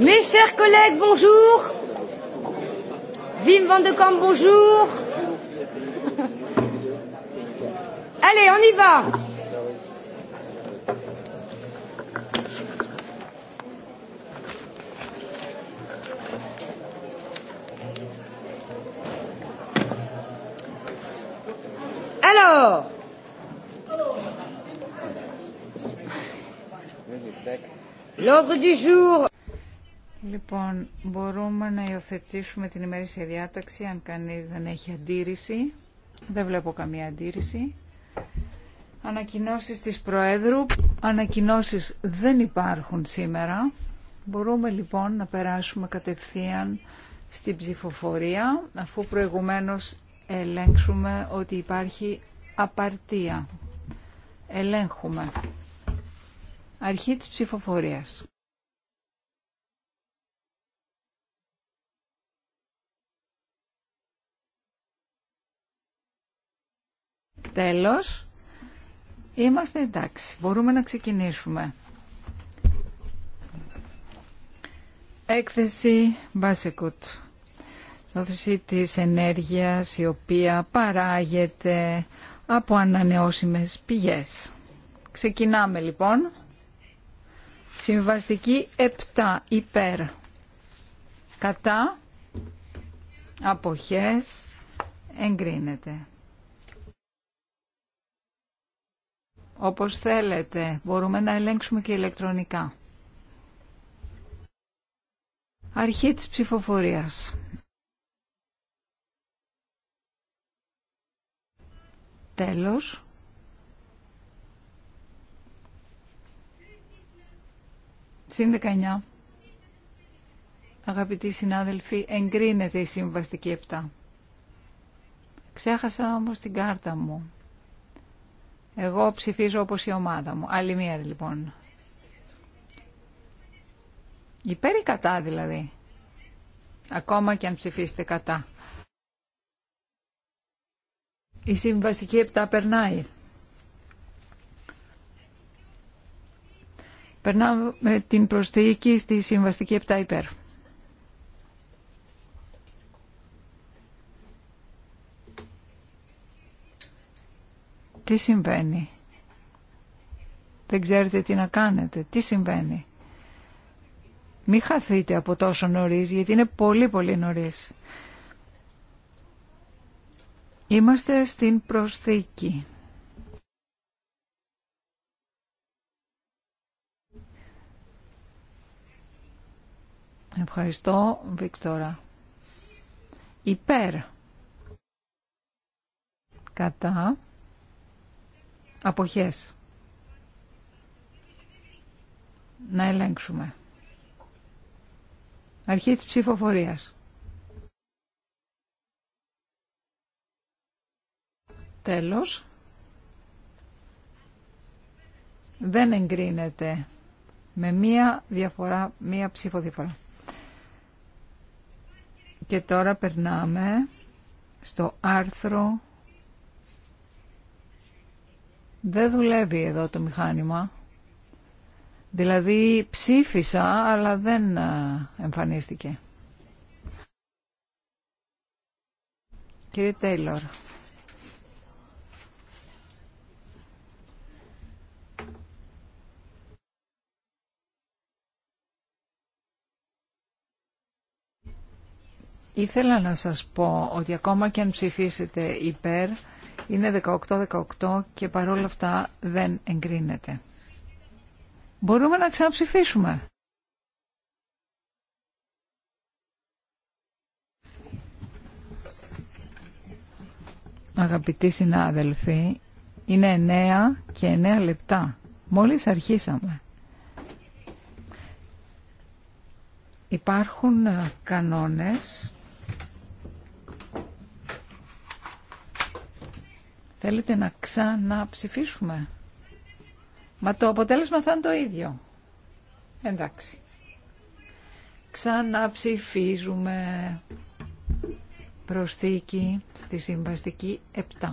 Mes chers collègues, bonjour. Wim van de Kamp, bonjour. Allez, on y va. Alors, Λοιπόν, μπορούμε να υιοθετήσουμε την ημερήσια διάταξη αν κανείς δεν έχει αντίρρηση. Δεν βλέπω καμία αντίρρηση. Ανακοινώσεις της Προέδρου. Ανακοινώσεις δεν υπάρχουν σήμερα. Μπορούμε λοιπόν να περάσουμε κατευθείαν στην ψηφοφορία αφού προηγουμένως ελέγξουμε ότι υπάρχει απαρτία. Ελέγχουμε. Αρχή της ψηφοφορίας. Τέλος. Είμαστε εντάξει. Μπορούμε να ξεκινήσουμε. Έκθεση Μπάσεκουτ. Δόθεση της ενέργειας η οποία παράγεται από ανανεώσιμες πηγές. Ξεκινάμε λοιπόν. Συμβαστική 7 υπέρ. Κατά. Αποχές. Εγκρίνεται. Όπως θέλετε, μπορούμε να ελέγξουμε και ηλεκτρονικά. Αρχή της ψηφοφορίας. Τέλος. Συν 19. Αγαπητοί συνάδελφοι, εγκρίνεται η συμβαστική 7. Ξέχασα όμως την κάρτα μου. Εγώ ψηφίζω όπως η ομάδα μου. Άλλη μία λοιπόν. Υπέρ ή κατά δηλαδή. Ακόμα και αν ψηφίσετε κατά. Η συμβαστική 7 περνάει. Περνάμε την προσθήκη στη συμβαστική 7 υπέρ. Τι συμβαίνει. Δεν ξέρετε τι να κάνετε. Τι συμβαίνει. Μην χαθείτε από τόσο νωρίς, γιατί είναι πολύ πολύ νωρίς. Είμαστε στην προσθήκη. Ευχαριστώ, Βίκτορα. Υπέρ. Κατά. Αποχές. Να ελέγξουμε. Αρχή της ψηφοφορίας. Τέλος. Δεν εγκρίνεται με μία διαφορά, μία ψηφοδιαφορά. Και τώρα περνάμε στο άρθρο. Δεν δουλεύει εδώ το μηχάνημα. Δηλαδή ψήφισα, αλλά δεν ε, εμφανίστηκε. Κύριε Τέιλορ. Ήθελα να σας πω ότι ακόμα και αν ψηφίσετε υπέρ, είναι 18-18 και παρόλα αυτά δεν εγκρίνεται. Μπορούμε να ξαναψηφίσουμε. Αγαπητοί συνάδελφοι, είναι 9 και 9 λεπτά. Μόλις αρχίσαμε. Υπάρχουν ε, κανόνες Θέλετε να ξαναψηφίσουμε. Μα το αποτέλεσμα θα είναι το ίδιο. Εντάξει. Ξαναψηφίζουμε προσθήκη στη συμβαστική 7.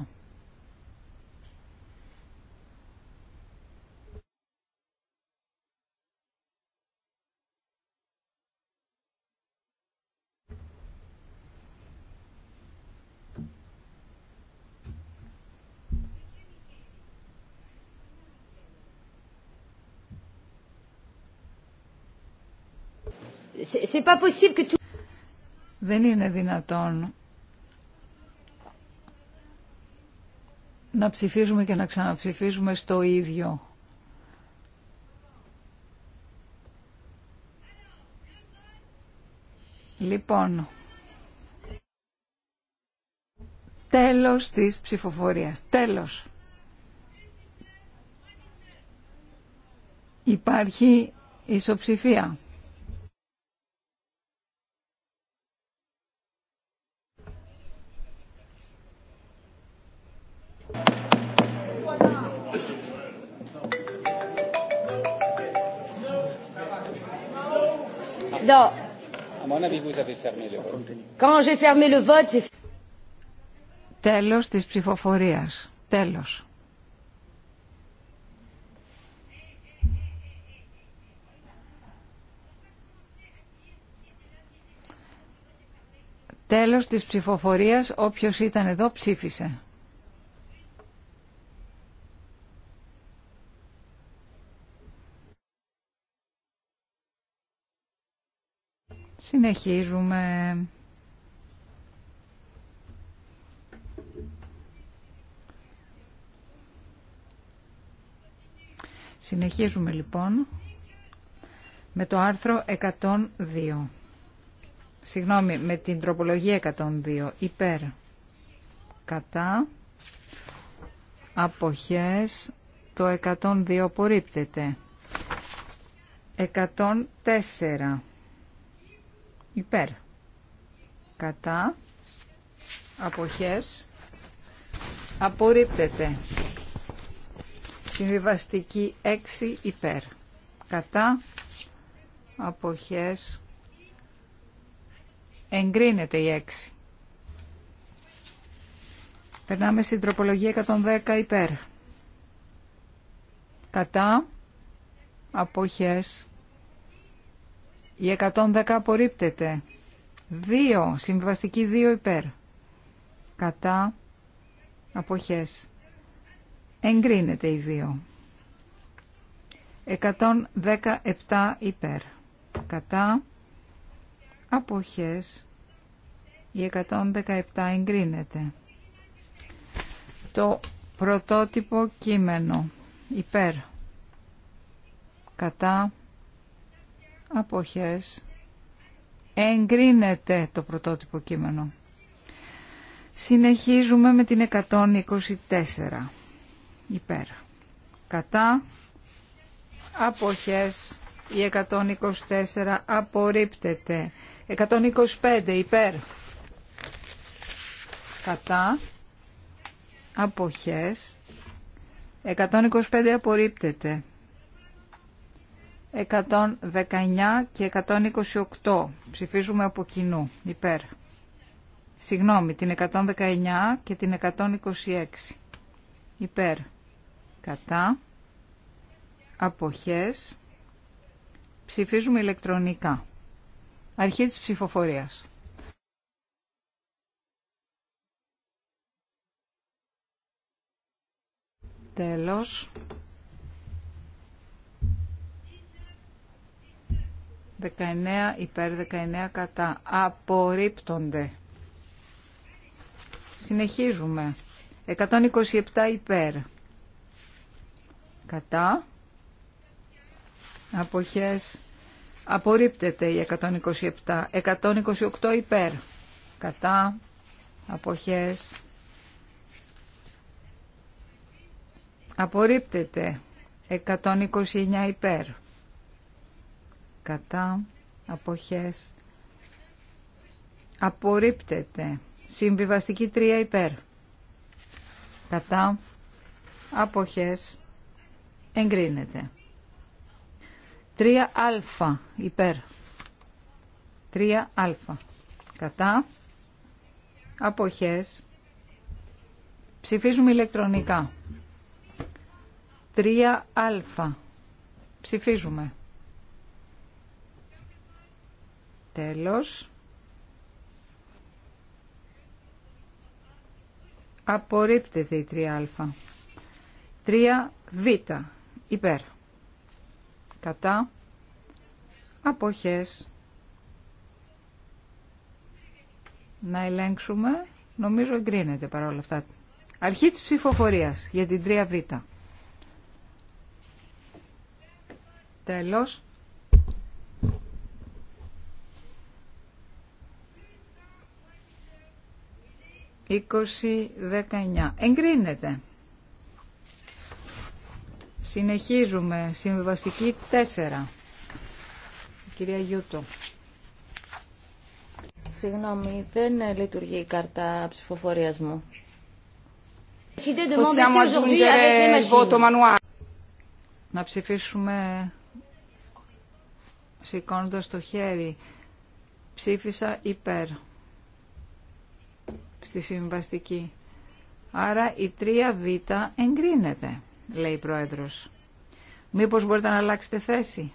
Δεν είναι δυνατόν να ψηφίζουμε και να ξαναψηφίζουμε στο ίδιο. Λοιπόν, τέλος της ψηφοφορίας. Τέλος. Υπάρχει ισοψηφία. Non. À mon avis, vous avez fermé le vote. Quand j'ai fermé le vote, j'ai... Τέλος της ψηφοφορίας. Τέλος. Τέλος της ψηφοφορίας, όποιος ήταν εδώ ψήφισε. Συνεχίζουμε. Συνεχίζουμε λοιπόν με το άρθρο 102. Συγγνώμη, με την τροπολογία 102. Υπέρ. Κατά. Αποχές. Το 102 απορρίπτεται. 104 υπέρ κατά αποχές απορρίπτεται συμβιβαστική 6 υπέρ κατά αποχές εγκρίνεται η 6 περνάμε στην τροπολογία 110 υπέρ κατά αποχές η 110 απορρίπτεται. 2. Συμβιβαστική 2 υπέρ. Κατά αποχές. Εγκρίνεται η 2. 117 υπέρ. Κατά αποχές. Η 117 εγκρίνεται. Το πρωτότυπο κείμενο υπέρ. Κατά αποχές εγκρίνεται το πρωτότυπο κείμενο. Συνεχίζουμε με την 124 υπέρ. Κατά αποχές η 124 απορρίπτεται. 125 υπέρ. Κατά αποχές 125 απορρίπτεται. 119 και 128. Ψηφίζουμε από κοινού. Υπέρ. Συγγνώμη, την 119 και την 126. Υπέρ. Κατά. Αποχές. Ψηφίζουμε ηλεκτρονικά. Αρχή της ψηφοφορίας. Τέλος. 19 υπέρ 19 κατά. Απορρίπτονται. Συνεχίζουμε. 127 υπέρ. Κατά. Αποχές. Απορρίπτεται η 127. 128 υπέρ. Κατά. Αποχές. Απορρίπτεται. 129 υπέρ κατά αποχές απορρίπτεται συμβιβαστική 3 υπέρ κατά αποχές εγκρίνεται αλφα υπερ υπέρ αλφα κατά αποχές ψηφίζουμε ηλεκτρονικά 3α ψηφίζουμε Τέλος. Απορρίπτεται η 3α. 3β. Υπέρ. Κατά. Αποχές. Να ελέγξουμε. Νομίζω εγκρίνεται παρόλα αυτά. Αρχή της ψηφοφορίας για την 3β. Τέλος. 20-19. Εγκρίνεται. Συνεχίζουμε. Συμβιβαστική 4. Κυρία Γιούτο. Συγγνώμη, δεν ε, λειτουργεί η κάρτα ψηφοφορίας μου. Να ψηφίσουμε σηκώνοντας το χέρι. Ψήφισα υπέρ στη συμβαστική. Άρα η 3β εγκρίνεται, λέει η Πρόεδρος. Μήπως μπορείτε να αλλάξετε θέση.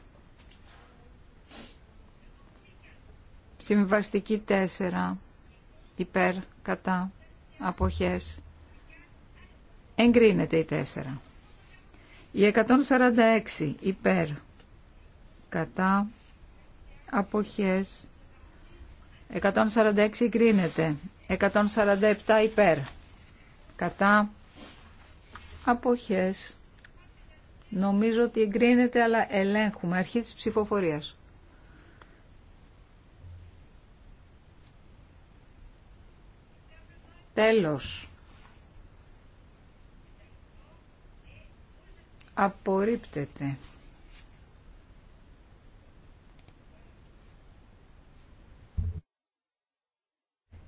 Συμβαστική 4, υπέρ, κατά, αποχές. Εγκρίνεται η 4. Η 146, υπέρ, κατά, αποχές. 146 εγκρίνεται. 147 υπέρ. Κατά αποχές. Νομίζω ότι εγκρίνεται, αλλά ελέγχουμε. Αρχή της ψηφοφορίας. Τέλος. Απορρίπτεται.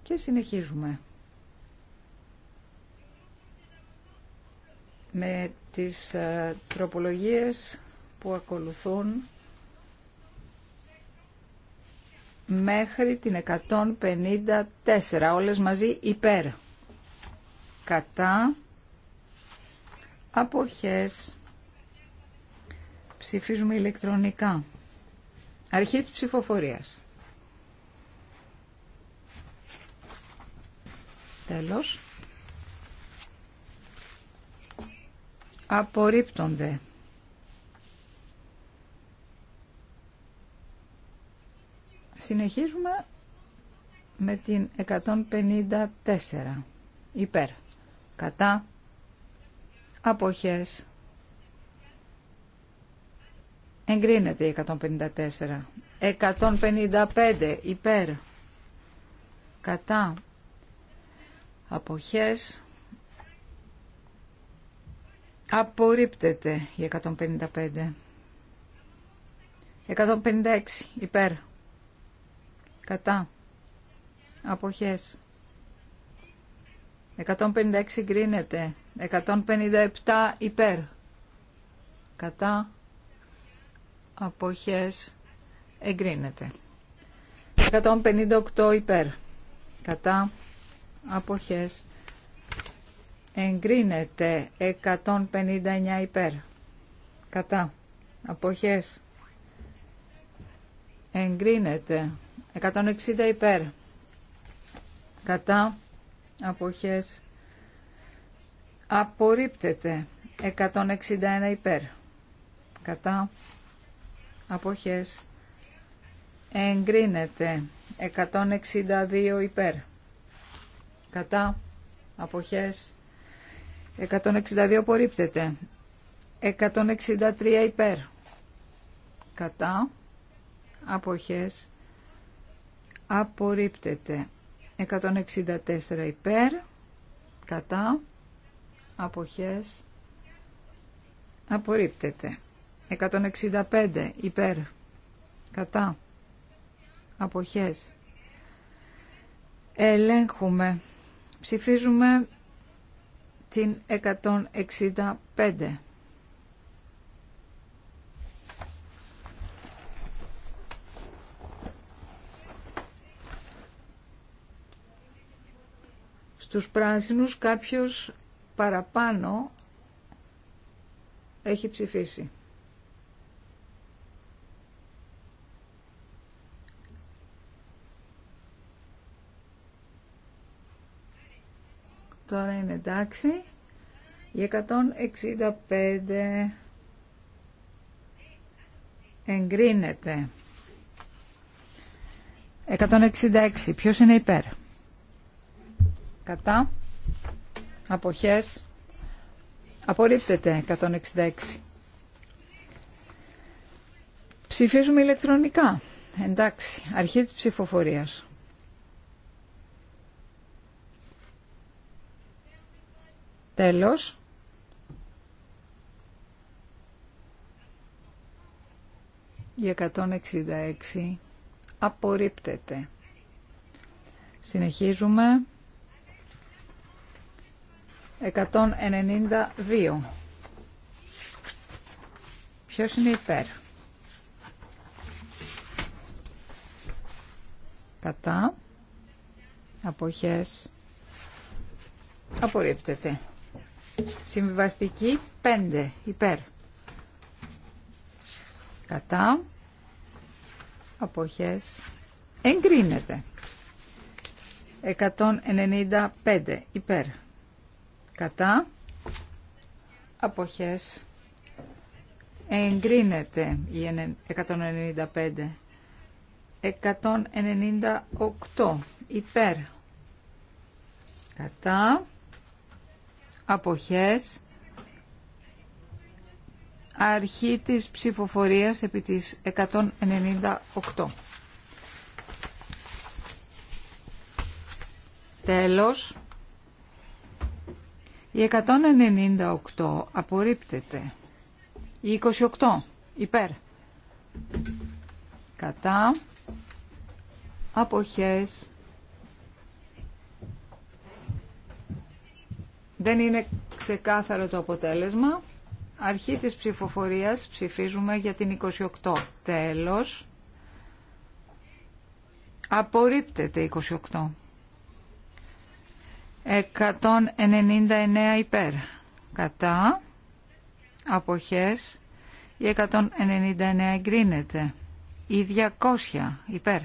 Και συνεχίζουμε. Με τις ε, τροπολογίες που ακολουθούν μέχρι την 154, όλες μαζί υπέρ. Κατά αποχές ψηφίζουμε ηλεκτρονικά. Αρχή της ψηφοφορίας. Τέλος. Απορρίπτονται. Συνεχίζουμε με την 154. Υπέρ. Κατά. Αποχές. Εγκρίνεται η 154. 155. Υπέρ. Κατά αποχές απορρίπτεται η 155 156 υπέρ κατά αποχές 156 γκρίνεται 157 υπέρ κατά αποχές εγκρίνεται 158 υπέρ κατά αποχές εγκρίνεται 159 υπέρ κατά αποχές εγκρίνεται 160 υπέρ κατά αποχές απορρίπτεται 161 υπέρ κατά αποχές εγκρίνεται 162 υπέρ κατά αποχές 162 απορρίπτεται 163 υπέρ κατά αποχές απορρίπτεται 164 υπέρ κατά αποχές απορρίπτεται 165 υπέρ κατά αποχές ελέγχουμε Ψηφίζουμε την 165. Στους πράσινους κάποιος παραπάνω έχει ψηφίσει. Τώρα είναι εντάξει. Η 165 εγκρίνεται. 166. Ποιος είναι υπέρ. Κατά. Αποχές. Απορρίπτεται 166. Ψηφίζουμε ηλεκτρονικά. Εντάξει. Αρχή της ψηφοφορίας. Τέλος. Η 166 απορρίπτεται. Συνεχίζουμε. 192. Ποιος είναι υπέρ. Κατά. Αποχές. Απορρίπτεται. Συμβιβαστική 5 υπέρ. Κατά. Αποχές. Εγκρίνεται. 195 υπέρ. Κατά. Αποχές. Εγκρίνεται η 195. 198 υπέρ. Κατά αποχές αρχή της ψηφοφορίας επί της 198. Τέλος, η 198 απορρίπτεται. Η 28 υπέρ. Κατά αποχές Δεν είναι ξεκάθαρο το αποτέλεσμα. Αρχή της ψηφοφορίας ψηφίζουμε για την 28. Τέλος. Απορρίπτεται 28. 199 υπέρ. Κατά. Αποχές. Η 199 εγκρίνεται. Η 200 υπέρ.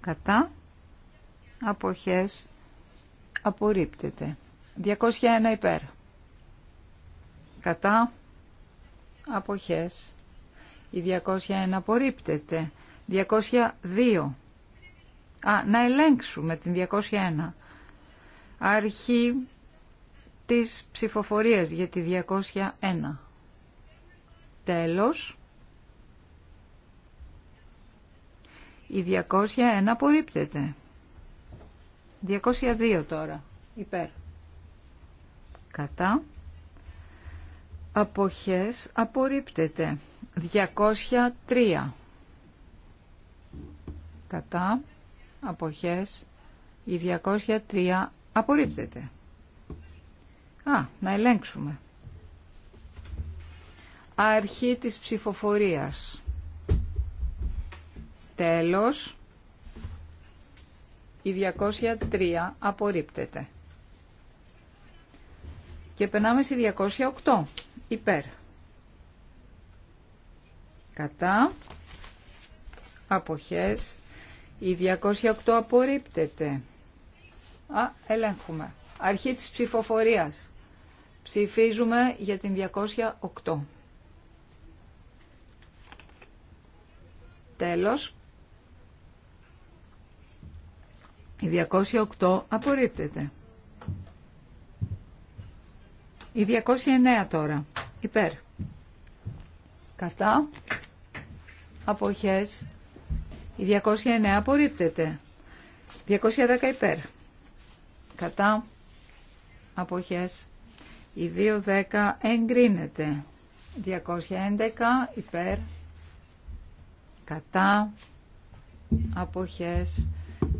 Κατά. Αποχές. Απορρίπτεται. 201 υπέρ. Κατά. Αποχές. Η 201 απορρίπτεται. 202. Α, να ελέγξουμε την 201. Αρχή της ψηφοφορίας για τη 201. Τέλος. Η 201 απορρίπτεται. 202 τώρα. Υπέρ κατά αποχές απορρίπτεται 203 κατά αποχές η 203 απορρίπτεται Α, να ελέγξουμε Αρχή της ψηφοφορίας Τέλος η 203 απορρίπτεται και περνάμε στη 208. Υπέρ. Κατά. Αποχές. Η 208 απορρίπτεται. Α, ελέγχουμε. Αρχή της ψηφοφορίας. Ψηφίζουμε για την 208. Τέλος. Η 208 απορρίπτεται. Η 209 τώρα. Υπέρ. Κατά. Αποχές. Η 209 απορρίπτεται. 210 υπέρ. Κατά. Αποχές. Η 210 εγκρίνεται. 211 υπέρ. Κατά. Αποχές.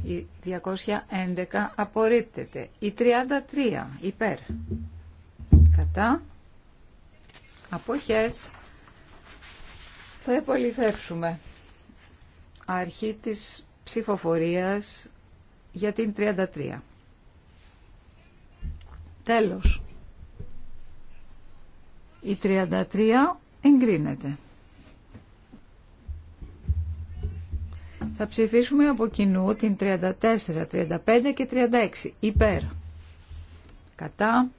Η 211 απορρίπτεται. Η 33 υπέρ κατά αποχές θα επαληθεύσουμε αρχή της ψηφοφορίας για την 33. Τέλος. Η 33 εγκρίνεται. Θα ψηφίσουμε από κοινού την 34, 35 και 36. Υπέρ. Κατά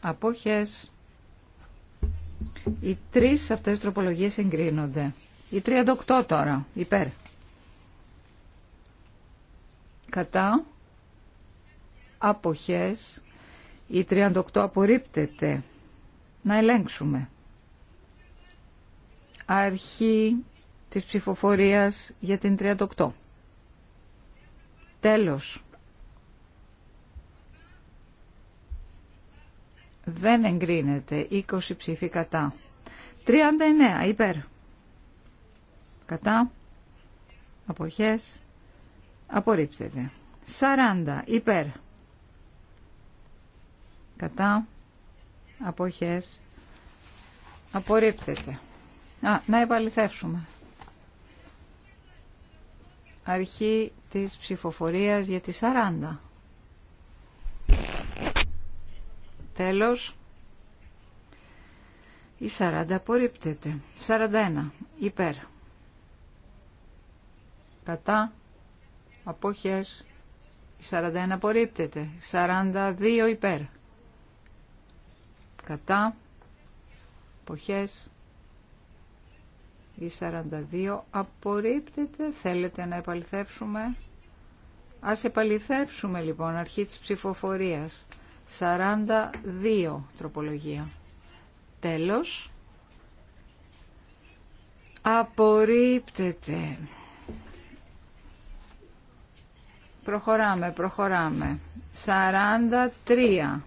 αποχές. Οι τρεις αυτές τροπολογίες συγκρίνονται. Η 38 τώρα, υπέρ. Κατά αποχές. Η 38 απορρίπτεται. Να ελέγξουμε. Αρχή της ψηφοφορίας για την 38. Τέλος. Δεν εγκρίνεται. 20 ψήφοι κατά. 39 υπέρ. Κατά. Αποχές. Απορρίπτεται. 40 υπέρ. Κατά. Αποχές. Απορρίπτεται. να επαληθεύσουμε. Αρχή της ψηφοφορίας για τις 40. Τέλος. Η 40 απορρίπτεται. 41. Υπέρ. Κατά. Απόχες. Η 41 απορρίπτεται. 42 υπέρ. Κατά. Απόχες. Η 42 απορρίπτεται. Θέλετε να επαληθεύσουμε. Ας επαληθεύσουμε λοιπόν αρχή της ψηφοφορίας. 42 τροπολογία. Τέλος. Απορρίπτεται. Προχωράμε, προχωράμε. 43.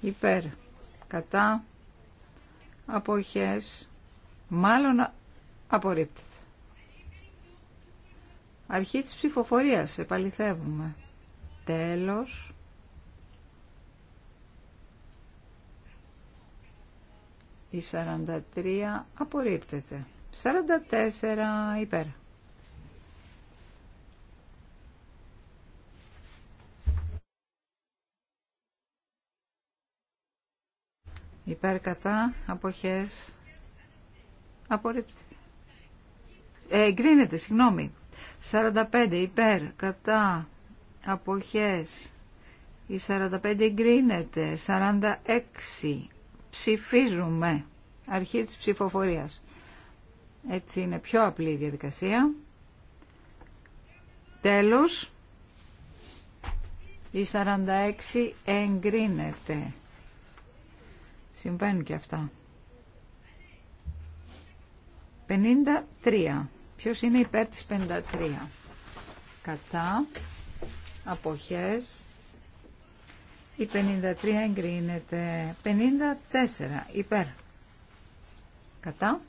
Υπέρ. Κατά. Αποχές. Μάλλον απορρίπτεται. Αρχή της ψηφοφορίας. Επαληθεύουμε. Τέλος. Η 43 απορρίπτεται. 44 υπέρ. Υπέρ κατά αποχές απορρίπτεται. Ε, εγκρίνεται, συγγνώμη. 45 υπέρ κατά αποχές. Η 45 εγκρίνεται. 46 ψηφίζουμε. Αρχή της ψηφοφορίας. Έτσι είναι πιο απλή η διαδικασία. Τέλος, η 46 εγκρίνεται. Συμβαίνουν και αυτά. 53. Ποιος είναι υπέρ της 53. Κατά. Αποχές. Η 53 εγκρίνεται. 54 υπέρ. Κατά.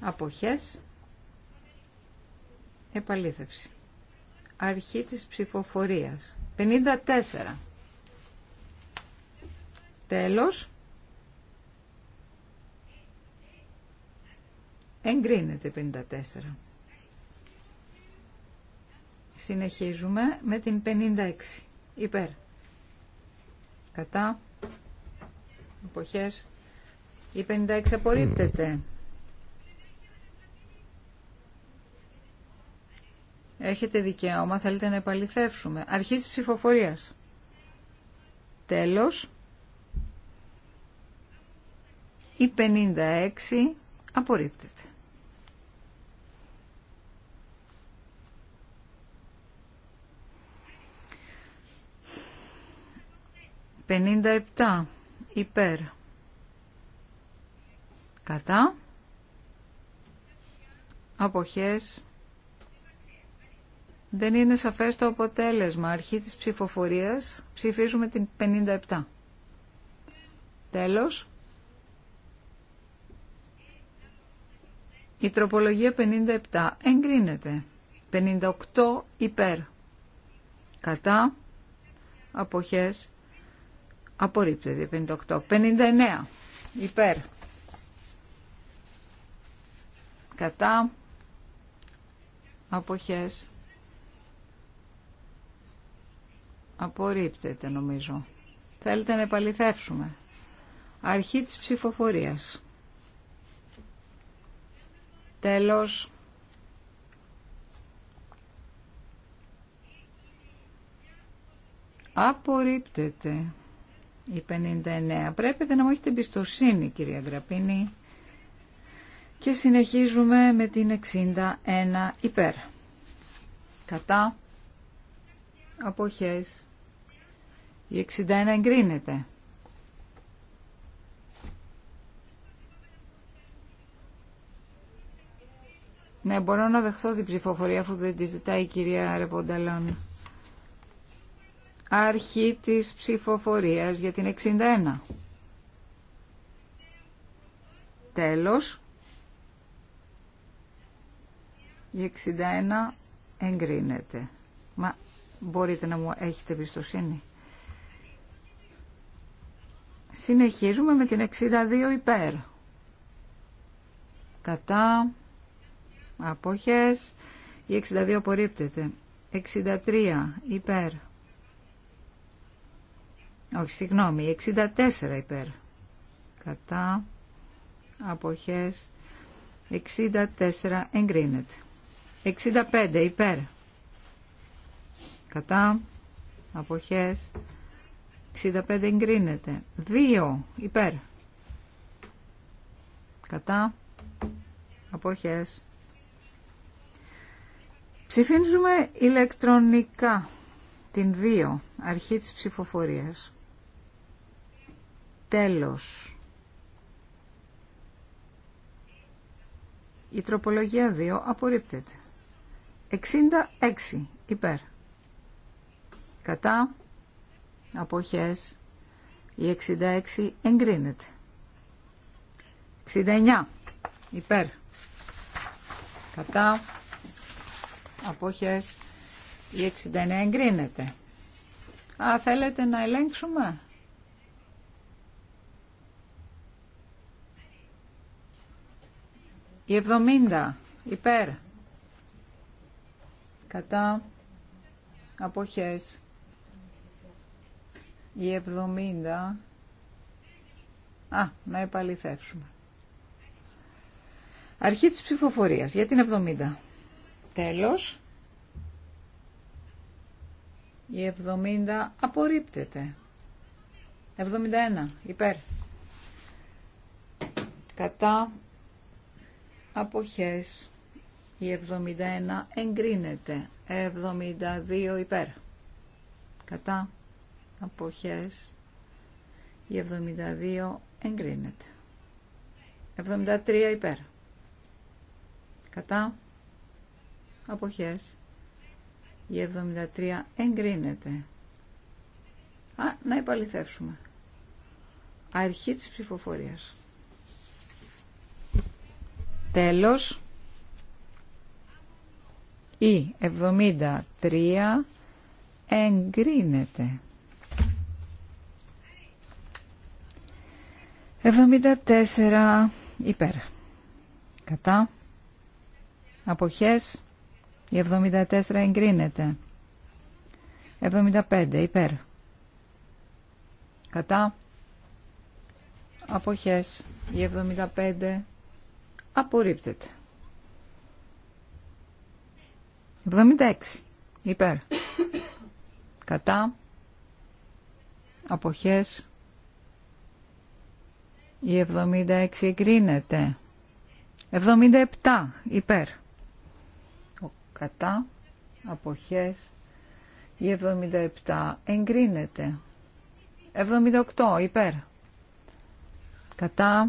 Αποχές. Επαλήθευση. Αρχή της ψηφοφορίας. 54. Τέλος. Εγκρίνεται 54. Συνεχίζουμε με την 56. Υπέρ κατά εποχές η 56 απορρίπτεται έχετε δικαίωμα θέλετε να επαληθεύσουμε αρχή της ψηφοφορίας τέλος η 56 απορρίπτεται 57 υπέρ κατά αποχές δεν είναι σαφές το αποτέλεσμα αρχή της ψηφοφορίας ψηφίζουμε την 57 τέλος η τροπολογία 57 εγκρίνεται 58 υπέρ κατά αποχές Απορρίπτεται 58. 59. Υπέρ. Κατά. Αποχές. Απορρίπτεται νομίζω. Θέλετε να επαληθεύσουμε. Αρχή της ψηφοφορίας. Τέλος. Απορρίπτεται η 59. Πρέπει να μου έχετε εμπιστοσύνη κυρία Γραπίνη. Και συνεχίζουμε με την 61 υπέρ. Κατά αποχές. Η 61 εγκρίνεται. Ναι, μπορώ να δεχθώ την ψηφοφορία αφού δεν τη ζητάει η κυρία Ρεποντάλων. Αρχή της ψηφοφορίας για την 61. Τέλος. Η 61 εγκρίνεται. Μα μπορείτε να μου έχετε εμπιστοσύνη. Συνεχίζουμε με την 62 υπέρ. Κατά. Απόχες. Η 62 απορρίπτεται. 63 υπέρ όχι συγγνώμη, 64 υπέρ κατά αποχές 64 εγκρίνεται 65 υπέρ κατά αποχές 65 εγκρίνεται 2 υπέρ κατά αποχές ψηφίζουμε ηλεκτρονικά την 2 αρχή της ψηφοφορίας Τέλος. Η τροπολογία 2 απορρίπτεται. 66 υπέρ. Κατά αποχές η 66 εγκρίνεται. 69 υπέρ. Κατά αποχές η 69 εγκρίνεται. Α, θέλετε να ελέγξουμε. Η 70 υπέρ κατά αποχές. Η 70 Α, να επαληθεύσουμε. Αρχή της ψηφοφορία για την 70. Τέλος. Η 70 απορρίπτεται. 71. Υπέρ. Κατά αποχές η 71 εγκρίνεται 72 υπέρ κατά αποχές η 72 εγκρίνεται 73 υπέρ κατά αποχές η 73 εγκρίνεται Α, να επαληθεύσουμε αρχή της ψηφοφορίας Τέλος, η 73 εγκρίνεται. 74 υπέρ. Κατά. Αποχές. Η 74 εγκρίνεται. 75 υπέρ. Κατά. Αποχές. Η 75 Απορρίπτεται. 76. Υπέρ. Κατά. Αποχές. Η 76 εγκρίνεται. 77. Υπέρ. Κατά. Αποχές. Η 77 εγκρίνεται. 78. Υπέρ. Κατά.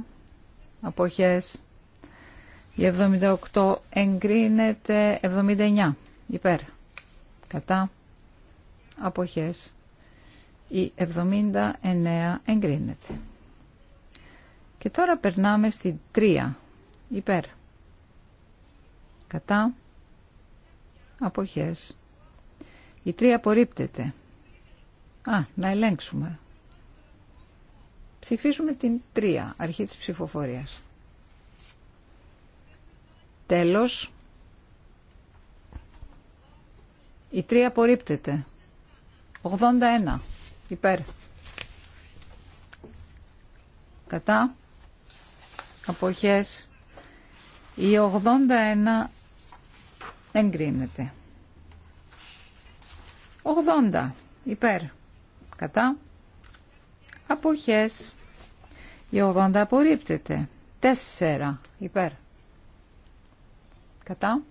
Αποχές. Η 78 εγκρίνεται 79 υπέρ. Κατά αποχές. Η 79 εγκρίνεται. Και τώρα περνάμε στη 3 υπέρ. Κατά αποχές. Η 3 απορρίπτεται. Α, να ελέγξουμε. Ψηφίζουμε την 3, αρχή της ψηφοφορίας. Τέλος, η 3 απορρίπτεται. 81 υπέρ. Κατά αποχές η 81 εγκρίνεται. 80 υπέρ. Κατά αποχές η 80 απορρίπτεται. 4 υπέρ. Κατά.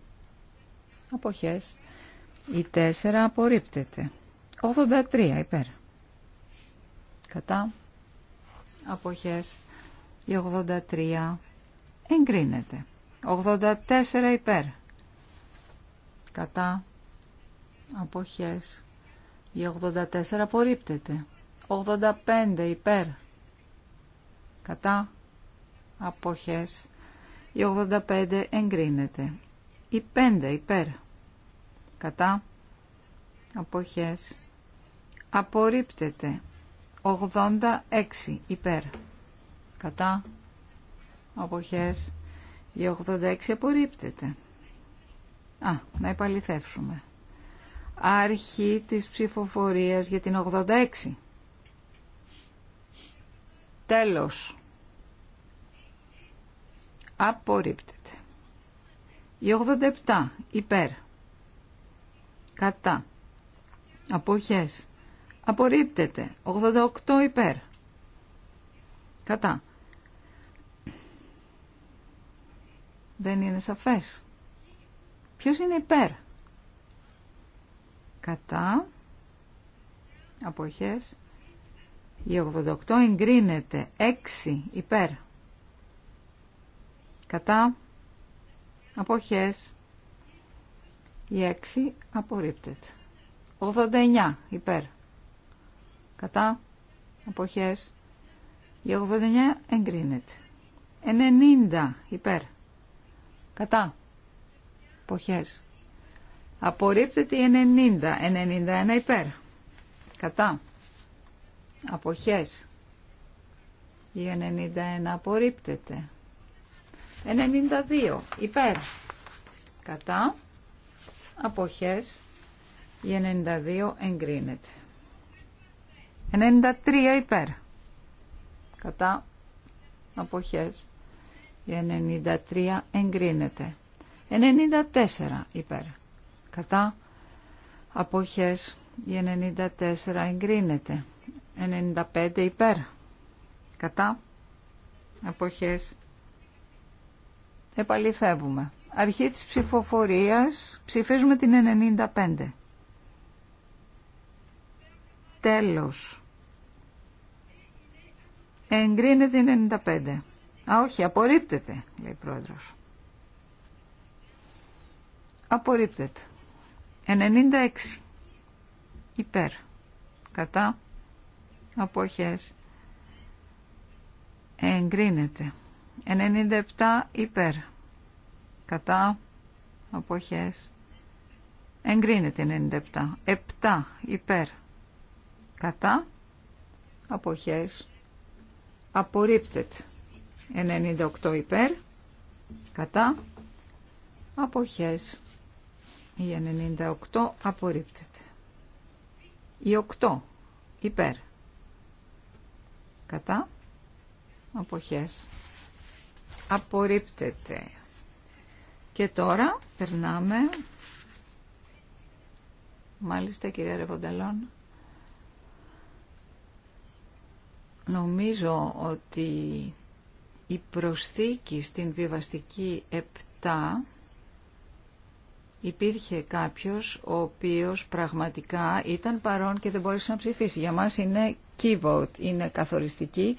Αποχές. Η 4 απορρίπτεται. 83 υπέρ. Κατά. Αποχές. Η 83 εγκρίνεται. 84 υπέρ. Κατά. Αποχές. Η 84 απορρίπτεται. 85 υπέρ. Κατά. Αποχές. Η 85 εγκρίνεται. Η 5 υπέρ. Κατά. Αποχές. Απορρίπτεται. 86 υπέρ. Κατά. Αποχές. Η 86 απορρίπτεται. Α, να επαληθεύσουμε. Αρχή της ψηφοφορίας για την 86. Τέλος. Απορρίπτεται. Η 87 υπέρ. Κατά. Αποχές. Απορρίπτεται. 88 υπέρ. Κατά. Δεν είναι σαφές. Ποιος είναι υπέρ. Κατά. Αποχές. Η 88 εγκρίνεται. 6 υπέρ. Κατά. Αποχές. Η 6 απορρίπτεται. 89 υπέρ. Κατά. Αποχές. Η 89 εγκρίνεται. 90 υπέρ. Κατά. Αποχές. Απορρίπτεται η 90. 91 υπέρ. Κατά. Αποχές. Η 91 απορρίπτεται. 92 υπέρ κατά αποχές η 92 εγκρίνεται 93 υπέρ κατά αποχές η 93 εγκρίνεται 94 υπέρ κατά αποχές η 94 εγκρίνεται 95 υπέρ κατά αποχές Επαληθεύουμε. Αρχή της ψηφοφορίας ψηφίζουμε την 95. Τέλος. Εγκρίνεται η 95. Α, όχι, απορρίπτεται, λέει η πρόεδρος. Απορρίπτεται. 96. Υπέρ. Κατά. Αποχές. Εγκρίνεται. 97 υπέρ. Κατά αποχές. Εγκρίνεται 97. 7 υπέρ. Κατά αποχές. Απορρίπτεται. 98 υπέρ. Κατά αποχές. Η 98 απορρίπτεται. Η 8 υπέρ. Κατά αποχές απορρίπτεται. Και τώρα περνάμε, μάλιστα κυρία Ρεβονταλόν, νομίζω ότι η προσθήκη στην βιβαστική 7 υπήρχε κάποιος ο οποίος πραγματικά ήταν παρόν και δεν μπορούσε να ψηφίσει. Για μας είναι key vote, είναι καθοριστική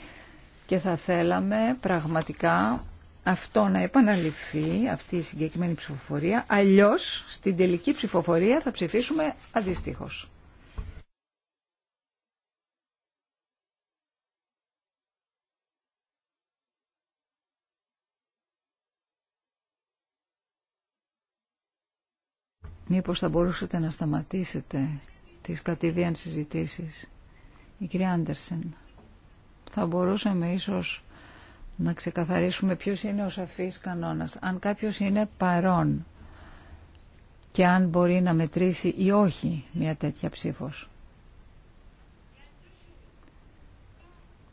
και θα θέλαμε πραγματικά αυτό να επαναληφθεί, αυτή η συγκεκριμένη ψηφοφορία, αλλιώς στην τελική ψηφοφορία θα ψηφίσουμε αντίστοιχως. Μήπως θα μπορούσατε να σταματήσετε τις κατηδίαν συζητήσεις. Η κυρία Άντερσεν. Θα μπορούσαμε ίσως να ξεκαθαρίσουμε ποιος είναι ο σαφής κανόνας. Αν κάποιος είναι παρόν και αν μπορεί να μετρήσει ή όχι μια τέτοια ψήφος.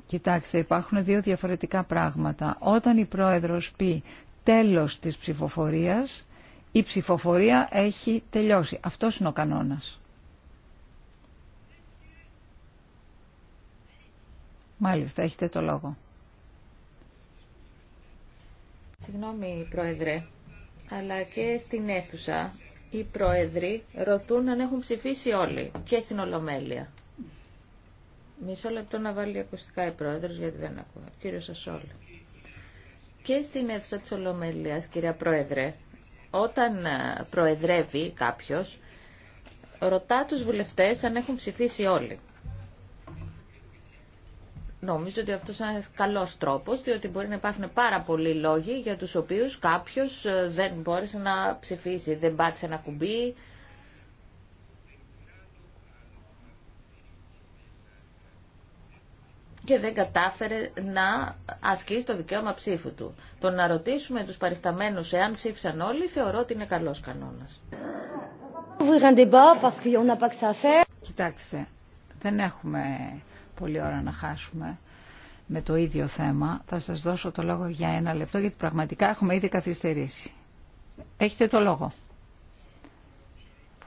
Κοιτάξτε, υπάρχουν δύο διαφορετικά πράγματα. Όταν η πρόεδρος πει τέλος της ψηφοφορίας, η ψηφοφορία έχει τελειώσει. Αυτός είναι ο κανόνας. Μάλιστα, έχετε το λόγο. Συγγνώμη, Πρόεδρε, αλλά και στην αίθουσα οι Πρόεδροι ρωτούν αν έχουν ψηφίσει όλοι και στην Ολομέλεια. Μισό λεπτό να βάλει ακουστικά η Πρόεδρος, γιατί δεν ακούω. Κύριο Σασόλ. Και στην αίθουσα της Ολομέλειας, κυρία Πρόεδρε, όταν ε, προεδρεύει κάποιος, ρωτά τους βουλευτές αν έχουν ψηφίσει όλοι. Νομίζω ότι αυτό είναι ένα καλός τρόπος, διότι μπορεί να υπάρχουν πάρα πολλοί λόγοι για τους οποίους κάποιο ε, δεν μπόρεσε να ψηφίσει, δεν πάτησε ένα κουμπί. και δεν κατάφερε να ασκήσει το δικαίωμα ψήφου του. Το να ρωτήσουμε τους παρισταμένους εάν ψήφισαν όλοι, θεωρώ ότι είναι καλός κανόνας. Κοιτάξτε, δεν έχουμε πολύ ώρα να χάσουμε με το ίδιο θέμα. Θα σας δώσω το λόγο για ένα λεπτό γιατί πραγματικά έχουμε ήδη καθυστερήσει. Έχετε το λόγο.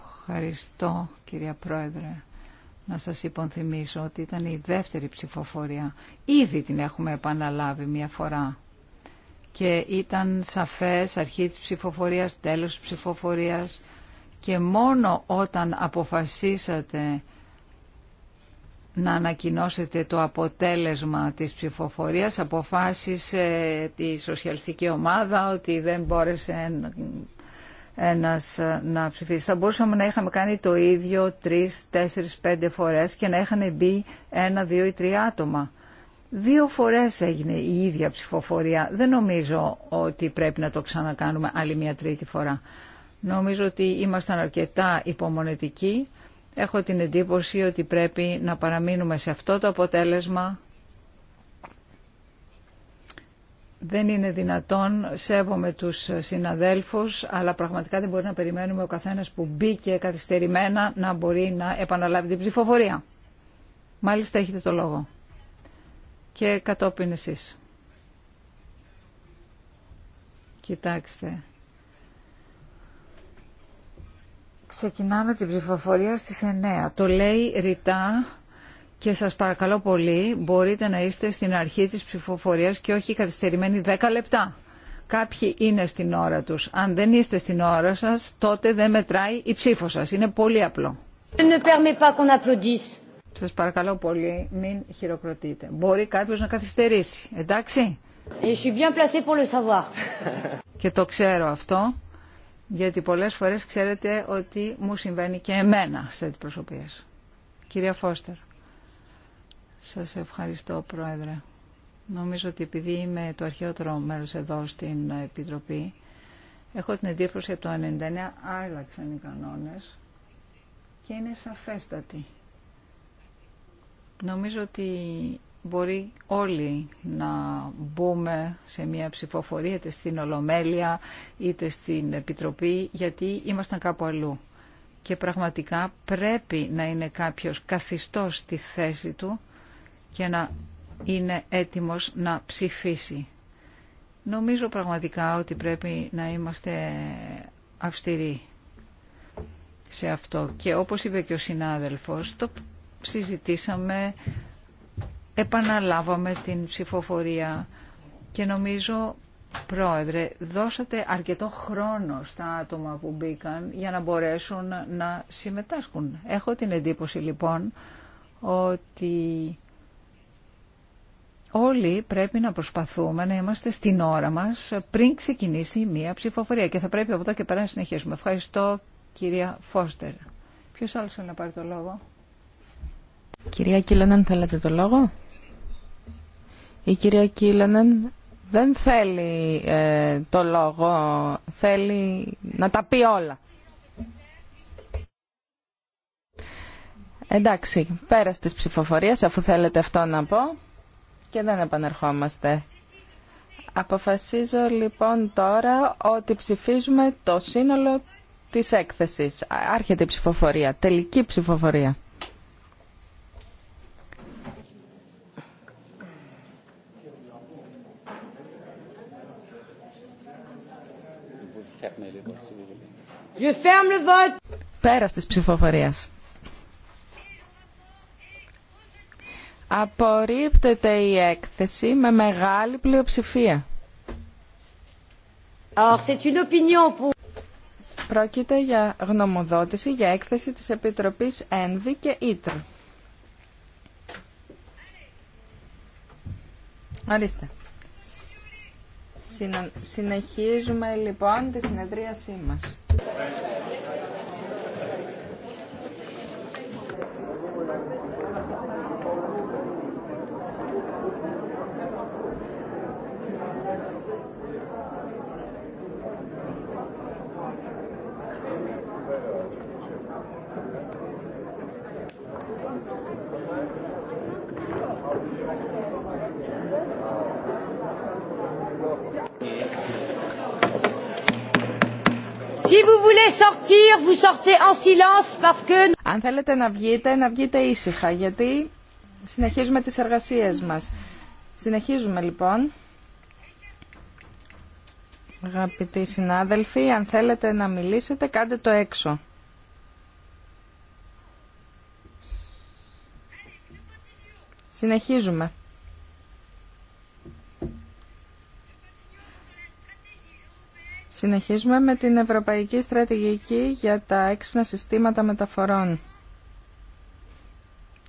Ευχαριστώ κυρία Πρόεδρε. Να σας υπονθυμίσω ότι ήταν η δεύτερη ψηφοφορία. Ήδη την έχουμε επαναλάβει μια φορά. Και ήταν σαφές αρχή της ψηφοφορίας, τέλος της ψηφοφορίας. Και μόνο όταν αποφασίσατε να ανακοινώσετε το αποτέλεσμα της ψηφοφορίας. Αποφάσισε τη σοσιαλιστική ομάδα ότι δεν μπόρεσε ένας ε, να ψηφίσει. Θα μπορούσαμε να είχαμε κάνει το ίδιο τρεις, τέσσερις, πέντε φορές και να είχαν μπει ένα, δύο ή τρία άτομα. Δύο φορές έγινε η ίδια ψηφοφορία. Δεν νομίζω ότι πρέπει να το ξανακάνουμε άλλη μια τρίτη φορά. Νομίζω ότι ήμασταν αρκετά υπομονετικοί έχω την εντύπωση ότι πρέπει να παραμείνουμε σε αυτό το αποτέλεσμα. Δεν είναι δυνατόν, σέβομαι τους συναδέλφους, αλλά πραγματικά δεν μπορεί να περιμένουμε ο καθένας που μπήκε καθυστερημένα να μπορεί να επαναλάβει την ψηφοφορία. Μάλιστα έχετε το λόγο. Και κατόπιν εσείς. Κοιτάξτε, Ξεκινάμε την ψηφοφορία στις 9. Το λέει ρητά και σας παρακαλώ πολύ, μπορείτε να είστε στην αρχή της ψηφοφορίας και όχι καθυστερημένοι 10 λεπτά. Κάποιοι είναι στην ώρα τους. Αν δεν είστε στην ώρα σας, τότε δεν μετράει η ψήφο σας. Είναι πολύ απλό. Σας παρακαλώ πολύ, μην χειροκροτείτε. Μπορεί κάποιος να καθυστερήσει, εντάξει. je suis bien και το ξέρω αυτό γιατί πολλές φορές ξέρετε ότι μου συμβαίνει και εμένα σε αντιπροσωπείες. Κυρία Φώστερ, σας ευχαριστώ Πρόεδρε. Νομίζω ότι επειδή είμαι το αρχαιότερο μέρος εδώ στην Επιτροπή, έχω την εντύπωση ότι το 1999 άλλαξαν οι κανόνες και είναι σαφέστατοι. Νομίζω ότι μπορεί όλοι να μπούμε σε μια ψηφοφορία είτε στην Ολομέλεια είτε στην Επιτροπή γιατί ήμασταν κάπου αλλού. Και πραγματικά πρέπει να είναι κάποιος καθιστός στη θέση του και να είναι έτοιμος να ψηφίσει. Νομίζω πραγματικά ότι πρέπει να είμαστε αυστηροί σε αυτό. Και όπως είπε και ο συνάδελφος, το συζητήσαμε επαναλάβαμε την ψηφοφορία και νομίζω Πρόεδρε, δώσατε αρκετό χρόνο στα άτομα που μπήκαν για να μπορέσουν να συμμετάσχουν. Έχω την εντύπωση λοιπόν ότι όλοι πρέπει να προσπαθούμε να είμαστε στην ώρα μας πριν ξεκινήσει μία ψηφοφορία και θα πρέπει από εδώ και πέρα να συνεχίσουμε. Ευχαριστώ κυρία Φώστερ. Ποιος άλλος θέλει να πάρει το λόγο? Κυρία Κίλαναν, θέλετε το λόγο? Η κυρία Κίλανεν δεν θέλει ε, το λόγο, θέλει να τα πει όλα. Εντάξει, πέρα της ψηφοφορίες, αφού θέλετε αυτό να πω και δεν επανερχόμαστε. Αποφασίζω λοιπόν τώρα ότι ψηφίζουμε το σύνολο της έκθεσης. Άρχεται η ψηφοφορία, τελική ψηφοφορία. Πέρα τη ψηφοφορία. της Απορρίπτεται η έκθεση με μεγάλη πλειοψηφία. une Πρόκειται για γνωμοδότηση για έκθεση της Επιτροπής ΕΝΒΙ και ΙΤΡ. Ορίστε. Συνεχίζουμε λοιπόν τη συνεδρίασή μας. Αν θέλετε να βγείτε, να βγείτε ήσυχα, γιατί συνεχίζουμε τις εργασίες μας. Συνεχίζουμε λοιπόν. Αγαπητοί συνάδελφοι, αν θέλετε να μιλήσετε, κάντε το έξω. Συνεχίζουμε. Συνεχίζουμε με την Ευρωπαϊκή Στρατηγική για τα έξυπνα συστήματα μεταφορών.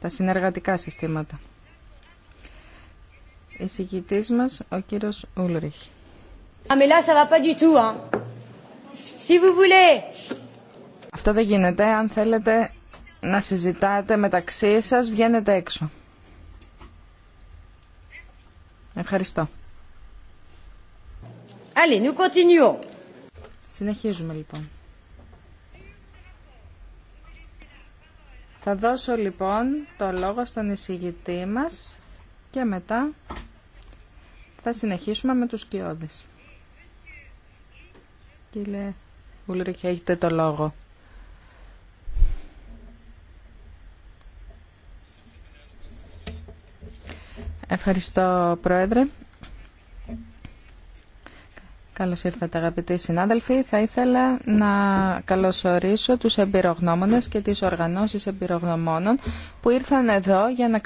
Τα συνεργατικά συστήματα. Εισηγητή μα, ο κύριος Ούλριχ. Αυτό δεν γίνεται. Αν θέλετε να συζητάτε μεταξύ σας, βγαίνετε έξω. Ευχαριστώ. Allez, nous continuons. Συνεχίζουμε λοιπόν. Θα δώσω λοιπόν το λόγο στον εισηγητή μας και μετά θα συνεχίσουμε με τους κοιόδης. Κύριε Ουλρικ, έχετε το λόγο. Ευχαριστώ, Πρόεδρε. Καλώς ήρθατε αγαπητοί συνάδελφοι. Θα ήθελα να καλωσορίσω τους εμπειρογνώμονες και τις οργανώσεις εμπειρογνωμόνων που ήρθαν εδώ για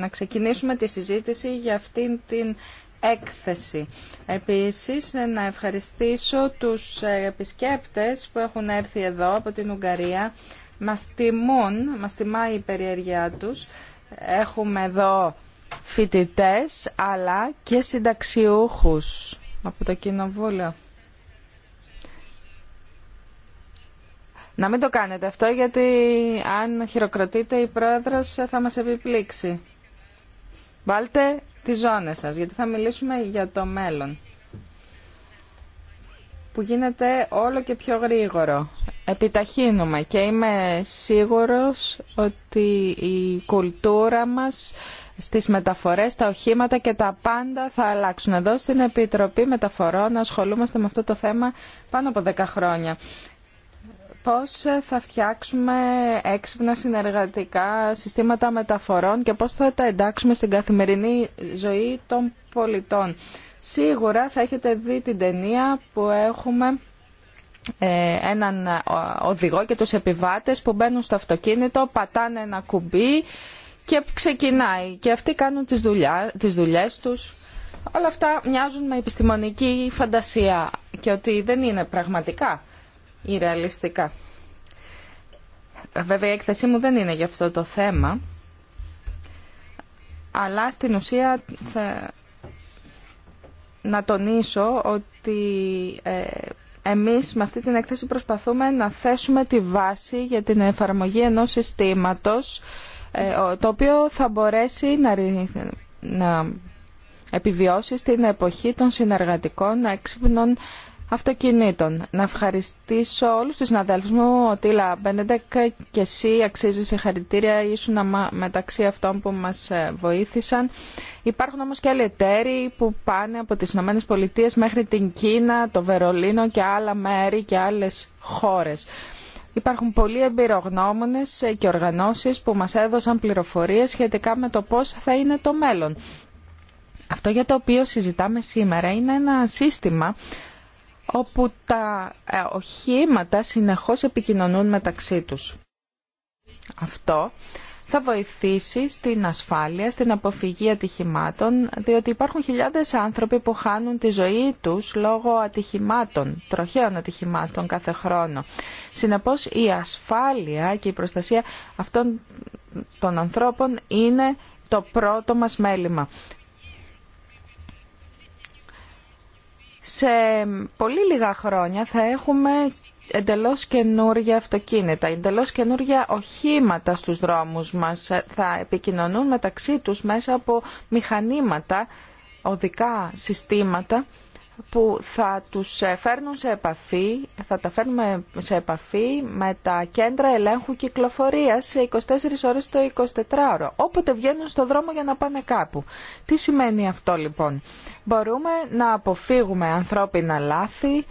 να ξεκινήσουμε τη συζήτηση για αυτήν την έκθεση. Επίσης, να ευχαριστήσω τους επισκέπτες που έχουν έρθει εδώ από την Ουγγαρία. Μας τιμούν, μας τιμάει η περιέργειά τους. Έχουμε εδώ φοιτητές αλλά και συνταξιούχους από το κοινοβούλιο. Να μην το κάνετε αυτό γιατί αν χειροκροτείτε η πρόεδρος θα μας επιπλήξει. Βάλτε τις ζώνες σας γιατί θα μιλήσουμε για το μέλλον που γίνεται όλο και πιο γρήγορο. Επιταχύνουμε και είμαι σίγουρος ότι η κουλτούρα μας στις μεταφορές, τα οχήματα και τα πάντα θα αλλάξουν. Εδώ στην Επιτροπή Μεταφορών ασχολούμαστε με αυτό το θέμα πάνω από 10 χρόνια. Πώς θα φτιάξουμε έξυπνα συνεργατικά συστήματα μεταφορών και πώς θα τα εντάξουμε στην καθημερινή ζωή των πολιτών. Σίγουρα θα έχετε δει την ταινία που έχουμε ε, έναν ε, οδηγό και τους επιβάτες που μπαίνουν στο αυτοκίνητο, πατάνε ένα κουμπί και ξεκινάει. Και αυτοί κάνουν τις, δουλειά, τις δουλειές τους. Όλα αυτά μοιάζουν με επιστημονική φαντασία και ότι δεν είναι πραγματικά ή ρεαλιστικά. Βέβαια η έκθεσή μου δεν είναι γι' αυτό το θέμα, αλλά στην ουσία θα... να τονίσω ότι ε, εμείς με αυτή την έκθεση προσπαθούμε να θέσουμε τη βάση για την εφαρμογή ενός συστήματος ε, το οποίο θα μπορέσει να επιβιώσει στην εποχή των συνεργατικών έξυπνων αυτοκινήτων. Να ευχαριστήσω όλους τους συναδέλφους μου, ο Τίλα Μπένεντεκ και εσύ αξίζει χαρητήρια ήσουν μεταξύ αυτών που μας ε, βοήθησαν. Υπάρχουν όμως και άλλοι που πάνε από τις ΗΠΑ μέχρι την Κίνα, το Βερολίνο και άλλα μέρη και άλλες χώρες. Υπάρχουν πολλοί εμπειρογνώμονες και οργανώσεις που μα έδωσαν πληροφορίες σχετικά με το πώς θα είναι το μέλλον. Αυτό για το οποίο συζητάμε σήμερα είναι ένα σύστημα όπου τα ε, οχήματα συνεχώς επικοινωνούν μεταξύ τους. Αυτό θα βοηθήσει στην ασφάλεια, στην αποφυγή ατυχημάτων, διότι υπάρχουν χιλιάδες άνθρωποι που χάνουν τη ζωή τους λόγω ατυχημάτων, τροχαίων ατυχημάτων κάθε χρόνο. Συνεπώς η ασφάλεια και η προστασία αυτών των ανθρώπων είναι το πρώτο μας μέλημα. Σε πολύ λίγα χρόνια θα έχουμε εντελώς καινούργια αυτοκίνητα, εντελώς καινούργια οχήματα στους δρόμους μας. Θα επικοινωνούν μεταξύ τους μέσα από μηχανήματα, οδικά συστήματα που θα τους φέρνουν σε επαφή, θα τα φέρνουμε σε επαφή με τα κέντρα ελέγχου κυκλοφορίας σε 24 ώρες το 24ωρο, όποτε βγαίνουν στο δρόμο για να πάνε κάπου. Τι σημαίνει αυτό λοιπόν. Μπορούμε να αποφύγουμε ανθρώπινα λάθη,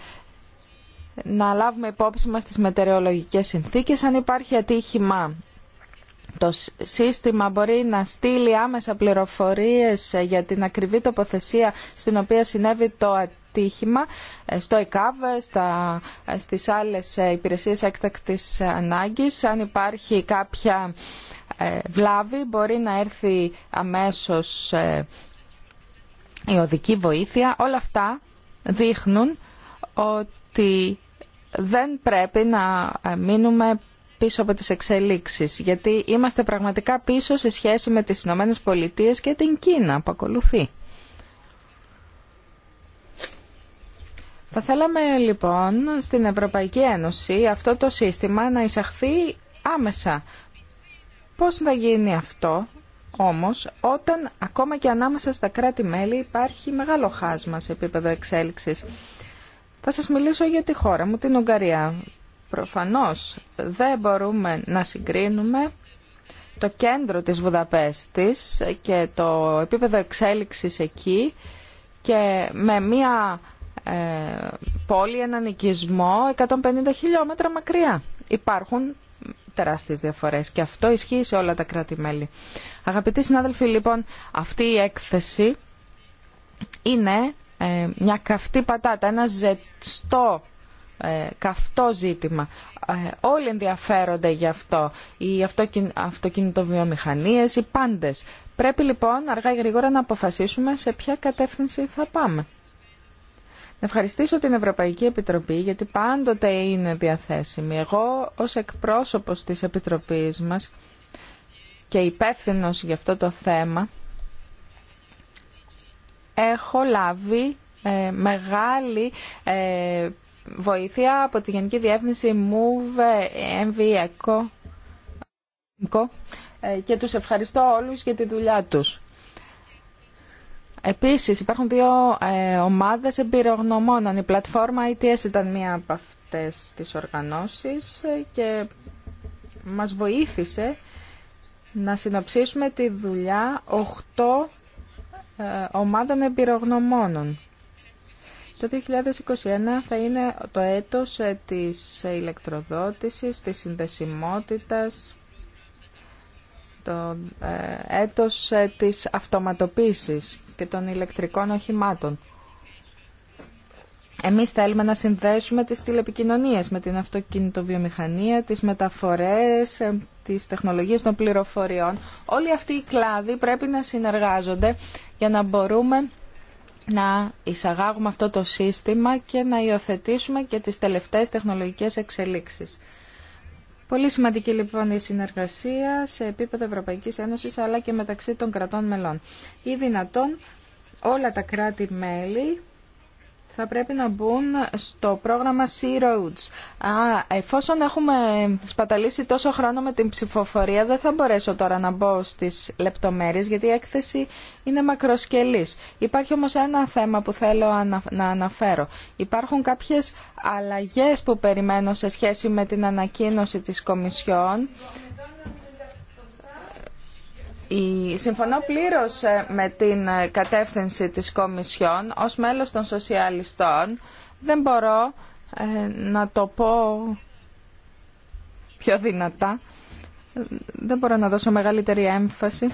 να λάβουμε υπόψη μας τις μετεωρολογικές συνθήκες αν υπάρχει ατύχημα. Το σύστημα μπορεί να στείλει άμεσα πληροφορίες ε, για την ακριβή τοποθεσία στην οποία συνέβη το ατύχημα ε, στο ΕΚΑΒ, ε, στα, στις άλλες υπηρεσίες έκτακτης ανάγκης. Αν υπάρχει κάποια βλάβη μπορεί να έρθει αμέσως η οδική βοήθεια. Όλα αυτά δείχνουν ότι δεν πρέπει να ε, μείνουμε πίσω από τις εξελίξεις, γιατί είμαστε πραγματικά πίσω σε σχέση με τις Ηνωμένες Πολιτείες και την Κίνα που ακολουθεί. Θα θέλαμε λοιπόν στην Ευρωπαϊκή Ένωση αυτό το σύστημα να εισαχθεί άμεσα. Πώς θα γίνει αυτό όμως όταν ακόμα και ανάμεσα στα κράτη-μέλη υπάρχει μεγάλο χάσμα σε επίπεδο εξέλιξης. Θα σας μιλήσω για τη χώρα μου, την Ουγγαρία. Προφανώς δεν μπορούμε να συγκρίνουμε το κέντρο της Βουδαπέστης και το επίπεδο εξέλιξης εκεί και με μία ε, πόλη, έναν οικισμό 150 χιλιόμετρα μακριά. Υπάρχουν τεράστιες διαφορές και αυτό ισχύει σε όλα τα κράτη-μέλη. Αγαπητοί συνάδελφοι, λοιπόν, αυτή η έκθεση είναι ε, μια καυτή πατάτα, ένα ζεστό ε, καυτό ζήτημα. Ε, όλοι ενδιαφέρονται γι' αυτό. Οι αυτοκινητοβιομηχανίες, οι πάντες. Πρέπει λοιπόν αργά ή γρήγορα να αποφασίσουμε σε ποια κατεύθυνση θα πάμε. Να ευχαριστήσω την Ευρωπαϊκή Επιτροπή γιατί πάντοτε είναι διαθέσιμη. Εγώ ως εκπρόσωπος της Επιτροπής μας και υπεύθυνο για αυτό το θέμα έχω λάβει ε, μεγάλη ε, βοήθεια από τη Γενική Διεύθυνση MOVE MV ε, και τους ευχαριστώ όλους για τη δουλειά τους. Επίσης υπάρχουν δύο ε, ομάδες εμπειρογνωμόνων. Η πλατφόρμα ITS ήταν μία από αυτές τις οργανώσεις και μας βοήθησε να συνοψίσουμε τη δουλειά 8 ε, ομάδων εμπειρογνωμόνων. Το 2021 θα είναι το έτος ε, της ηλεκτροδότησης, της συνδεσιμότητας, το ε, έτος της αυτοματοποίησης και των ηλεκτρικών οχημάτων. Εμείς θέλουμε να συνδέσουμε τις τηλεπικοινωνίες με την αυτοκινητοβιομηχανία, τις μεταφορές, της τεχνολογίας των πληροφοριών. Όλοι αυτοί οι κλάδοι πρέπει να συνεργάζονται για να μπορούμε να εισαγάγουμε αυτό το σύστημα και να υιοθετήσουμε και τις τελευταίες τεχνολογικές εξελίξεις. Πολύ σημαντική λοιπόν η συνεργασία σε επίπεδο Ευρωπαϊκής Ένωσης αλλά και μεταξύ των κρατών μελών. Ή δυνατόν όλα τα κράτη-μέλη θα πρέπει να μπουν στο πρόγραμμα Sea Roads. Α, εφόσον έχουμε σπαταλήσει τόσο χρόνο με την ψηφοφορία, δεν θα μπορέσω τώρα να μπω στις λεπτομέρειες, γιατί η έκθεση είναι μακροσκελής. Υπάρχει όμως ένα θέμα που θέλω να αναφέρω. Υπάρχουν κάποιες αλλαγές που περιμένω σε σχέση με την ανακοίνωση της Κομισιόν, Συμφωνώ πλήρω ε, με την ε, κατεύθυνση της Κομισιόν ως μέλος των σοσιαλιστών. Δεν μπορώ ε, να το πω πιο δυνατά. Δεν μπορώ να δώσω μεγαλύτερη έμφαση.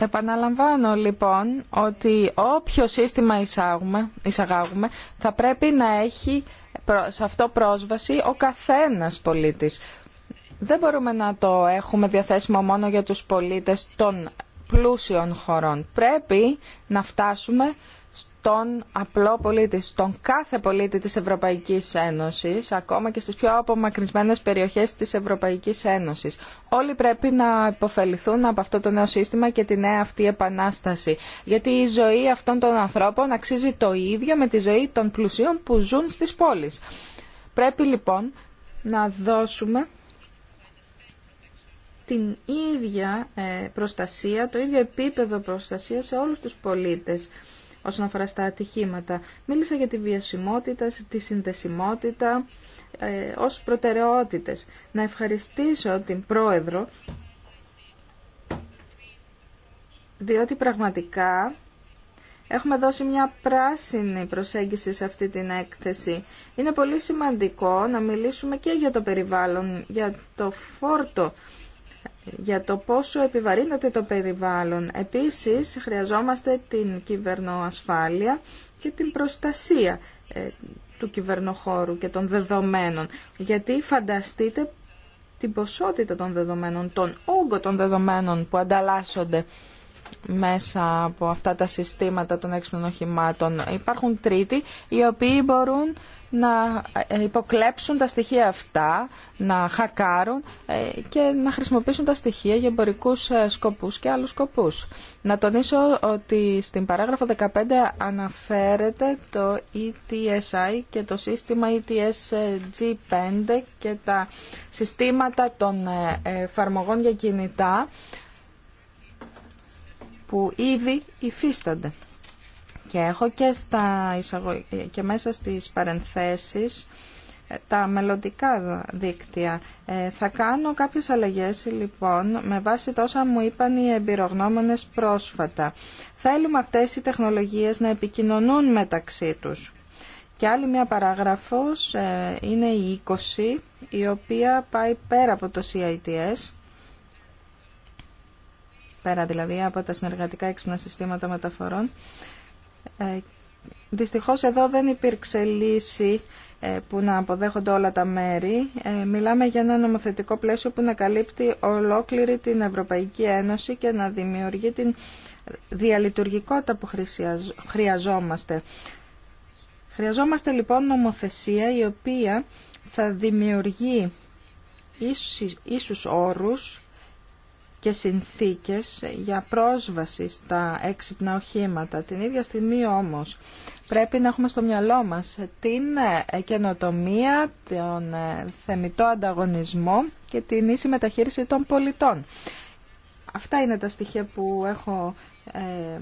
Επαναλαμβάνω λοιπόν ότι όποιο σύστημα εισάγουμε, εισαγάγουμε θα πρέπει να έχει σε αυτό πρόσβαση ο καθένας πολίτης δεν μπορούμε να το έχουμε διαθέσιμο μόνο για τους πολίτες των πλούσιων χωρών. Πρέπει να φτάσουμε στον απλό πολίτη, στον κάθε πολίτη της Ευρωπαϊκής Ένωσης, ακόμα και στις πιο απομακρυσμένες περιοχές της Ευρωπαϊκής Ένωσης. Όλοι πρέπει να υποφεληθούν από αυτό το νέο σύστημα και τη νέα αυτή επανάσταση. Γιατί η ζωή αυτών των ανθρώπων αξίζει το ίδιο με τη ζωή των πλουσίων που ζουν στις πόλεις. Πρέπει λοιπόν να δώσουμε την ίδια ε, προστασία, το ίδιο επίπεδο προστασία σε όλους τους πολίτες όσον αφορά στα ατυχήματα. Μίλησα για τη βιασιμότητα, τη συνδεσιμότητα ε, ως προτεραιότητες. Να ευχαριστήσω την Πρόεδρο, διότι πραγματικά έχουμε δώσει μια πράσινη προσέγγιση σε αυτή την έκθεση. Είναι πολύ σημαντικό να μιλήσουμε και για το περιβάλλον, για το φόρτο για το πόσο επιβαρύνεται το περιβάλλον. Επίσης, χρειαζόμαστε την κυβερνοασφάλεια και την προστασία ε, του κυβερνοχώρου και των δεδομένων. Γιατί φανταστείτε την ποσότητα των δεδομένων, τον όγκο των δεδομένων που ανταλλάσσονται μέσα από αυτά τα συστήματα των έξυπνων οχημάτων. Υπάρχουν τρίτοι οι οποίοι μπορούν να ε, υποκλέψουν τα στοιχεία αυτά, να χακάρουν ε, και να χρησιμοποιήσουν τα στοιχεία για εμπορικού ε, σκοπούς και άλλους σκοπούς. Να τονίσω ότι στην παράγραφο 15 αναφέρεται το ETSI και το σύστημα ETSG5 και τα συστήματα των εφαρμογών για κινητά που ήδη υφίστανται. Και έχω και, στα, και μέσα στις παρενθέσεις ε, τα μελλοντικά δίκτυα. Ε, θα κάνω κάποιες αλλαγές λοιπόν με βάση τόσα μου είπαν οι εμπειρογνώμονες πρόσφατα. Θέλουμε αυτές οι τεχνολογίες να επικοινωνούν μεταξύ τους. Και άλλη μια παράγραφος ε, είναι η 20 η οποία πάει πέρα από το CITS πέρα δηλαδή από τα συνεργατικά έξυπνα συστήματα μεταφορών. Ε, δυστυχώς εδώ δεν υπήρξε λύση ε, που να αποδέχονται όλα τα μέρη. Ε, μιλάμε για ένα νομοθετικό πλαίσιο που να καλύπτει ολόκληρη την Ευρωπαϊκή Ένωση και να δημιουργεί την διαλειτουργικότητα που χρειαζόμαστε. Χρειαζόμαστε λοιπόν νομοθεσία η οποία θα δημιουργεί ίσους όρους και συνθήκες για πρόσβαση στα έξυπνα οχήματα. Την ίδια στιγμή όμως πρέπει να έχουμε στο μυαλό μας την ε, καινοτομία, τον ε, θεμητό ανταγωνισμό και την ίση μεταχείριση των πολιτών. Αυτά είναι τα στοιχεία που έχω ε,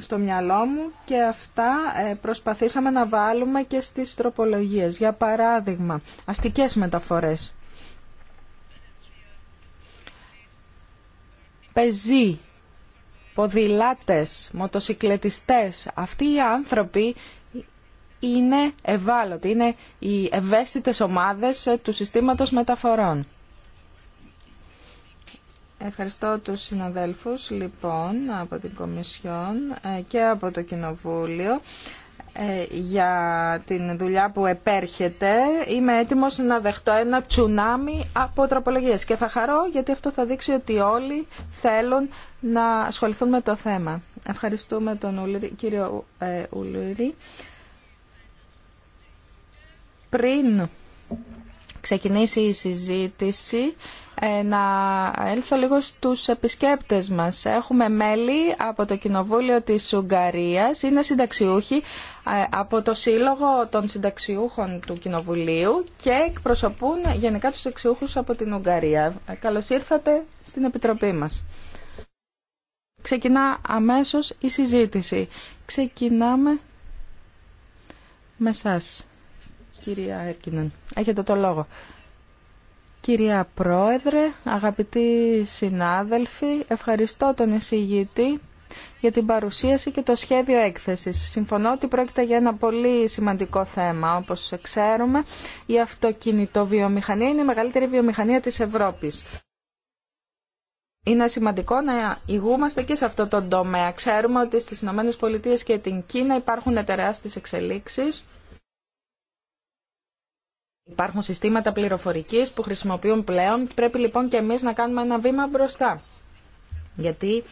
στο μυαλό μου και αυτά προσπαθήσαμε να βάλουμε και στις τροπολογίες. Για παράδειγμα, αστικές μεταφορές. πεζοί, ποδηλάτες, μοτοσικλετιστές. Αυτοί οι άνθρωποι είναι ευάλωτοι, είναι οι ευαίσθητες ομάδες ε, του συστήματος μεταφορών. Ευχαριστώ τους συναδέλφους λοιπόν από την Κομισιόν ε, και από το Κοινοβούλιο. Ε, για την δουλειά που επέρχεται. Είμαι έτοιμος να δεχτώ ένα τσουνάμι από τραπολογίες και θα χαρώ γιατί αυτό θα δείξει ότι όλοι θέλουν να ασχοληθούν με το θέμα. Ευχαριστούμε τον κύριο ε, Πριν ξεκινήσει η συζήτηση, ε, να έλθω λίγο στους επισκέπτες μας. Έχουμε μέλη από το Κοινοβούλιο της Ουγγαρίας, είναι συνταξιούχοι ε, από το Σύλλογο των Συνταξιούχων του Κοινοβουλίου και εκπροσωπούν γενικά τους συνταξιούχους από την Ουγγαρία. Ε, καλώς ήρθατε στην Επιτροπή μας. Ξεκινά αμέσως η συζήτηση. Ξεκινάμε με σας, κυρία Έρκινεν. Έχετε το λόγο. Κυρία Πρόεδρε, αγαπητοί συνάδελφοι, ευχαριστώ τον εισηγητή για την παρουσίαση και το σχέδιο έκθεσης. Συμφωνώ ότι πρόκειται για ένα πολύ σημαντικό θέμα. Όπως ξέρουμε, η αυτοκινητοβιομηχανία είναι η μεγαλύτερη βιομηχανία της Ευρώπης. Είναι σημαντικό να ηγούμαστε και σε αυτό το τομέα. Ξέρουμε ότι στις ΗΠΑ και την Κίνα υπάρχουν τεράστιες εξελίξεις Υπάρχουν συστήματα πληροφορικής που χρησιμοποιούν πλέον. Πρέπει λοιπόν και εμείς να κάνουμε ένα βήμα μπροστά. Γιατί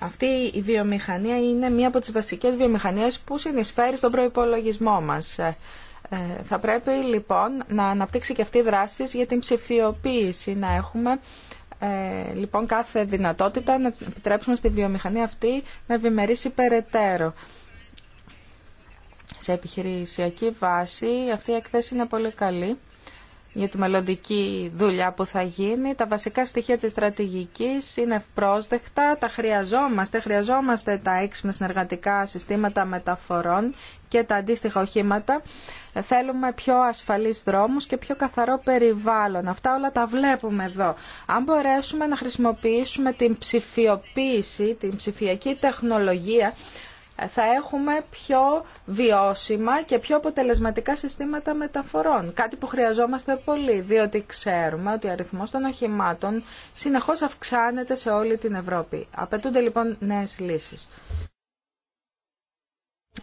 αυτή η βιομηχανία είναι μία από τις βασικέ βιομηχανίες που συνεισφέρει στον προϋπολογισμό μας. Ε, ε, θα πρέπει λοιπόν να αναπτύξει και αυτή δράση για την ψηφιοποίηση, να έχουμε ε, λοιπόν κάθε δυνατότητα να επιτρέψουμε στη βιομηχανία αυτή να ευημερίσει περαιτέρω σε επιχειρησιακή βάση. Αυτή η εκθέση είναι πολύ καλή για τη μελλοντική δουλειά που θα γίνει. Τα βασικά στοιχεία της στρατηγικής είναι ευπρόσδεκτα, τα χρειαζόμαστε. Χρειαζόμαστε τα έξυπνα συνεργατικά συστήματα μεταφορών και τα αντίστοιχα οχήματα. Θέλουμε πιο ασφαλείς δρόμους και πιο καθαρό περιβάλλον. Αυτά όλα τα βλέπουμε εδώ. Αν μπορέσουμε να χρησιμοποιήσουμε την ψηφιοποίηση, την ψηφιακή τεχνολογία, θα έχουμε πιο βιώσιμα και πιο αποτελεσματικά συστήματα μεταφορών. Κάτι που χρειαζόμαστε πολύ, διότι ξέρουμε ότι ο αριθμός των οχημάτων συνεχώς αυξάνεται σε όλη την Ευρώπη. Απαιτούνται λοιπόν νέες λύσεις.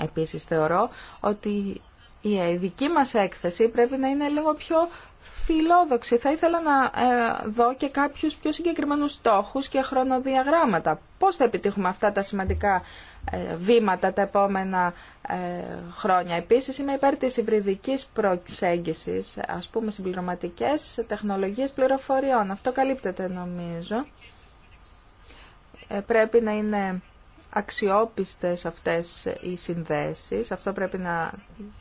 Επίσης θεωρώ ότι η δική μας έκθεση πρέπει να είναι λίγο πιο φιλόδοξη. Θα ήθελα να ε, δω και κάποιους πιο συγκεκριμένους στόχους και χρονοδιαγράμματα. Πώς θα επιτύχουμε αυτά τα σημαντικά ε, βήματα τα επόμενα ε, χρόνια. Επίσης είμαι υπέρ της υβριδικής προσέγγισης, ας πούμε συμπληρωματικές τεχνολογίες πληροφοριών. Αυτό καλύπτεται νομίζω. Ε, πρέπει να είναι αξιόπιστες αυτές οι συνδέσεις. Αυτό πρέπει να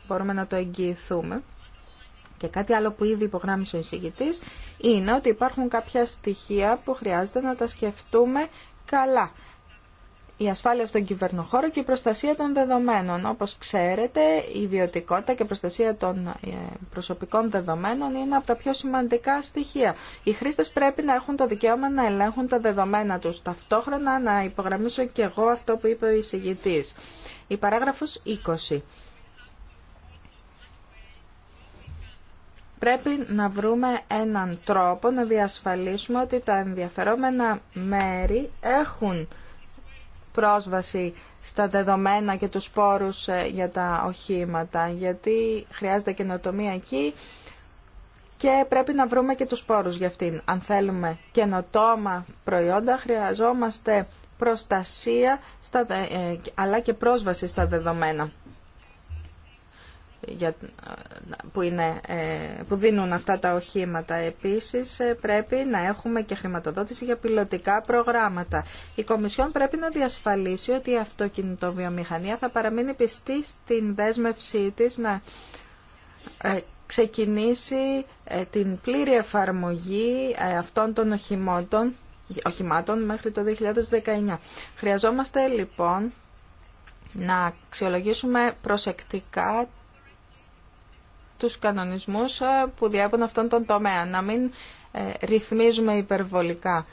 μπορούμε να το εγγυηθούμε. Και κάτι άλλο που ήδη υπογράμμισε ο εισηγητής είναι ότι υπάρχουν κάποια στοιχεία που χρειάζεται να τα σκεφτούμε καλά η ασφάλεια στον κυβερνοχώρο και η προστασία των δεδομένων. Όπως ξέρετε, η ιδιωτικότητα και η προστασία των ε, προσωπικών δεδομένων είναι από τα πιο σημαντικά στοιχεία. Οι χρήστες πρέπει να έχουν το δικαίωμα να ελέγχουν τα δεδομένα τους. Ταυτόχρονα να υπογραμμίσω και εγώ αυτό που είπε ο εισηγητής. Η παράγραφος 20. πρέπει να βρούμε έναν τρόπο να διασφαλίσουμε ότι τα ενδιαφερόμενα μέρη έχουν πρόσβαση στα δεδομένα και τους σπόρους ε, για τα οχήματα, γιατί χρειάζεται καινοτομία εκεί και πρέπει να βρούμε και τους σπόρους για αυτήν. Αν θέλουμε καινοτόμα προϊόντα, χρειαζόμαστε προστασία ε, αλλά και πρόσβαση στα δεδομένα που, ε, που δίνουν αυτά τα οχήματα. Επίσης ε, πρέπει να έχουμε και χρηματοδότηση για πιλωτικά προγράμματα. Η Κομισιόν πρέπει να διασφαλίσει ότι η αυτοκινητοβιομηχανία θα παραμείνει πιστή στην δέσμευσή της να ε, ξεκινήσει την πλήρη εφαρμογή αυτών των οχημάτων, οχημάτων μέχρι το 2019. Χρειαζόμαστε λοιπόν να αξιολογήσουμε προσεκτικά τους κανονισμούς ε, που διέπουν αυτόν τον τομέα. Να μην ε, ρυθμίζουμε υπερβολικά.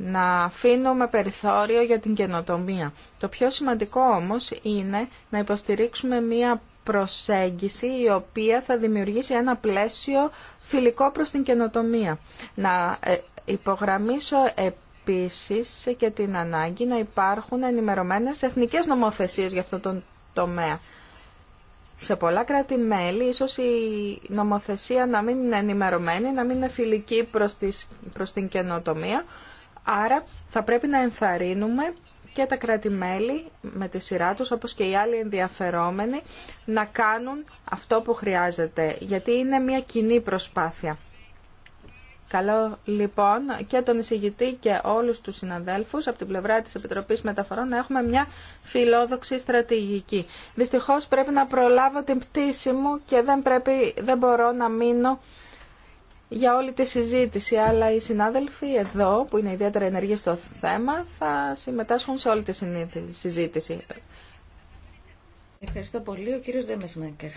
Να αφήνουμε περιθώριο για την καινοτομία. Το πιο σημαντικό όμως είναι να υποστηρίξουμε μία προσέγγιση η οποία θα δημιουργήσει ένα πλαίσιο φιλικό προς την καινοτομία. Να ε, υπογραμμίσω επίσης και την ανάγκη να υπάρχουν ενημερωμένες εθνικές νομοθεσίες για αυτό τον τομέα σε πολλά κράτη-μέλη ίσως η νομοθεσία να μην είναι ενημερωμένη, να μην είναι φιλική προς, τις, την καινοτομία. Άρα θα πρέπει να ενθαρρύνουμε και τα κράτη-μέλη με τη σειρά τους, όπως και οι άλλοι ενδιαφερόμενοι, να κάνουν αυτό που χρειάζεται, γιατί είναι μια κοινή προσπάθεια. Καλό λοιπόν και τον εισηγητή και όλους τους συναδέλφους από την πλευρά της Επιτροπής Μεταφορών να έχουμε μια φιλόδοξη στρατηγική. Δυστυχώς πρέπει να προλάβω την πτήση μου και δεν, πρέπει, δεν μπορώ να μείνω για όλη τη συζήτηση, αλλά οι συνάδελφοι εδώ που είναι ιδιαίτερα ενεργοί στο θέμα θα συμμετάσχουν σε όλη τη συζήτηση. Ευχαριστώ πολύ ο κύριος Δέμεσμέκερ.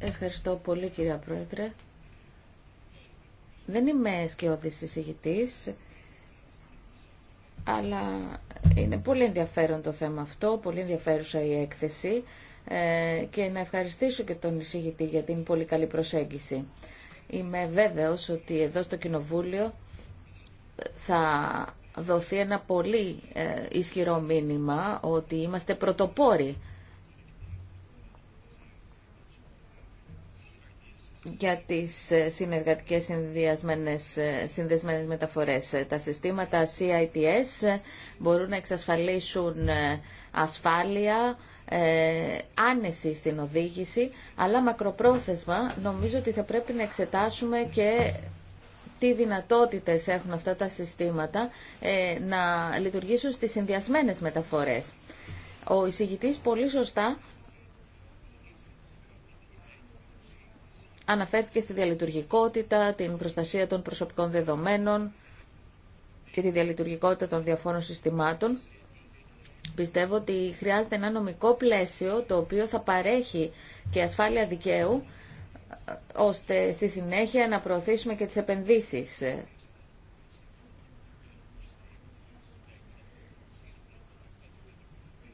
Ευχαριστώ πολύ κυρία Πρόεδρε. Δεν είμαι σκιώδης εισηγητής, αλλά είναι πολύ ενδιαφέρον το θέμα αυτό, πολύ ενδιαφέρουσα η έκθεση ε, και να ευχαριστήσω και τον εισηγητή για την πολύ καλή προσέγγιση. Είμαι βέβαιος ότι εδώ στο Κοινοβούλιο θα δοθεί ένα πολύ ε, ισχυρό μήνυμα ότι είμαστε πρωτοπόροι για τις ε, συνεργατικές συνδεσμένες ε, μεταφορές. Ε, τα συστήματα CITS μπορούν να εξασφαλίσουν ασφάλεια, άνεση στην οδήγηση, αλλά μακροπρόθεσμα νομίζω ότι θα πρέπει να εξετάσουμε και τι δυνατότητες έχουν αυτά τα συστήματα να λειτουργήσουν στις συνδυασμένες μεταφορές. Ο εισηγητής πολύ σωστά αναφέρθηκε στη διαλειτουργικότητα, την προστασία των προσωπικών δεδομένων και τη διαλειτουργικότητα των διαφόρων συστημάτων. Πιστεύω ότι χρειάζεται ένα νομικό πλαίσιο το οποίο θα παρέχει και ασφάλεια δικαίου ε, ώστε στη συνέχεια να προωθήσουμε και τις επενδύσεις.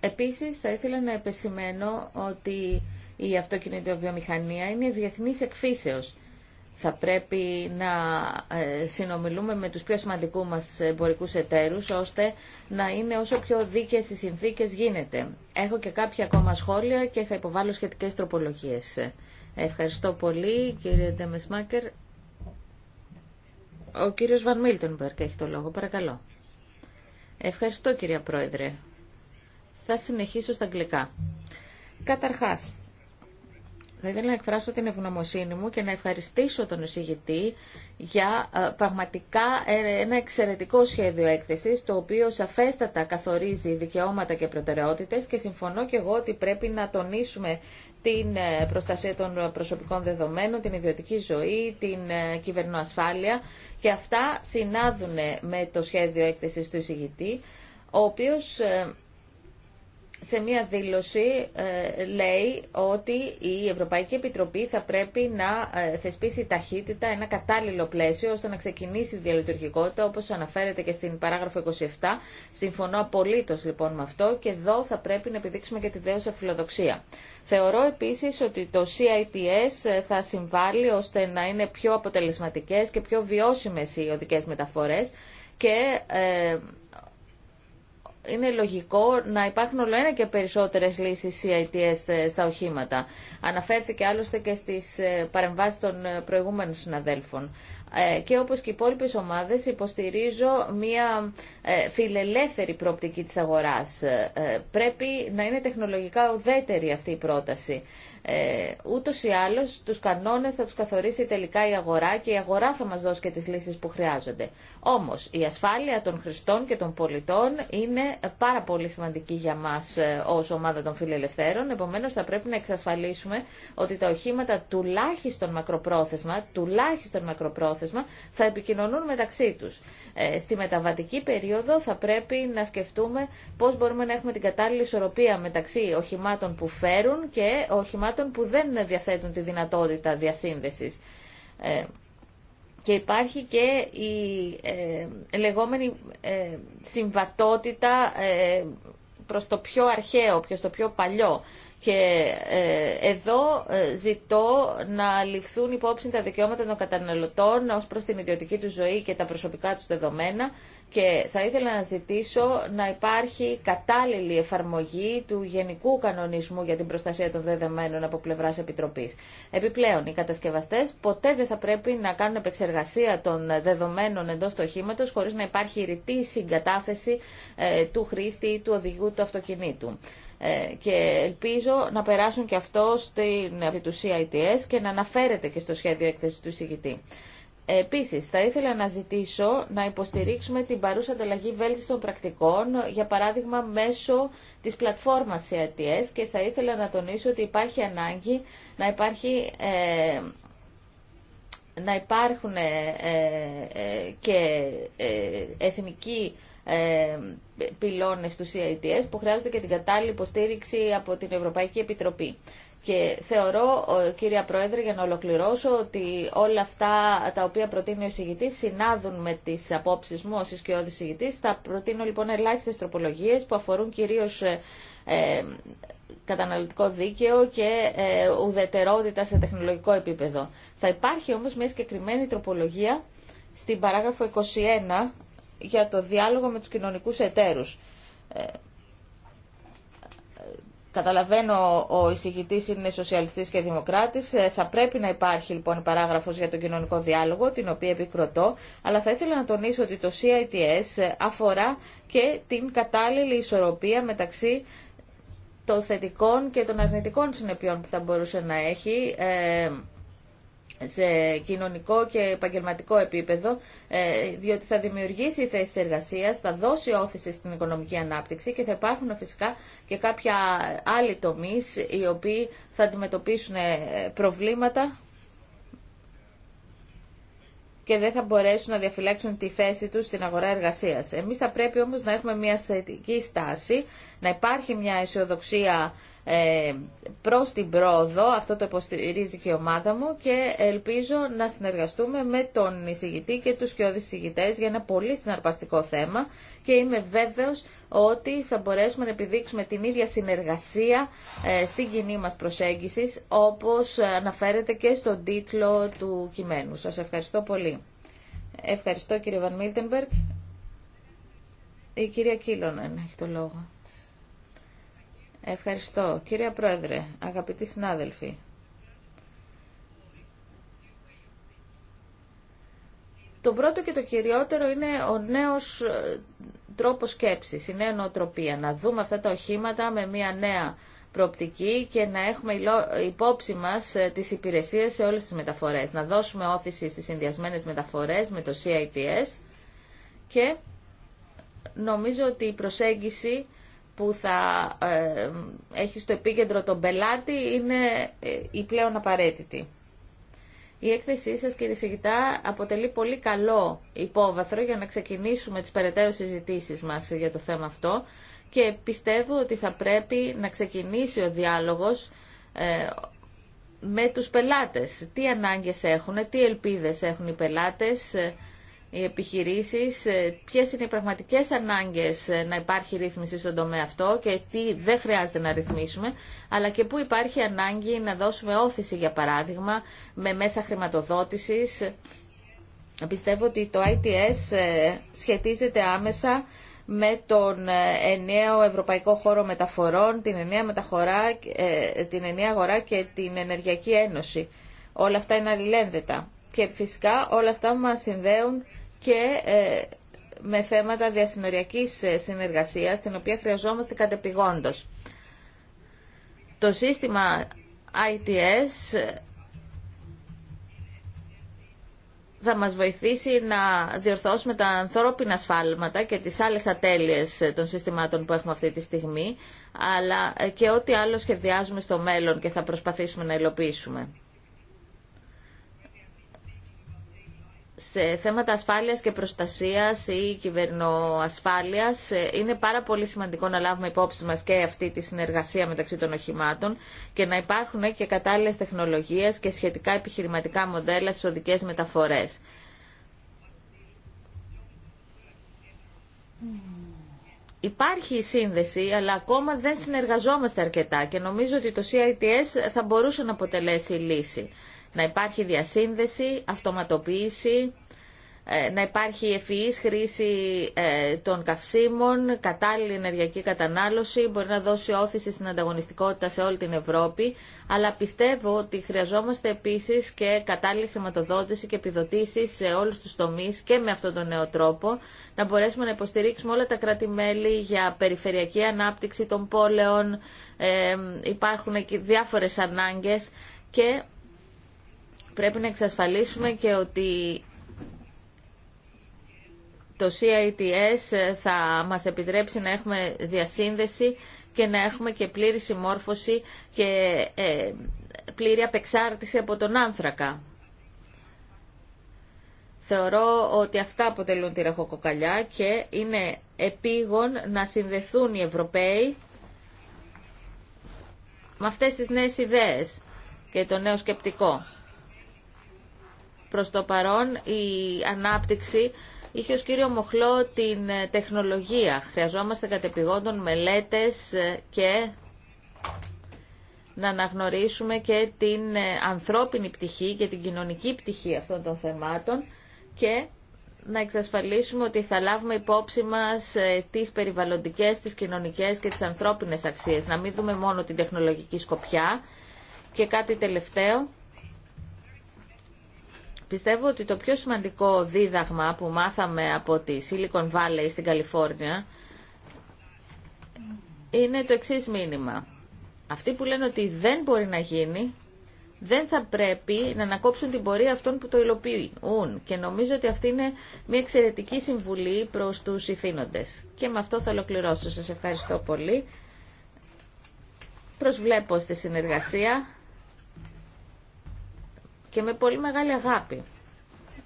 Επίσης θα ήθελα να επισημαίνω ότι η αυτοκινητοβιομηχανία είναι διεθνής εκφύσεως. Θα πρέπει να ε, συνομιλούμε με τους πιο σημαντικού μας εμπορικούς εταίρους, ώστε να είναι όσο πιο δίκαιες οι συνθήκες γίνεται. Έχω και κάποια ακόμα σχόλια και θα υποβάλω σχετικές τροπολογίες. Ευχαριστώ πολύ, κύριε Ντεμεσμάκερ. Ο κύριος Βαν Μίλτονμπερκ έχει το λόγο, παρακαλώ. Ευχαριστώ, κύριε Πρόεδρε. Θα συνεχίσω στα αγγλικά. Καταρχάς, θα ήθελα να εκφράσω την ευγνωμοσύνη μου και να ευχαριστήσω τον εισηγητή για ε, πραγματικά ε, ένα εξαιρετικό σχέδιο έκθεσης, το οποίο σαφέστατα καθορίζει δικαιώματα και προτεραιότητες και συμφωνώ και εγώ ότι πρέπει να τονίσουμε την ε, προστασία των προσωπικών δεδομένων, την ιδιωτική ζωή, την κυβερνοασφάλεια και αυτά συνάδουν με το σχέδιο έκθεσης του εισηγητή, ο οποίος σε μία δήλωση ε, λέει ότι η Ευρωπαϊκή Επιτροπή θα πρέπει να ε, θεσπίσει ταχύτητα ένα κατάλληλο πλαίσιο ώστε να ξεκινήσει η διαλειτουργικότητα όπως αναφέρεται και στην παράγραφο 27. Συμφωνώ απολύτως λοιπόν με αυτό και εδώ θα πρέπει να επιδείξουμε και τη δέωσα φιλοδοξία. Θεωρώ επίσης ότι το CITS ε, θα συμβάλλει ώστε να είναι πιο αποτελεσματικές και πιο βιώσιμες οι οδικές μεταφορές και είναι λογικό να υπάρχουν όλο ένα και περισσότερες λύσεις CITS ε, στα οχήματα. Αναφέρθηκε άλλωστε και στι ε, παρεμβάσει των ε, προηγούμενων συναδέλφων. Και όπως και οι υπόλοιπες ομάδες υποστηρίζω μια φιλελεύθερη προοπτική της αγοράς. Πρέπει να είναι τεχνολογικά ουδέτερη αυτή η πρόταση. Ε, ούτως ή άλλω, του κανόνε θα του καθορίσει τελικά η αγορά και η αγορά θα μα δώσει και τις λύσεις που χρειάζονται. Όμω, η ασφάλεια των χρηστών και των πολιτών είναι πάρα πολύ σημαντική για μας ε, ω ομάδα των φιλελευθέρων, Επομένω, θα πρέπει να εξασφαλίσουμε ότι τα οχήματα τουλάχιστον μακροπρόθεσμα, τουλάχιστον μακροπρόθεσμα θα επικοινωνούν μεταξύ του. Ε, στη μεταβατική περίοδο θα πρέπει να σκεφτούμε πώ μπορούμε να έχουμε την κατάλληλη ισορροπία μεταξύ οχημάτων που φέρουν και οχημάτων που δεν διαθέτουν τη δυνατότητα διασύνδεσης. Ε, και υπάρχει και η ε, λεγόμενη ε, συμβατότητα ε, προς το πιο αρχαίο, προς το πιο παλιό. Και εδώ ζητώ να ληφθούν υπόψη τα δικαιώματα των καταναλωτών ως προς την ιδιωτική του ζωή και τα προσωπικά τους δεδομένα και θα ήθελα να ζητήσω να υπάρχει κατάλληλη εφαρμογή του Γενικού Κανονισμού για την Προστασία των Δεδομένων από πλευρά Επιτροπή. Επιπλέον, οι κατασκευαστέ ποτέ δεν θα πρέπει να κάνουν επεξεργασία των δεδομένων εντό του οχήματο χωρί να υπάρχει ρητή συγκατάθεση ε, του χρήστη ή του οδηγού του αυτοκινήτου ε, και ελπίζω να περάσουν και αυτό στην του CITS και να αναφέρεται και στο σχέδιο έκθεση του εισηγητή. Επίσης, θα ήθελα να ζητήσω να υποστηρίξουμε την παρούσα ανταλλαγή βέλτιστων πρακτικών, για παράδειγμα μέσω της πλατφόρμας CATS και θα ήθελα να τονίσω ότι υπάρχει ανάγκη να υπάρχει ε, υπάρχουν ε, ε και ε, εθνικοί ε, πυλώνες του CITS που χρειάζονται και την κατάλληλη υποστήριξη από την Ευρωπαϊκή Επιτροπή. Και θεωρώ, κύριε Πρόεδρε, για να ολοκληρώσω, ότι όλα αυτά τα οποία προτείνει ο Συγητή, συνάδουν με τι απόψει μου ω ισχυώδη εισηγητή. Θα προτείνω λοιπόν ελάχιστε τροπολογίε που αφορούν κυρίω ε, ε, καταναλωτικό δίκαιο και ε, ουδετερότητα σε τεχνολογικό επίπεδο. Θα υπάρχει όμως μια συγκεκριμένη τροπολογία στην παράγραφο 21 για το διάλογο με τους κοινωνικούς εταίρους. Ε, Καταλαβαίνω ο εισηγητή είναι σοσιαλιστή και δημοκράτη. Ε, θα πρέπει να υπάρχει λοιπόν παράγραφο για τον κοινωνικό διάλογο, την οποία επικροτώ, αλλά θα ήθελα να τονίσω ότι το CITS ε, αφορά και την κατάλληλη ισορροπία μεταξύ των θετικών και των αρνητικών συνεπειών που θα μπορούσε να έχει ε, σε κοινωνικό και επαγγελματικό επίπεδο, ε, διότι θα δημιουργήσει θέσει εργασία, θα δώσει όθηση στην οικονομική ανάπτυξη και θα υπάρχουν φυσικά και κάποια άλλοι τομεί οι οποίοι θα αντιμετωπίσουν ε, προβλήματα και δεν θα μπορέσουν να διαφυλάξουν τη θέση τους στην αγορά εργασίας. Εμείς θα πρέπει όμως να έχουμε μια θετική στάση, να υπάρχει μια αισιοδοξία ε, προς την πρόοδο, αυτό το υποστηρίζει και η ομάδα μου και ελπίζω να συνεργαστούμε με τον εισηγητή και τους κοιόδης εισηγητές για ένα πολύ συναρπαστικό θέμα και είμαι βέβαιος ότι θα μπορέσουμε να επιδείξουμε την ίδια συνεργασία ε, στην κοινή μας προσέγγιση όπως αναφέρεται και στον τίτλο του κειμένου. Σας ευχαριστώ πολύ. Ευχαριστώ κύριε Βαν Μίλτενμπεργκ. Η κυρία Κίλων έχει το λόγο. Ευχαριστώ. Κύριε Πρόεδρε, αγαπητοί συνάδελφοι. Το πρώτο και το κυριότερο είναι ο νέος ε, τρόπος σκέψης, η νέα νοοτροπία. Να δούμε αυτά τα οχήματα με μια νέα προοπτική και να έχουμε υπόψη μας ε, τις υπηρεσίες σε όλες τις μεταφορές. Να δώσουμε όθηση στις συνδυασμένες μεταφορές με το CITS και νομίζω ότι η προσέγγιση που θα ε, έχει στο επίκεντρο τον πελάτη είναι ε, η πλέον απαραίτητη. Η έκθεσή σας κύριε Σιγητά αποτελεί πολύ καλό υπόβαθρο για να ξεκινήσουμε τις περαιτέρω συζητήσεις μας για το θέμα αυτό και πιστεύω ότι θα πρέπει να ξεκινήσει ο διάλογος ε, με τους πελάτες. Τι ανάγκες έχουν, τι ελπίδες έχουν οι πελάτες, ε, οι επιχειρήσεις, ε, ποιες είναι οι πραγματικές ανάγκες ε, να υπάρχει ρύθμιση στον τομέα αυτό και τι δεν χρειάζεται να ρυθμίσουμε, αλλά και πού υπάρχει ανάγκη να δώσουμε όθηση, για παράδειγμα, με μέσα χρηματοδότησης. Πιστεύω ότι το ITS ε, σχετίζεται άμεσα με τον ενιαίο ευρωπαϊκό χώρο μεταφορών, την ενιαία, μεταχωρά, την ενιαία αγορά και την ενεργειακή ένωση. Όλα αυτά είναι αλληλένδετα. Και φυσικά όλα αυτά μας συνδέουν και ε, με θέματα διασυνοριακής ε, συνεργασίας, την οποία χρειαζόμαστε κατεπηγόντως. Το σύστημα ITS ε, θα μας βοηθήσει να διορθώσουμε τα ανθρώπινα σφάλματα και τις άλλες ατέλειες των συστημάτων που έχουμε αυτή τη στιγμή, αλλά και ό,τι άλλο σχεδιάζουμε στο μέλλον και θα προσπαθήσουμε να υλοποιήσουμε. σε θέματα ασφάλειας και προστασίας ή κυβερνοασφάλειας ε, είναι πάρα πολύ σημαντικό να λάβουμε υπόψη μας και αυτή τη συνεργασία μεταξύ των οχημάτων και να υπάρχουν και κατάλληλες τεχνολογίες και σχετικά επιχειρηματικά μοντέλα στις οδικές μεταφορές. Υπάρχει η σύνδεση, αλλά ακόμα δεν συνεργαζόμαστε αρκετά και νομίζω ότι το CITS θα μπορούσε να αποτελέσει λύση. Να υπάρχει διασύνδεση, αυτοματοποίηση, ε, να υπάρχει ευφυής χρήση ε, των καυσίμων, κατάλληλη ενεργειακή κατανάλωση, μπορεί να δώσει όθηση στην ανταγωνιστικότητα σε όλη την Ευρώπη, αλλά πιστεύω ότι χρειαζόμαστε επίσης και κατάλληλη χρηματοδότηση και επιδοτήσει σε όλους τους τομείς και με αυτόν τον νέο τρόπο, να μπορέσουμε να υποστηρίξουμε όλα τα κράτη-μέλη για περιφερειακή ανάπτυξη των πόλεων, ε, υπάρχουν διάφορες ανάγκες και πρέπει να εξασφαλίσουμε και ότι το CITS θα μας επιτρέψει να έχουμε διασύνδεση και να έχουμε και πλήρη συμμόρφωση και ε, πλήρη απεξάρτηση από τον άνθρακα. Θεωρώ ότι αυτά αποτελούν τη ραχοκοκαλιά και είναι επίγον να συνδεθούν οι Ευρωπαίοι με αυτές τις νέες ιδέες και το νέο σκεπτικό. Προς το παρόν η ανάπτυξη είχε ως κύριο μοχλό την ε, τεχνολογία. Χρειαζόμαστε κατεπηγόντων μελέτες ε, και να αναγνωρίσουμε και την ε, ανθρώπινη πτυχή και την κοινωνική πτυχή αυτών των θεμάτων και να εξασφαλίσουμε ότι θα λάβουμε υπόψη μας τις περιβαλλοντικές, τις κοινωνικές και τις ανθρώπινες αξίες. Να μην δούμε μόνο την τεχνολογική σκοπιά. Και κάτι τελευταίο, Πιστεύω ότι το πιο σημαντικό δίδαγμα που μάθαμε από τη Silicon Valley στην Καλιφόρνια είναι το εξής μήνυμα. Αυτοί που λένε ότι δεν μπορεί να γίνει, δεν θα πρέπει να ανακόψουν την πορεία αυτών που το υλοποιούν. Και νομίζω ότι αυτή είναι μια εξαιρετική συμβουλή προς τους ηθήνοντες. Και με αυτό θα ολοκληρώσω. Σας ευχαριστώ πολύ. Προσβλέπω στη συνεργασία και με πολύ μεγάλη αγάπη.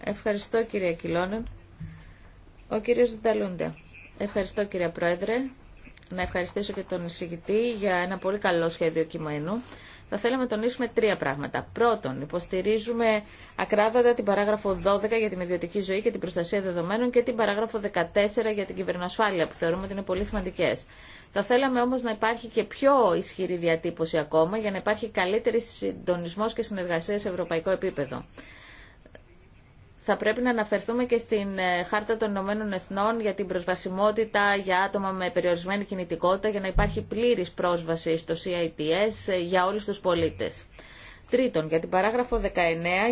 Ευχαριστώ κύριε Κιλώνεν. Ο κύριο Δενταλούντε. Ευχαριστώ κύριε Πρόεδρε. Να ευχαριστήσω και τον εισηγητή για ένα πολύ καλό σχέδιο κειμένου. Θα θέλαμε να τονίσουμε τρία πράγματα. Πρώτον, υποστηρίζουμε ακράδαντα την παράγραφο 12 για την ιδιωτική ζωή και την προστασία δεδομένων και την παράγραφο 14 για την κυβερνοασφάλεια, που θεωρούμε ότι είναι πολύ σημαντικέ. Θα θέλαμε όμως να υπάρχει και πιο ισχυρή διατύπωση ακόμα για να υπάρχει καλύτερη συντονισμό και συνεργασία σε ευρωπαϊκό επίπεδο. Θα πρέπει να αναφερθούμε και στην ε, Χάρτα των Ηνωμένων Εθνών για την προσβασιμότητα για άτομα με περιορισμένη κινητικότητα για να υπάρχει πλήρης πρόσβαση στο CITS ε, για όλου του πολίτε. Τρίτον, για την παράγραφο 19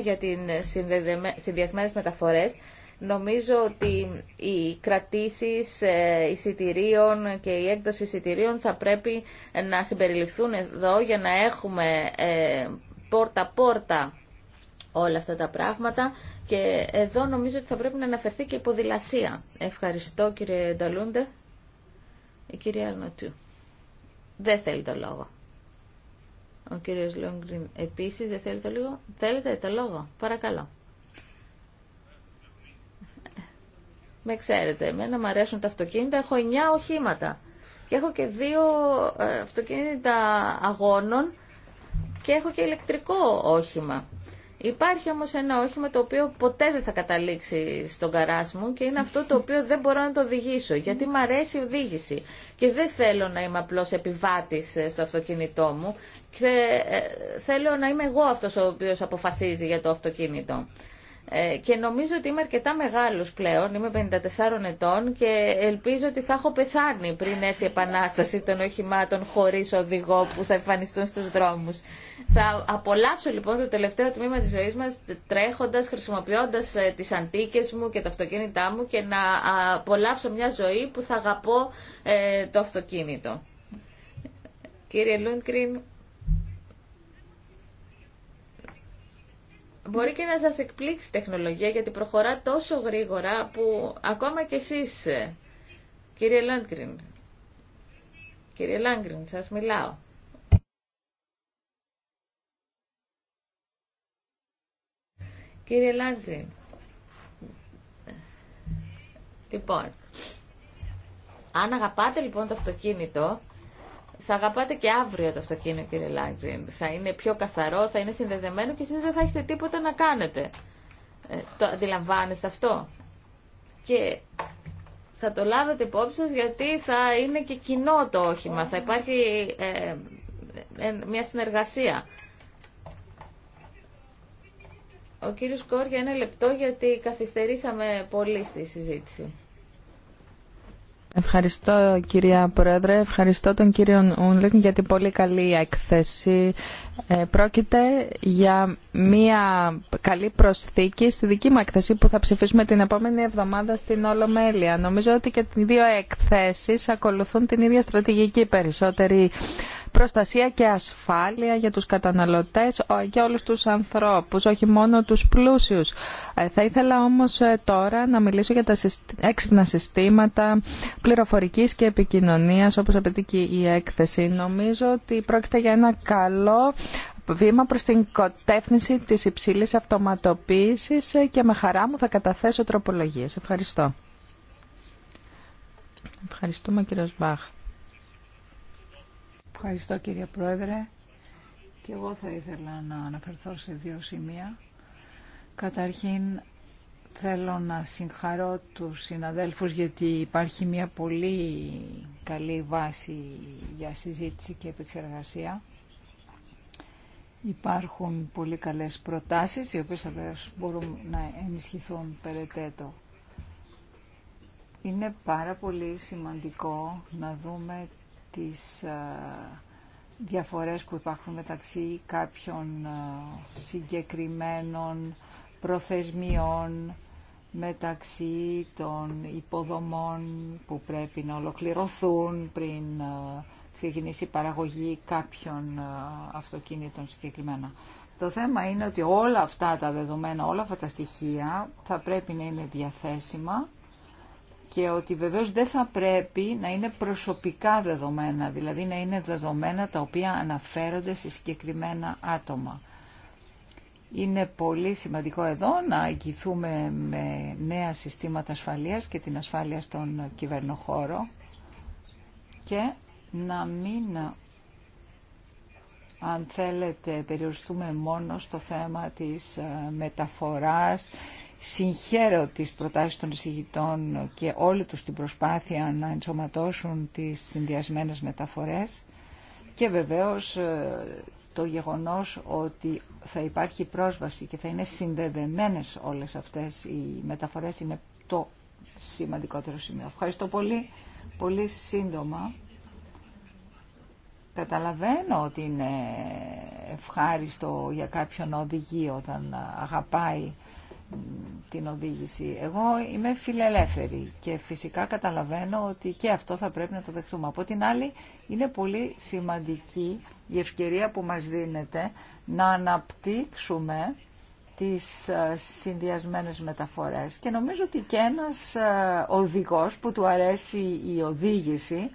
για τι συνδυασμένε μεταφορέ. Νομίζω ότι οι κρατήσεις ε, εισιτηρίων και η έκδοση εισιτηρίων θα πρέπει να συμπεριληφθούν εδώ για να έχουμε πόρτα-πόρτα ε, όλα αυτά τα πράγματα και εδώ νομίζω ότι θα πρέπει να αναφερθεί και η ποδηλασία. Ευχαριστώ κύριε Νταλούντε. Η κυρία Αρνοτσού. Δεν θέλει το λόγο. Ο κύριος Λόγκριν επίσης δεν θέλει το λόγο. Θέλετε το λόγο. Παρακαλώ. Με ξέρετε, εμένα μου αρέσουν τα αυτοκίνητα, έχω 9 οχήματα και έχω και δύο ε, αυτοκίνητα αγώνων και έχω και ηλεκτρικό όχημα. Υπάρχει όμως ένα όχημα το οποίο ποτέ δεν θα καταλήξει στον καράς μου και είναι αυτό το οποίο δεν μπορώ να το οδηγήσω γιατί μου αρέσει η οδήγηση και δεν θέλω να είμαι απλώς επιβάτης ε, στο αυτοκίνητό μου και ε, θέλω να είμαι εγώ αυτός ο οποίος αποφασίζει για το αυτοκίνητο. Ε, και νομίζω ότι είμαι αρκετά μεγάλο πλέον, είμαι 54 ετών και ελπίζω ότι θα έχω πεθάνει πριν έρθει η επανάσταση των οχημάτων χωρί οδηγό που θα εμφανιστούν στου δρόμου. Θα απολαύσω λοιπόν το τελευταίο τμήμα της ζωής μας τρέχοντας, χρησιμοποιώντας ε, τι αντίκε μου και τα αυτοκίνητά μου και να απολαύσω μια ζωή που θα αγαπώ ε, το αυτοκίνητο. Κύριε Λούντκριν, μπορεί και να σας εκπλήξει η τεχνολογία γιατί προχωρά τόσο γρήγορα που ακόμα και εσείς, ε, κύριε Λάνγκριν κύριε Λάνγκριν σας μιλάω. Κύριε Λάνγκριν λοιπόν, αν αγαπάτε λοιπόν το αυτοκίνητο, θα αγαπάτε και αύριο το αυτοκίνητο, κύριε Λάγκριν. Θα είναι πιο καθαρό, θα είναι συνδεδεμένο και εσείς δεν θα έχετε τίποτα να κάνετε. Ε, το αντιλαμβάνεστε αυτό. Και θα το λάβετε υπόψη σας γιατί θα είναι και κοινό το όχημα. Θα υπάρχει ε, μια συνεργασία. Ο κύριος Κόρ για ένα λεπτό γιατί καθυστερήσαμε πολύ στη συζήτηση. Ευχαριστώ κυρία Πρόεδρε, ευχαριστώ τον κύριο Ούνλικ για την πολύ καλή έκθεση. Ε, πρόκειται για μια καλή προσθήκη στη δική μου εκθεσή που θα ψηφίσουμε την επόμενη εβδομάδα στην Ολομέλεια. Νομίζω ότι και οι δύο εκθέσεις ακολουθούν την ίδια στρατηγική περισσότερη προστασία και ασφάλεια για τους καταναλωτές και όλους τους ανθρώπους, όχι μόνο τους πλούσιους. Ε, θα ήθελα όμως ε, τώρα να μιλήσω για τα έξυπνα συστήματα πληροφορικής και επικοινωνίας όπως απαιτεί και η έκθεση. Νομίζω ότι πρόκειται για ένα καλό βήμα προς την κατεύθυνση της υψηλής αυτοματοποίησης και με χαρά μου θα καταθέσω τροπολογίες. Ευχαριστώ. Ευχαριστούμε κύριο Μπάχ. Ευχαριστώ κύριε Πρόεδρε. Και εγώ θα ήθελα να αναφερθώ σε δύο σημεία. Καταρχήν θέλω να συγχαρώ τους συναδέλφους γιατί υπάρχει μια πολύ καλή βάση για συζήτηση και επεξεργασία. Υπάρχουν πολύ καλές προτάσεις, οι οποίες θα μπορούν να ενισχυθούν περαιτέρω. Είναι πάρα πολύ σημαντικό να δούμε τις ε, διαφορές που υπάρχουν μεταξύ κάποιων ε, συγκεκριμένων προθεσμιών, μεταξύ των υποδομών που πρέπει να ολοκληρωθούν πριν ε, ξεκινήσει η παραγωγή κάποιων ε, αυτοκίνητων συγκεκριμένα. Το θέμα είναι ότι όλα αυτά τα δεδομένα, όλα αυτά τα στοιχεία θα πρέπει να είναι διαθέσιμα και ότι βεβαίως δεν θα πρέπει να είναι προσωπικά δεδομένα, δηλαδή να είναι δεδομένα τα οποία αναφέρονται σε συγκεκριμένα άτομα. Είναι πολύ σημαντικό εδώ να αγγιθούμε με νέα συστήματα ασφαλείας και την ασφάλεια στον κυβερνοχώρο και να μην, αν θέλετε, περιοριστούμε μόνο στο θέμα της ε, μεταφοράς. Συγχαίρω τις προτάσεις των εισηγητών και όλη τους την προσπάθεια να ενσωματώσουν τις συνδυασμένες μεταφορές και βεβαίως ε, το γεγονός ότι θα υπάρχει πρόσβαση και θα είναι συνδεδεμένες όλες αυτές οι μεταφορές είναι το σημαντικότερο σημείο. Ευχαριστώ πολύ. Πολύ σύντομα. Καταλαβαίνω ότι είναι ευχάριστο για κάποιον οδηγεί όταν αγαπάει την οδήγηση. Εγώ είμαι φιλελεύθερη και φυσικά καταλαβαίνω ότι και αυτό θα πρέπει να το δεχτούμε. Από την άλλη, είναι πολύ σημαντική η ευκαιρία που μας δίνεται να αναπτύξουμε τις ε, συνδυασμένες μεταφορές και νομίζω ότι και ένας ε, οδηγός που του αρέσει η οδήγηση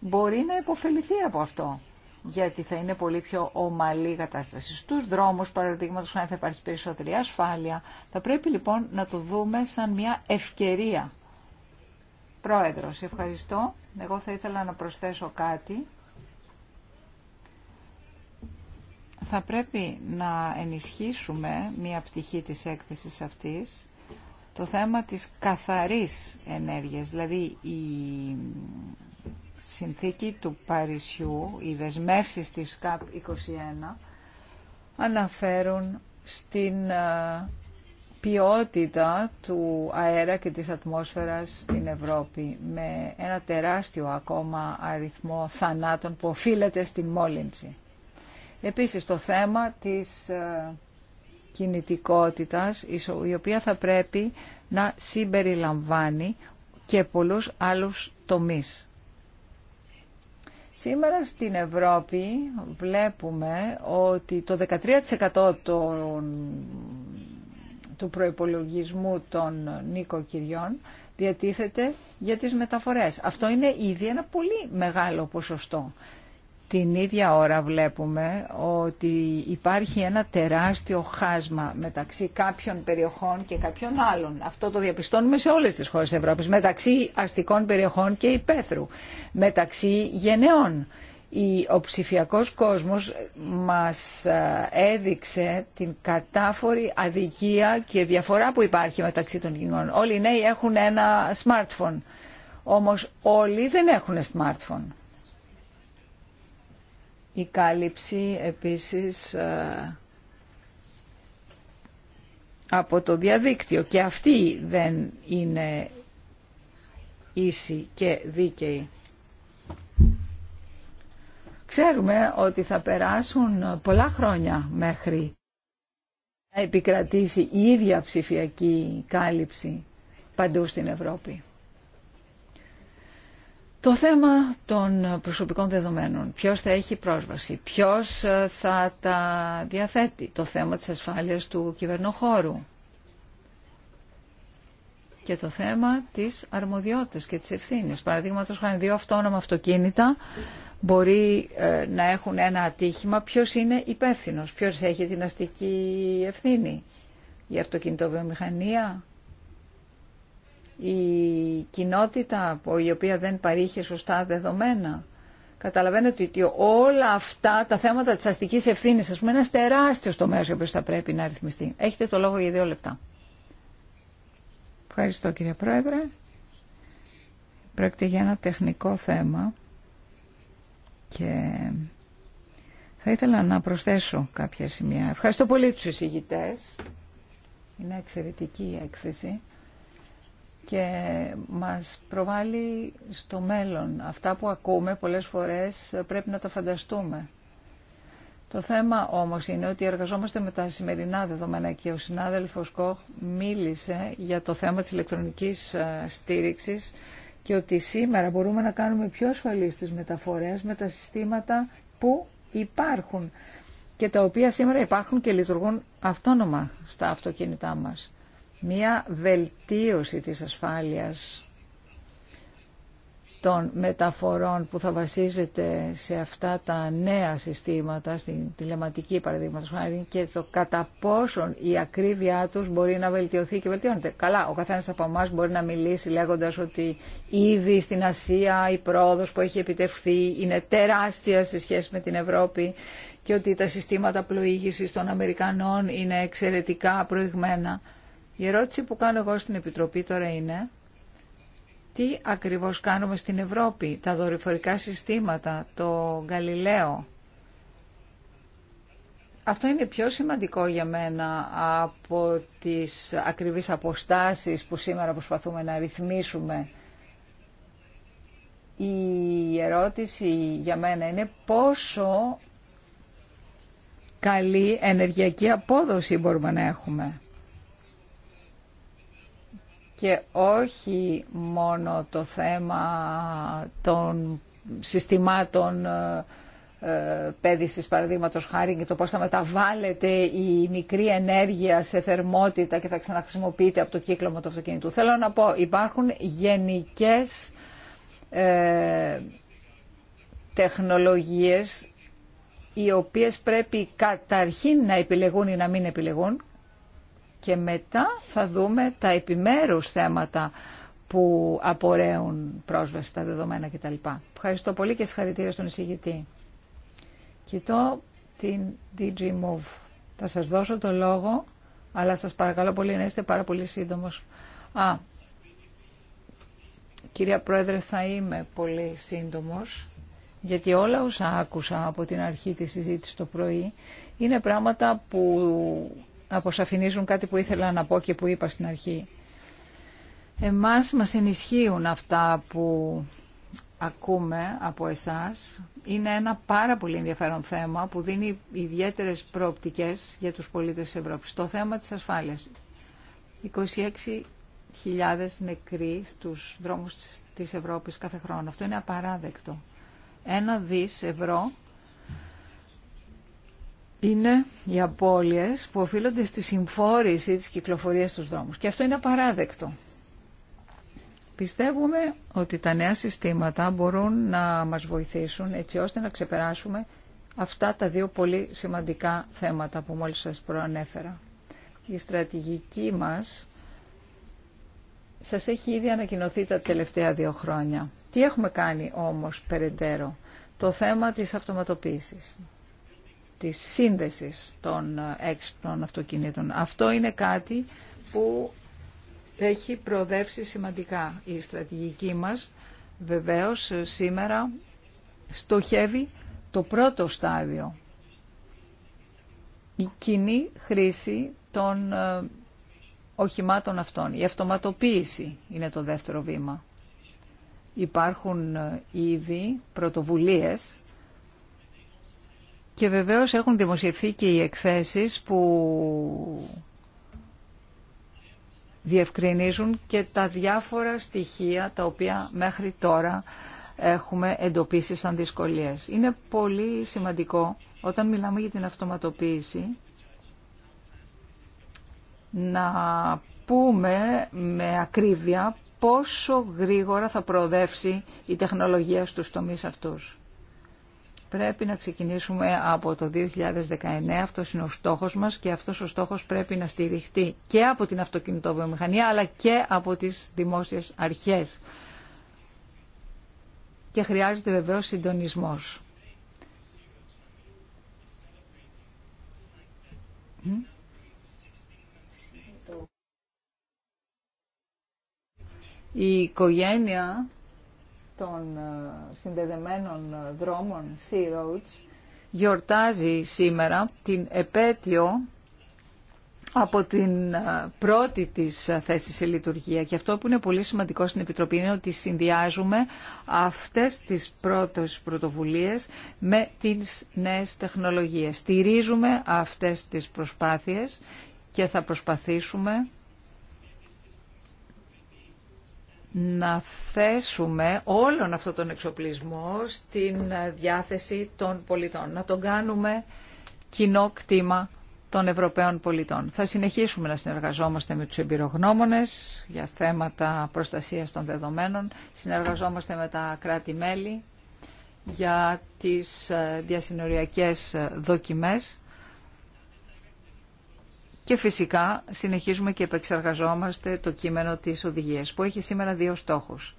μπορεί να υποφεληθεί από αυτό γιατί θα είναι πολύ πιο ομαλή η κατάσταση. Στους δρόμους, παραδείγματος, θα υπάρχει περισσότερη ασφάλεια. Θα πρέπει λοιπόν να το δούμε σαν μια ευκαιρία. Πρόεδρος, ευχαριστώ. Εγώ θα ήθελα να προσθέσω κάτι. Θα πρέπει να ενισχύσουμε μια πτυχή της έκθεσης αυτής, το θέμα της καθαρής ενέργειας, δηλαδή η συνθήκη του Παρισιού, οι δεσμεύσεις της ΚΑΠ 21, αναφέρουν στην ε, ποιότητα του αέρα και της ατμόσφαιρας στην Ευρώπη με ένα τεράστιο ακόμα αριθμό θανάτων που οφείλεται στην μόλυνση. Επίσης το θέμα της ε, κινητικότητας η οποία θα πρέπει να συμπεριλαμβάνει και πολλούς άλλους τομείς. Σήμερα στην Ευρώπη βλέπουμε ότι το 13% του προϋπολογισμού των νοικοκυριών διατίθεται για τις μεταφορές. Αυτό είναι ήδη ένα πολύ μεγάλο ποσοστό. Την ίδια ώρα βλέπουμε ότι υπάρχει ένα τεράστιο χάσμα μεταξύ κάποιων περιοχών και κάποιων άλλων. Αυτό το διαπιστώνουμε σε όλες τις χώρες της Ευρώπης. Μεταξύ αστικών περιοχών και υπαίθρου. Μεταξύ γενεών. Ο ψηφιακό κόσμος μας ε, έδειξε την κατάφορη αδικία και διαφορά που υπάρχει μεταξύ των κοινών. Όλοι οι νέοι έχουν ένα smartphone. Όμως όλοι δεν έχουν smartphone. Η κάλυψη επίσης ε, από το διαδίκτυο και αυτή δεν είναι ίση και δίκαιη. Ξέρουμε ότι θα περάσουν πολλά χρόνια μέχρι να επικρατήσει η ίδια ψηφιακή κάλυψη παντού στην Ευρώπη. Το θέμα των προσωπικών δεδομένων, ποιος θα έχει πρόσβαση, ποιος ε, θα τα διαθέτει, το θέμα της ασφάλειας του κυβερνοχώρου και το θέμα της αρμοδιότητας και της ευθύνης. Παραδείγματο χάρη δύο αυτόνομα αυτοκίνητα μπορεί ε, να έχουν ένα ατύχημα, ποιος είναι υπεύθυνος, ποιος έχει την αστική ευθύνη, η αυτοκινητοβιομηχανία, η κοινότητα η οποία δεν παρήχε σωστά δεδομένα. Καταλαβαίνετε ότι όλα αυτά τα θέματα της αστικής ευθύνης, ας πούμε, είναι ένας τεράστιος τομέας ο θα πρέπει να ρυθμιστεί. Έχετε το λόγο για δύο λεπτά. Ευχαριστώ κύριε Πρόεδρε. Πρόκειται για ένα τεχνικό θέμα και θα ήθελα να προσθέσω κάποια σημεία. Ευχαριστώ πολύ τους εισηγητές. Είναι εξαιρετική η έκθεση και μας προβάλλει στο μέλλον. Αυτά που ακούμε πολλές φορές πρέπει να τα φανταστούμε. Το θέμα όμως είναι ότι εργαζόμαστε με τα σημερινά δεδομένα και ο συνάδελφος Κοχ μίλησε για το θέμα της ηλεκτρονικής ε, στήριξης και ότι σήμερα μπορούμε να κάνουμε πιο ασφαλείς τις μεταφορές με τα συστήματα που υπάρχουν και τα οποία σήμερα υπάρχουν και λειτουργούν αυτόνομα στα αυτοκίνητά μας μία βελτίωση της ασφάλειας των μεταφορών που θα βασίζεται σε αυτά τα νέα συστήματα, στην τηλεματική παραδείγματος χάρη και το κατά πόσον η ακρίβειά τους μπορεί να βελτιωθεί και βελτιώνεται. Καλά, ο καθένας από εμά μπορεί να μιλήσει λέγοντας ότι ήδη στην Ασία η πρόοδος που έχει επιτευχθεί είναι τεράστια σε σχέση με την Ευρώπη και ότι τα συστήματα πλοήγησης των Αμερικανών είναι εξαιρετικά προηγμένα. Η ερώτηση που κάνω εγώ στην Επιτροπή τώρα είναι τι ακριβώς κάνουμε στην Ευρώπη, τα δορυφορικά συστήματα, το Γαλιλαίο. Αυτό είναι πιο σημαντικό για μένα από τις ακριβείς αποστάσεις που σήμερα προσπαθούμε να ρυθμίσουμε. Η ερώτηση για μένα είναι πόσο καλή ενεργειακή απόδοση μπορούμε να έχουμε και όχι μόνο το θέμα των συστημάτων ε, ε, πέδησης παραδείγματος χάρη και το πώς θα μεταβάλλεται η μικρή ενέργεια σε θερμότητα και θα ξαναχρησιμοποιείται από το κύκλωμα του αυτοκίνητου. Θέλω να πω, υπάρχουν γενικές ε, τεχνολογίες οι οποίες πρέπει καταρχήν να επιλεγούν ή να μην επιλεγούν και μετά θα δούμε τα επιμέρους θέματα που απορρέουν πρόσβαση στα δεδομένα κτλ. Ευχαριστώ πολύ και συγχαρητήρια στον εισηγητή. Κοιτώ την DG Move. Θα σας δώσω το λόγο, αλλά σας παρακαλώ πολύ να είστε πάρα πολύ σύντομος. Α, κυρία Πρόεδρε, θα είμαι πολύ σύντομος, γιατί όλα όσα άκουσα από την αρχή της συζήτησης το πρωί είναι πράγματα που αποσαφηνίζουν κάτι που ήθελα να πω και που είπα στην αρχή. Εμάς μας ενισχύουν αυτά που ακούμε από εσάς. Είναι ένα πάρα πολύ ενδιαφέρον θέμα που δίνει ιδιαίτερες προοπτικές για τους πολίτες της Ευρώπης. Το θέμα της ασφάλειας. 26.000 νεκροί στους δρόμους της Ευρώπης κάθε χρόνο. Αυτό είναι απαράδεκτο. Ένα δις ευρώ είναι οι απώλειες που οφείλονται στη συμφόρηση της κυκλοφορίας στους δρόμους. Και αυτό είναι απαράδεκτο. Πιστεύουμε ότι τα νέα συστήματα μπορούν να μας βοηθήσουν έτσι ώστε να ξεπεράσουμε αυτά τα δύο πολύ σημαντικά θέματα που μόλις σας προανέφερα. Η στρατηγική μας σας έχει ήδη ανακοινωθεί τα τελευταία δύο χρόνια. Τι έχουμε κάνει όμως περαιτέρω. Το θέμα της αυτοματοποίησης της σύνδεσης των έξυπνων αυτοκινήτων. Αυτό είναι κάτι που έχει προοδεύσει σημαντικά η στρατηγική μας. Βεβαίως σήμερα στοχεύει το πρώτο στάδιο. Η κοινή χρήση των ε, οχημάτων αυτών. Η αυτοματοποίηση είναι το δεύτερο βήμα. Υπάρχουν ε, ήδη πρωτοβουλίες και βεβαίως έχουν δημοσιευθεί και οι εκθέσεις που διευκρινίζουν και τα διάφορα στοιχεία τα οποία μέχρι τώρα έχουμε εντοπίσει σαν δυσκολίες. Είναι πολύ σημαντικό όταν μιλάμε για την αυτοματοποίηση να πούμε με ακρίβεια πόσο γρήγορα θα προοδεύσει η τεχνολογία στους τομείς αυτούς. Πρέπει να ξεκινήσουμε από το 2019, αυτός είναι ο στόχος μας και αυτός ο στόχος πρέπει να στηριχτεί και από την αυτοκινητοβιομηχανία αλλά και από τις δημόσιες αρχές. Και χρειάζεται βεβαίως συντονισμός. Η οικογένεια των ε, συνδεδεμένων ε, δρόμων Sea Roads γιορτάζει σήμερα την επέτειο από την ε, πρώτη της θέση σε λειτουργία. Και αυτό που είναι πολύ σημαντικό στην Επιτροπή είναι ότι συνδυάζουμε αυτές τις πρώτες πρωτοβουλίες με τις νέες τεχνολογίες. Στηρίζουμε αυτές τις προσπάθειες και θα προσπαθήσουμε να θέσουμε όλον αυτό τον εξοπλισμό στην διάθεση των πολιτών, να τον κάνουμε κοινό κτήμα των Ευρωπαίων πολιτών. Θα συνεχίσουμε να συνεργαζόμαστε με τους εμπειρογνώμονες για θέματα προστασίας των δεδομένων, συνεργαζόμαστε με τα κράτη-μέλη για τις ε, διασυνοριακές ε, δοκιμές και φυσικά συνεχίζουμε και επεξεργαζόμαστε το κείμενο της οδηγίας που έχει σήμερα δύο στόχους.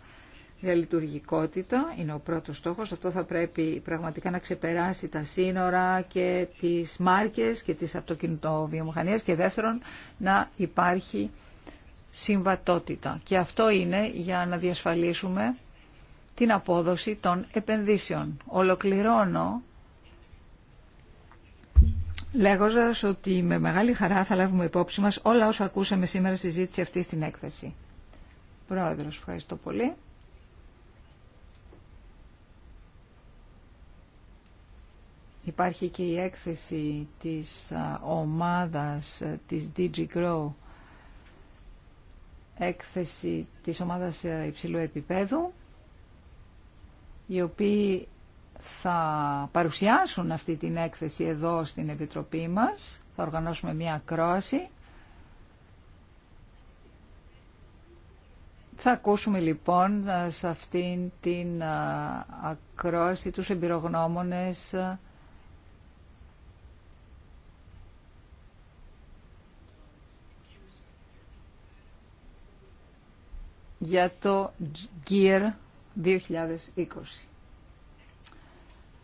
Διαλειτουργικότητα είναι ο πρώτος στόχος. Αυτό θα πρέπει πραγματικά να ξεπεράσει τα σύνορα και τις μάρκες και τις αυτοκινητοβιομηχανίες και δεύτερον να υπάρχει συμβατότητα. Και αυτό είναι για να διασφαλίσουμε την απόδοση των επενδύσεων. Ολοκληρώνω Λέγοντα ότι με μεγάλη χαρά θα λάβουμε υπόψη μας όλα όσα ακούσαμε σήμερα στη ζήτηση αυτή στην έκθεση. Πρόεδρος, ευχαριστώ πολύ. Υπάρχει και η έκθεση της ομάδας της DigiGrow, έκθεση της ομάδας υψηλού επίπεδου, οι οποίοι θα παρουσιάσουν αυτή την έκθεση εδώ στην Επιτροπή μας. Θα οργανώσουμε μια ακρόαση. Θα ακούσουμε λοιπόν σε αυτήν την ακρόαση τους εμπειρογνώμονες για το GEAR 2020.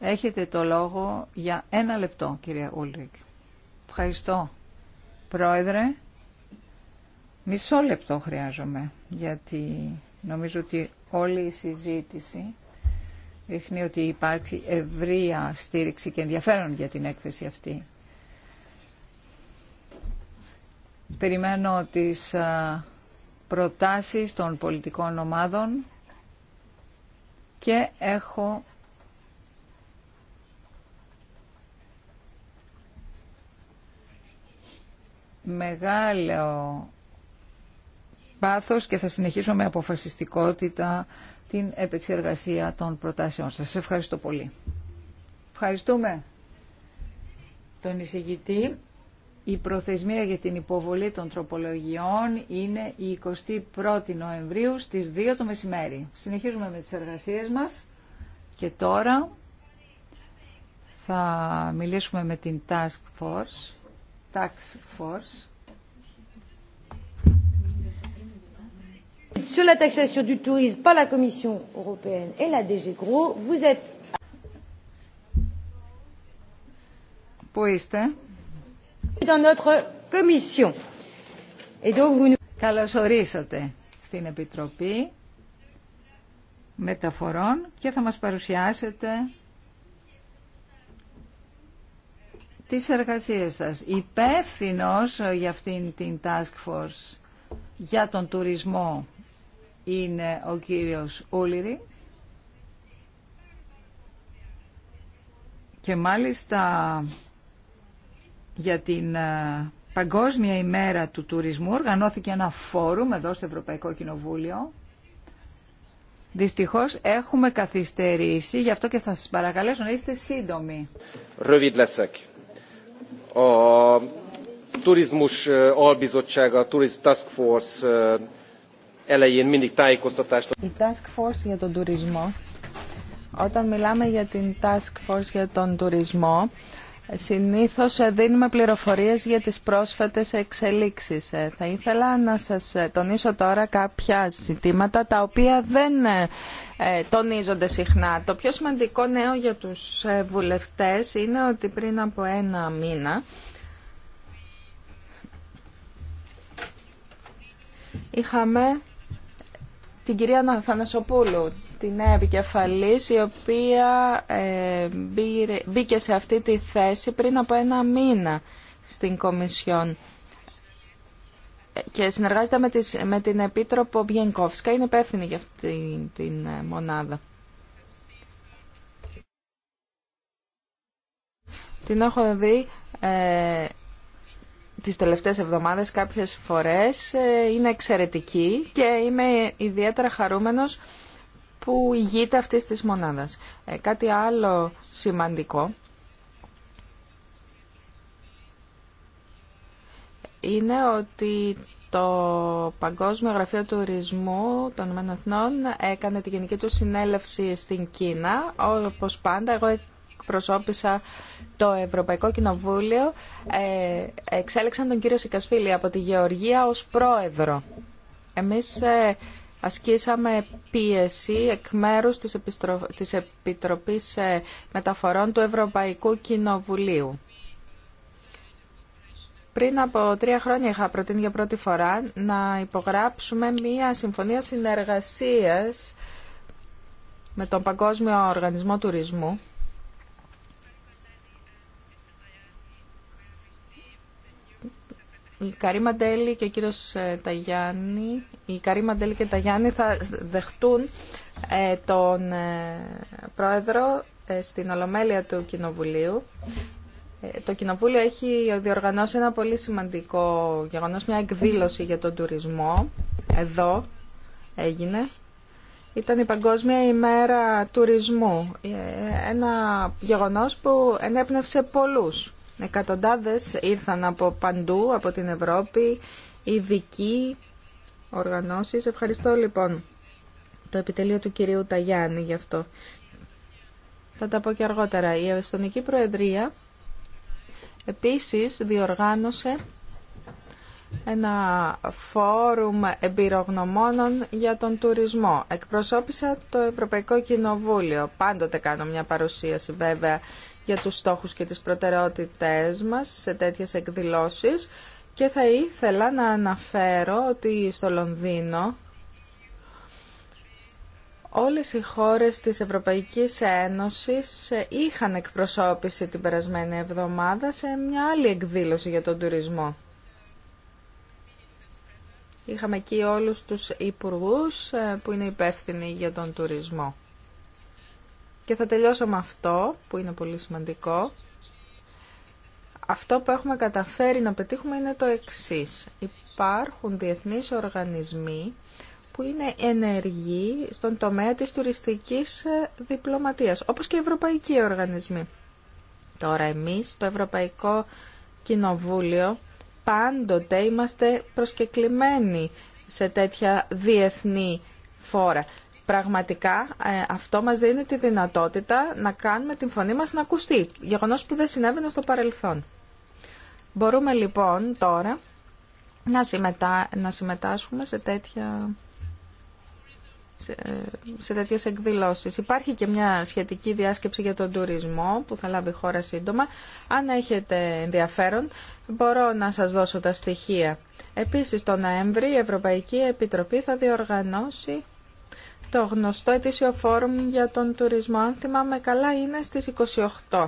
Έχετε το λόγο για ένα λεπτό, κυρία Ούλρικ. Ευχαριστώ, Πρόεδρε. Μισό λεπτό χρειάζομαι, γιατί νομίζω ότι όλη η συζήτηση δείχνει ότι υπάρχει ευρεία στήριξη και ενδιαφέρον για την έκθεση αυτή. Περιμένω τις προτάσεις των πολιτικών ομάδων και έχω μεγάλο πάθος και θα συνεχίσω με αποφασιστικότητα την επεξεργασία των προτάσεων σας. Σας ευχαριστώ πολύ. Ευχαριστούμε τον εισηγητή. Η προθεσμία για την υποβολή των τροπολογιών είναι η 21η Νοεμβρίου στις 2 το μεσημέρι. Συνεχίζουμε με τις εργασίες μας και τώρα θα μιλήσουμε με την Task Force. Tax Force. Sur la taxation du tourisme par la Commission européenne et la DG Gros, vous êtes... Πού Dans notre commission. Et donc vous... nous... Καλώς ορίσατε στην Επιτροπή Μεταφορών και θα μας παρουσιάσετε τις εργασίες σας. Υπεύθυνο για αυτήν την Task Force για τον τουρισμό είναι ο κύριος Ούληρη. Και μάλιστα για την ε, Παγκόσμια ημέρα του τουρισμού οργανώθηκε ένα φόρουμ εδώ στο Ευρωπαϊκό Κοινοβούλιο. Δυστυχώς έχουμε καθυστερήσει, γι' αυτό και θα σας παρακαλέσω να είστε σύντομοι a turizmus albizottsága, a Tourism Task Force elején mindig tájékoztatást. Η Task Force για τον τουρισμό. Όταν μιλάμε για την Task Force για τον τουρισμό, Συνήθως ε, δίνουμε πληροφορίες για τις πρόσφατες εξελίξεις. Ε, θα ήθελα να σας ε, τονίσω τώρα κάποια ζητήματα τα οποία δεν τονίζονται συχνά. Το πιο σημαντικό νέο για τους βουλευτές είναι ότι πριν από ένα μήνα είχαμε την κυρία Αθανασοπούλου την νέα επικεφαλής η οποία ε, μπήκε σε αυτή τη θέση πριν από ένα μήνα στην Κομισιόν και συνεργάζεται με, με την Επίτροπο Μπιενκόφσκα, είναι υπεύθυνη για αυτή την ε, μονάδα. Την έχω δει ε, τις τελευταίες εβδομάδες κάποιες φορές, ε, είναι εξαιρετική και είμαι ιδιαίτερα χαρούμενος που ηγείται αυτής της μονάδας. Ε, κάτι άλλο σημαντικό είναι ότι το Παγκόσμιο Γραφείο Τουρισμού των Ηνωμένων Εθνών έκανε τη γενική του συνέλευση στην Κίνα. Όπως πάντα, εγώ εκπροσώπησα το Ευρωπαϊκό Κοινοβούλιο. Ε, εξέλεξαν τον κύριο Σικασφίλη από τη Γεωργία ως πρόεδρο. Εμείς ε, ασκήσαμε πίεση εκ μέρους της, Επιστρο... της Επιτροπής ε, Μεταφορών του Ευρωπαϊκού Κοινοβουλίου. Πριν από τρία χρόνια είχα προτείνει για πρώτη φορά να υπογράψουμε μία συμφωνία συνεργασίας με τον Παγκόσμιο Οργανισμό Τουρισμού Η Καρή Μαντέλη και ο κύριος ε, Ταγιάννη, η Καρή Μαντέλη και Ταγιάννη θα δεχτούν ε, τον ε, πρόεδρο στην Ολομέλεια του Κοινοβουλίου. Το Κοινοβούλιο έχει διοργανώσει ένα πολύ σημαντικό γεγονός, μια εκδήλωση για τον τουρισμό. Εδώ έγινε. Ήταν η Παγκόσμια ημέρα τουρισμού. Ένα γεγονός που ενέπνευσε πολλούς Εκατοντάδες ήρθαν από παντού, από την Ευρώπη, ειδικοί οργανώσεις. Ευχαριστώ λοιπόν το επιτελείο του κυρίου Ταγιάννη γι' αυτό. Θα τα πω και αργότερα. Η Εστονική Προεδρία επίσης διοργάνωσε ένα φόρουμ εμπειρογνωμόνων για τον τουρισμό. Εκπροσώπησα το Ευρωπαϊκό Κοινοβούλιο. Πάντοτε κάνω μια παρουσίαση βέβαια για τους στόχους και τις προτεραιότητές μας σε τέτοιες εκδηλώσεις και θα ήθελα να αναφέρω ότι στο Λονδίνο όλες οι χώρες της Ευρωπαϊκής Ένωσης είχαν εκπροσώπηση την περασμένη εβδομάδα σε μια άλλη εκδήλωση για τον τουρισμό. Είχαμε εκεί όλους τους υπουργούς ε, που είναι υπεύθυνοι για τον τουρισμό. Και θα τελειώσω με αυτό, που είναι πολύ σημαντικό. Αυτό που έχουμε καταφέρει να πετύχουμε είναι το εξής. Υπάρχουν διεθνείς οργανισμοί που είναι ενεργοί στον τομέα της τουριστικής ε, διπλωματίας, όπως και οι ευρωπαϊκοί οργανισμοί. Τώρα εμείς, το Ευρωπαϊκό Κοινοβούλιο, πάντοτε είμαστε προσκεκλημένοι σε τέτοια διεθνή φόρα. Πραγματικά ε, αυτό μας δίνει τη δυνατότητα να κάνουμε την φωνή μας να ακουστεί, γεγονός που δεν συνέβαινε στο παρελθόν. Μπορούμε λοιπόν τώρα να, να συμμετάσχουμε σε τέτοια σε, ε, σε Υπάρχει και μια σχετική διάσκεψη για τον τουρισμό που θα λάβει η χώρα σύντομα. Αν έχετε ενδιαφέρον, μπορώ να σας δώσω τα στοιχεία. Επίση, το Νοέμβρη η Ευρωπαϊκή Επιτροπή θα διοργανώσει το γνωστό ετήσιο φόρουμ για τον τουρισμό, αν θυμάμαι καλά, είναι στις 28.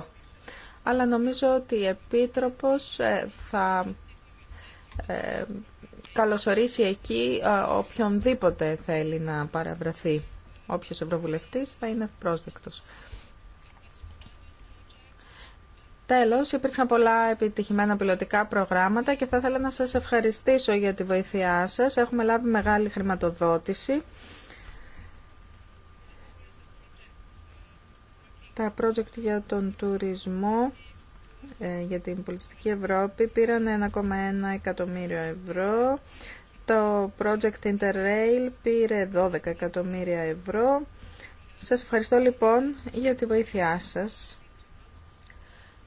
Αλλά νομίζω ότι η Επίτροπος ε, θα ε, καλωσορίσει εκεί ε, οποιονδήποτε θέλει να παραβρεθεί. Όποιος ευρωβουλευτής θα είναι πρόσδεκτος. Τέλος, υπήρξαν πολλά επιτυχημένα πιλωτικά προγράμματα και θα ήθελα να σας ευχαριστήσω για τη βοήθειά σας. Έχουμε λάβει μεγάλη χρηματοδότηση. Τα project για τον τουρισμό ε, για την πολιτιστική Ευρώπη πήραν 1,1 εκατομμύριο ευρώ. Το project Interrail πήρε 12 εκατομμύρια ευρώ. Σας ευχαριστώ λοιπόν για τη βοήθειά σας.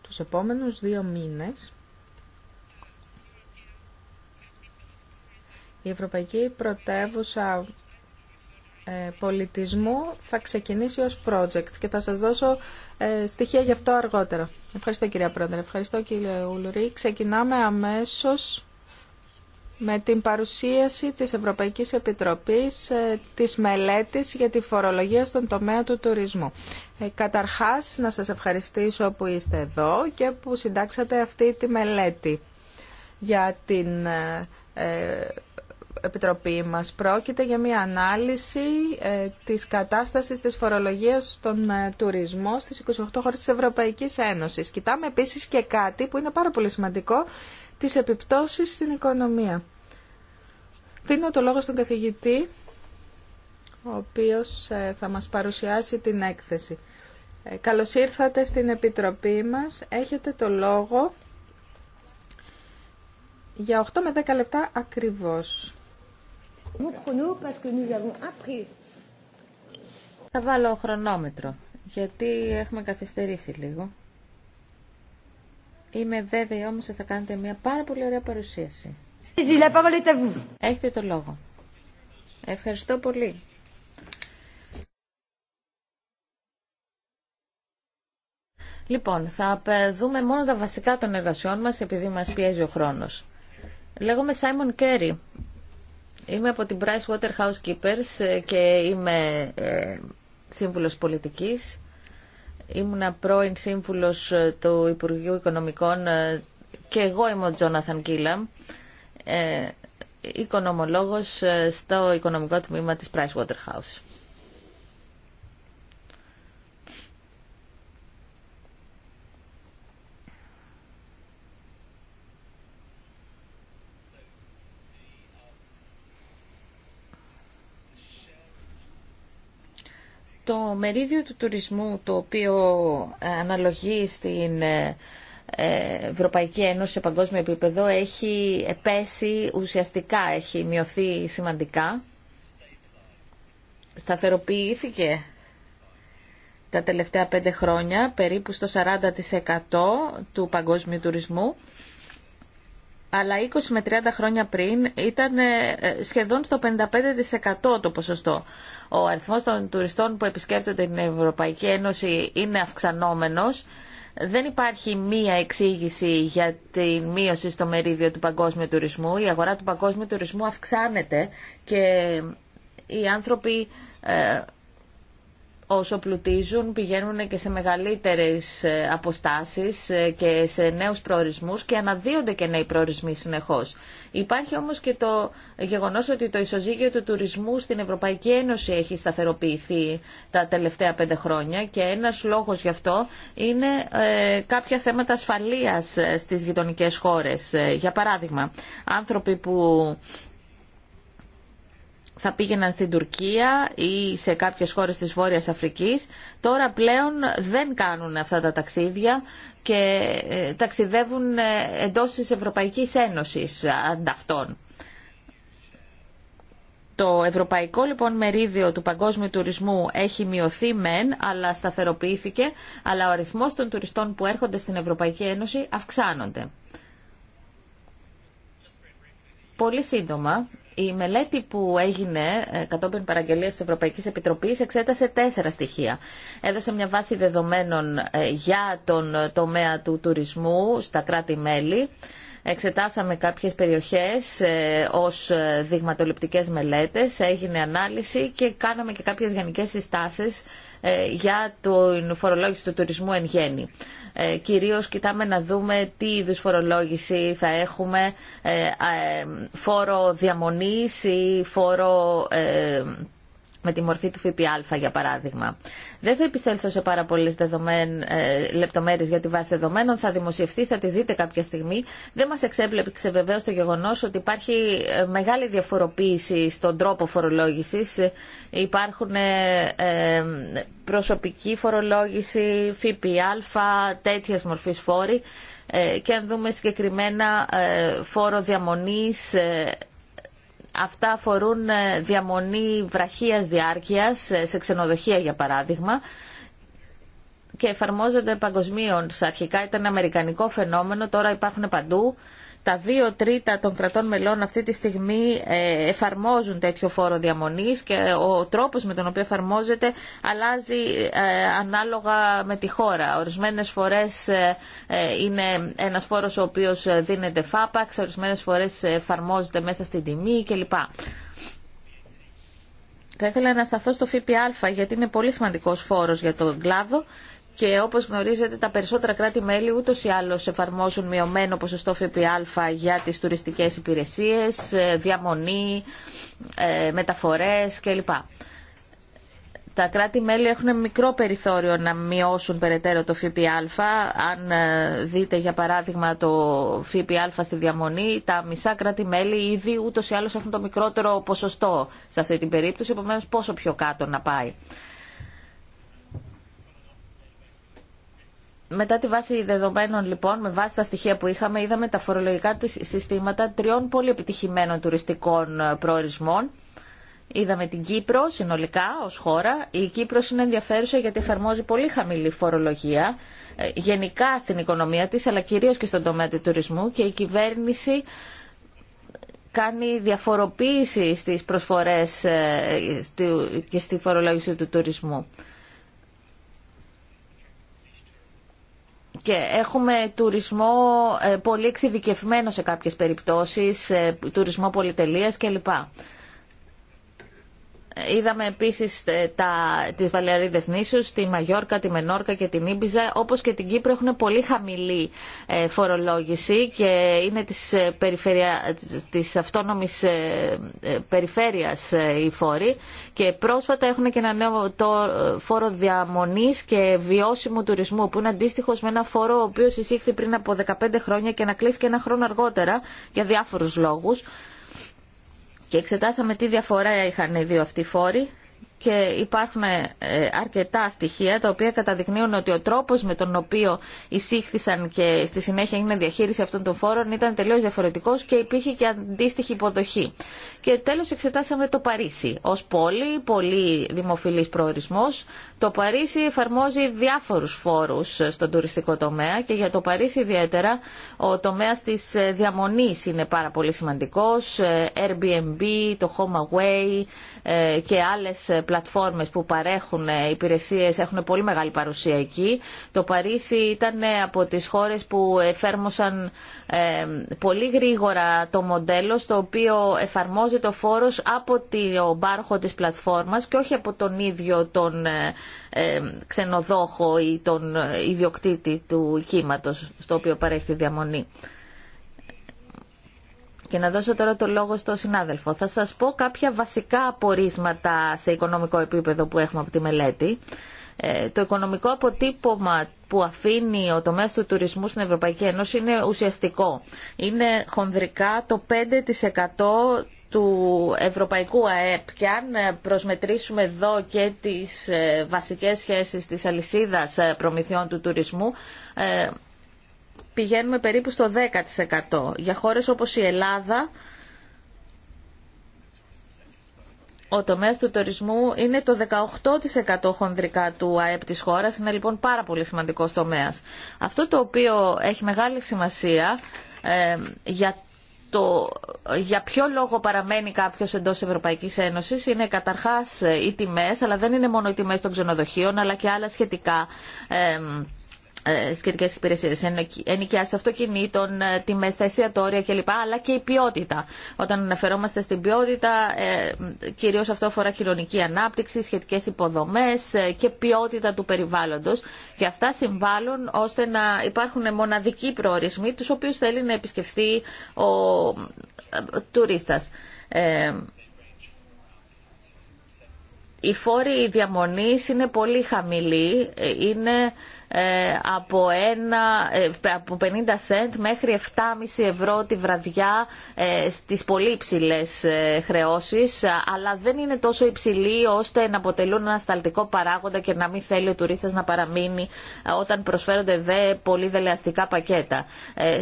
Τους επόμενους δύο μήνες η Ευρωπαϊκή Πρωτεύουσα ε, πολιτισμού θα ξεκινήσει ως project και θα σας δώσω ε, στοιχεία γι' αυτό αργότερα. Ευχαριστώ κυρία Πρόεδρε. Ευχαριστώ κύριε Ουλουρή. Ξεκινάμε αμέσως με την παρουσίαση της Ευρωπαϊκής Επιτροπής ε, της μελέτης για τη φορολογία στον τομέα του τουρισμού. Καταρχάς, να σας ευχαριστήσω που είστε εδώ και που συντάξατε αυτή τη μελέτη για την Επιτροπή μας. Πρόκειται για μια ανάλυση ε, της κατάστασης της φορολογίας στον ε, τουρισμό στις 28 χώρες της Ευρωπαϊκής Ένωσης. Κοιτάμε επίσης και κάτι που είναι πάρα πολύ σημαντικό, τις επιπτώσεις στην οικονομία. Δίνω το λόγο στον καθηγητή, ο οποίος ε, θα μας παρουσιάσει την έκθεση. Καλώς ήρθατε στην Επιτροπή μας. Έχετε το λόγο για 8 με 10 λεπτά ακριβώς. Θα βάλω χρονόμετρο, γιατί έχουμε καθυστερήσει λίγο. Είμαι βέβαιη όμως ότι θα κάνετε μια πάρα πολύ ωραία παρουσίαση. Έχετε το λόγο. Ευχαριστώ πολύ. Λοιπόν, θα δούμε μόνο τα βασικά των εργασιών μας επειδή μας πιέζει ο χρόνος. Λέγομαι Σάιμον Κέρι Είμαι από την Price Waterhouse Keepers και είμαι ε, σύμβουλος πολιτικής. Ήμουν πρώην σύμβουλος ε, του Υπουργείου Οικονομικών ε, και εγώ είμαι ο Τζόναθαν Κίλαμ, οικονομολόγος στο οικονομικό τμήμα της Price Waterhouse. το μερίδιο του τουρισμού το οποίο ε, αναλογεί στην ε, ε, Ευρωπαϊκή Ένωση σε παγκόσμιο επίπεδο έχει πέσει ουσιαστικά, έχει μειωθεί σημαντικά. Σταθεροποιήθηκε τα τελευταία πέντε χρόνια περίπου στο 40% του παγκόσμιου τουρισμού αλλά 20 με 30 χρόνια πριν ήταν σχεδόν στο 55% το ποσοστό ο αριθμός των τουριστών που επισκέπτονται την Ευρωπαϊκή Ένωση είναι αυξανόμενος. Δεν υπάρχει μία εξήγηση για τη μείωση στο μερίδιο του παγκόσμιου τουρισμού. Η αγορά του παγκόσμιου τουρισμού αυξάνεται και οι άνθρωποι ε, όσο πλουτίζουν πηγαίνουν και σε μεγαλύτερες ε, αποστάσεις ε, και σε νέους προορισμούς και αναδύονται και νέοι προορισμοί συνεχώς. Υπάρχει όμως και το γεγονός ότι το ισοζύγιο του τουρισμού στην Ευρωπαϊκή Ένωση έχει σταθεροποιηθεί τα τελευταία πέντε χρόνια και ένας λόγος γι' αυτό είναι ε, κάποια θέματα ασφαλείας στις γειτονικές χώρες. Για παράδειγμα, άνθρωποι που θα πήγαιναν στην Τουρκία ή σε κάποιες χώρες της Βόρειας Αφρικής. Τώρα πλέον δεν κάνουν αυτά τα ταξίδια και ε, ταξιδεύουν ε, εντός της Ευρωπαϊκής Ένωσης ανταυτών. Το ευρωπαϊκό λοιπόν μερίδιο του παγκόσμιου τουρισμού έχει μειωθεί μεν, αλλά σταθεροποιήθηκε, αλλά ο αριθμός των τουριστών που έρχονται στην Ευρωπαϊκή Ένωση αυξάνονται. Πολύ σύντομα, η μελέτη που έγινε ε, κατόπιν παραγγελία τη Ευρωπαϊκής Επιτροπής εξέτασε τέσσερα στοιχεία. Έδωσε μια βάση δεδομένων ε, για τον ε, τομέα του τουρισμού στα κράτη-μέλη. Εξετάσαμε κάποιες περιοχές ως δειγματοληπτικές μελέτες, έγινε ανάλυση και κάναμε και κάποιες γενικές συστάσεις ε, για την φορολόγηση του τουρισμού εν γέννη. Ε, κυρίως κοιτάμε να δούμε τι είδου φορολόγηση θα έχουμε, ε, φόρο διαμονής ή φόρο με τη μορφή του ΦΠΑ για παράδειγμα. Δεν θα επισέλθω σε πάρα πολλέ ε, λεπτομέρειες για τη βάση δεδομένων, θα δημοσιευτεί, θα τη δείτε κάποια στιγμή. Δεν μας εξέπλεψε βεβαίω το γεγονός ότι υπάρχει ε, μεγάλη διαφοροποίηση στον τρόπο φορολόγηση. Υπάρχουν ε, προσωπική φορολόγηση, ΦΠΑ, τέτοιες μορφής φόροι και αν δούμε συγκεκριμένα φόρο διαμονής Αυτά αφορούν ε, διαμονή βραχίας διάρκειας ε, σε ξενοδοχεία για παράδειγμα και εφαρμόζονται παγκοσμίω. Αρχικά ήταν αμερικανικό φαινόμενο, τώρα υπάρχουν παντού τα δύο τρίτα των κρατών μελών αυτή τη στιγμή ε, εφαρμόζουν τέτοιο φόρο διαμονής και ο τρόπος με τον οποίο εφαρμόζεται αλλάζει ε, ανάλογα με τη χώρα. Ορισμένες φορές ε, είναι ένας φόρος ο οποίος δίνεται φάπαξ, ορισμένες φορές εφαρμόζεται μέσα στην τιμή κλπ. Θα ήθελα να σταθώ στο ΦΠΑ γιατί είναι πολύ σημαντικός φόρος για τον κλάδο και όπως γνωρίζετε τα περισσότερα κράτη-μέλη ούτως ή άλλως εφαρμόζουν μειωμένο ποσοστό ΦΠΑ για τις τουριστικές υπηρεσίες, ε, διαμονή, ε, μεταφορές κλπ. Τα κράτη-μέλη έχουν μικρό περιθώριο να μειώσουν περαιτέρω το ΦΠΑ. Αν ε, δείτε για παράδειγμα το ΦΠΑ στη διαμονή, τα μισά κράτη-μέλη ήδη ούτως ή άλλως έχουν το μικρότερο ποσοστό σε αυτή την περίπτωση, επομένως πόσο πιο κάτω να πάει. Μετά τη βάση δεδομένων λοιπόν, με βάση τα στοιχεία που είχαμε, είδαμε τα φορολογικά συστήματα τριών πολύ επιτυχημένων τουριστικών ε, προορισμών. Είδαμε την Κύπρο συνολικά ως χώρα. Η Κύπρος είναι ενδιαφέρουσα γιατί εφαρμόζει πολύ χαμηλή φορολογία ε, γενικά στην οικονομία της αλλά κυρίως και στον τομέα του τουρισμού και η κυβέρνηση κάνει διαφοροποίηση στις προσφορές ε, και στη φορολόγηση του τουρισμού. και έχουμε τουρισμό ε, πολύ εξειδικευμένο σε κάποιες περιπτώσεις, ε, τουρισμό πολυτελείας κλπ. Είδαμε επίσης ε, τι τις νήσου, νήσους, τη Μαγιόρκα, τη Μενόρκα και την Ήμπιζα, όπως και την Κύπρο έχουν πολύ χαμηλή ε, φορολόγηση και είναι της, ε, περιφερεια... της αυτόνομης περιφέρειας οι φόροι και πρόσφατα έχουν και ένα νέο το φόρο διαμονής και βιώσιμου τουρισμού που είναι αντίστοιχο με ένα φόρο ο οποίος εισήχθη πριν από 15 χρόνια και ανακλήθηκε ένα χρόνο αργότερα για διάφορου λόγου και εξετάσαμε τι διαφορά είχαν οι δύο αυτοί φόροι και υπάρχουν ε, αρκετά στοιχεία τα οποία καταδεικνύουν ότι ο τρόπος με τον οποίο εισήχθησαν και στη συνέχεια έγινε διαχείριση αυτών των φόρων ήταν τελείως διαφορετικός και υπήρχε και αντίστοιχη υποδοχή. Και τέλος εξετάσαμε το Παρίσι ως πόλη, πολύ δημοφιλής προορισμός. Το Παρίσι εφαρμόζει διάφορους φόρους στον τουριστικό τομέα και για το Παρίσι ιδιαίτερα ο τομέας της ε, διαμονής είναι πάρα πολύ σημαντικός, ε, Airbnb, το Away και άλλες πλατφόρμες που παρέχουν ε, υπηρεσίες έχουν πολύ μεγάλη παρουσία εκεί. Το Παρίσι ήταν ε, από τις χώρες που εφέρμοσαν ε, πολύ γρήγορα το μοντέλο στο οποίο εφαρμόζεται ο φόρος από τον πάροχο της πλατφόρμας και όχι από τον ίδιο τον ξενοδόχο ή τον ιδιοκτήτη του κύματος στο οποίο παρέχει διαμονή και να δώσω τώρα το λόγο στον συνάδελφο. Θα σας πω κάποια βασικά απορίσματα σε οικονομικό επίπεδο που έχουμε από τη μελέτη. Ε, το οικονομικό αποτύπωμα που αφήνει ο τομέας του τουρισμού στην Ευρωπαϊκή Ένωση είναι ουσιαστικό. Είναι χονδρικά το 5% του Ευρωπαϊκού ΑΕΠ και αν ε, προσμετρήσουμε εδώ και τις ε, βασικές σχέσεις της αλυσίδας προμηθειών του τουρισμού πηγαίνουμε περίπου στο 10%. Για χώρες όπως η Ελλάδα, ο τομέας του τουρισμού είναι το 18% χονδρικά του ΑΕΠ της χώρας, είναι λοιπόν πάρα πολύ σημαντικός τομέας. Αυτό το οποίο έχει μεγάλη σημασία ε, για το για ποιο λόγο παραμένει κάποιο εντό Ευρωπαϊκή Ένωση είναι καταρχά ε, οι τιμέ, αλλά δεν είναι μόνο οι τιμέ των ξενοδοχείων, αλλά και άλλα σχετικά. Ε, ε, σχετικέ υπηρεσίε, ενοικιάσει αυτοκινήτων, ε, τιμέ στα εστιατόρια κλπ. Αλλά και η ποιότητα. Όταν αναφερόμαστε στην ποιότητα, ε, κυρίω αυτό αφορά κοινωνική ανάπτυξη, σχετικέ υποδομέ και ποιότητα του περιβάλλοντο. Και αυτά συμβάλλουν ώστε να υπάρχουν μοναδικοί προορισμοί, του οποίου θέλει να επισκεφθεί ο τουρίστα. Οι φόροι διαμονής είναι πολύ χαμηλοί, είναι ε, από, ένα, ε, από 50 cent μέχρι 7,5 ευρώ τη βραδιά ε, στις πολύ υψηλέ χρεώσεις αλλά δεν είναι τόσο υψηλή ώστε να αποτελούν ένα σταλτικό παράγοντα και να μην θέλει ο τουρίστας να παραμείνει όταν προσφέρονται δε πολύ δελεαστικά πακέτα.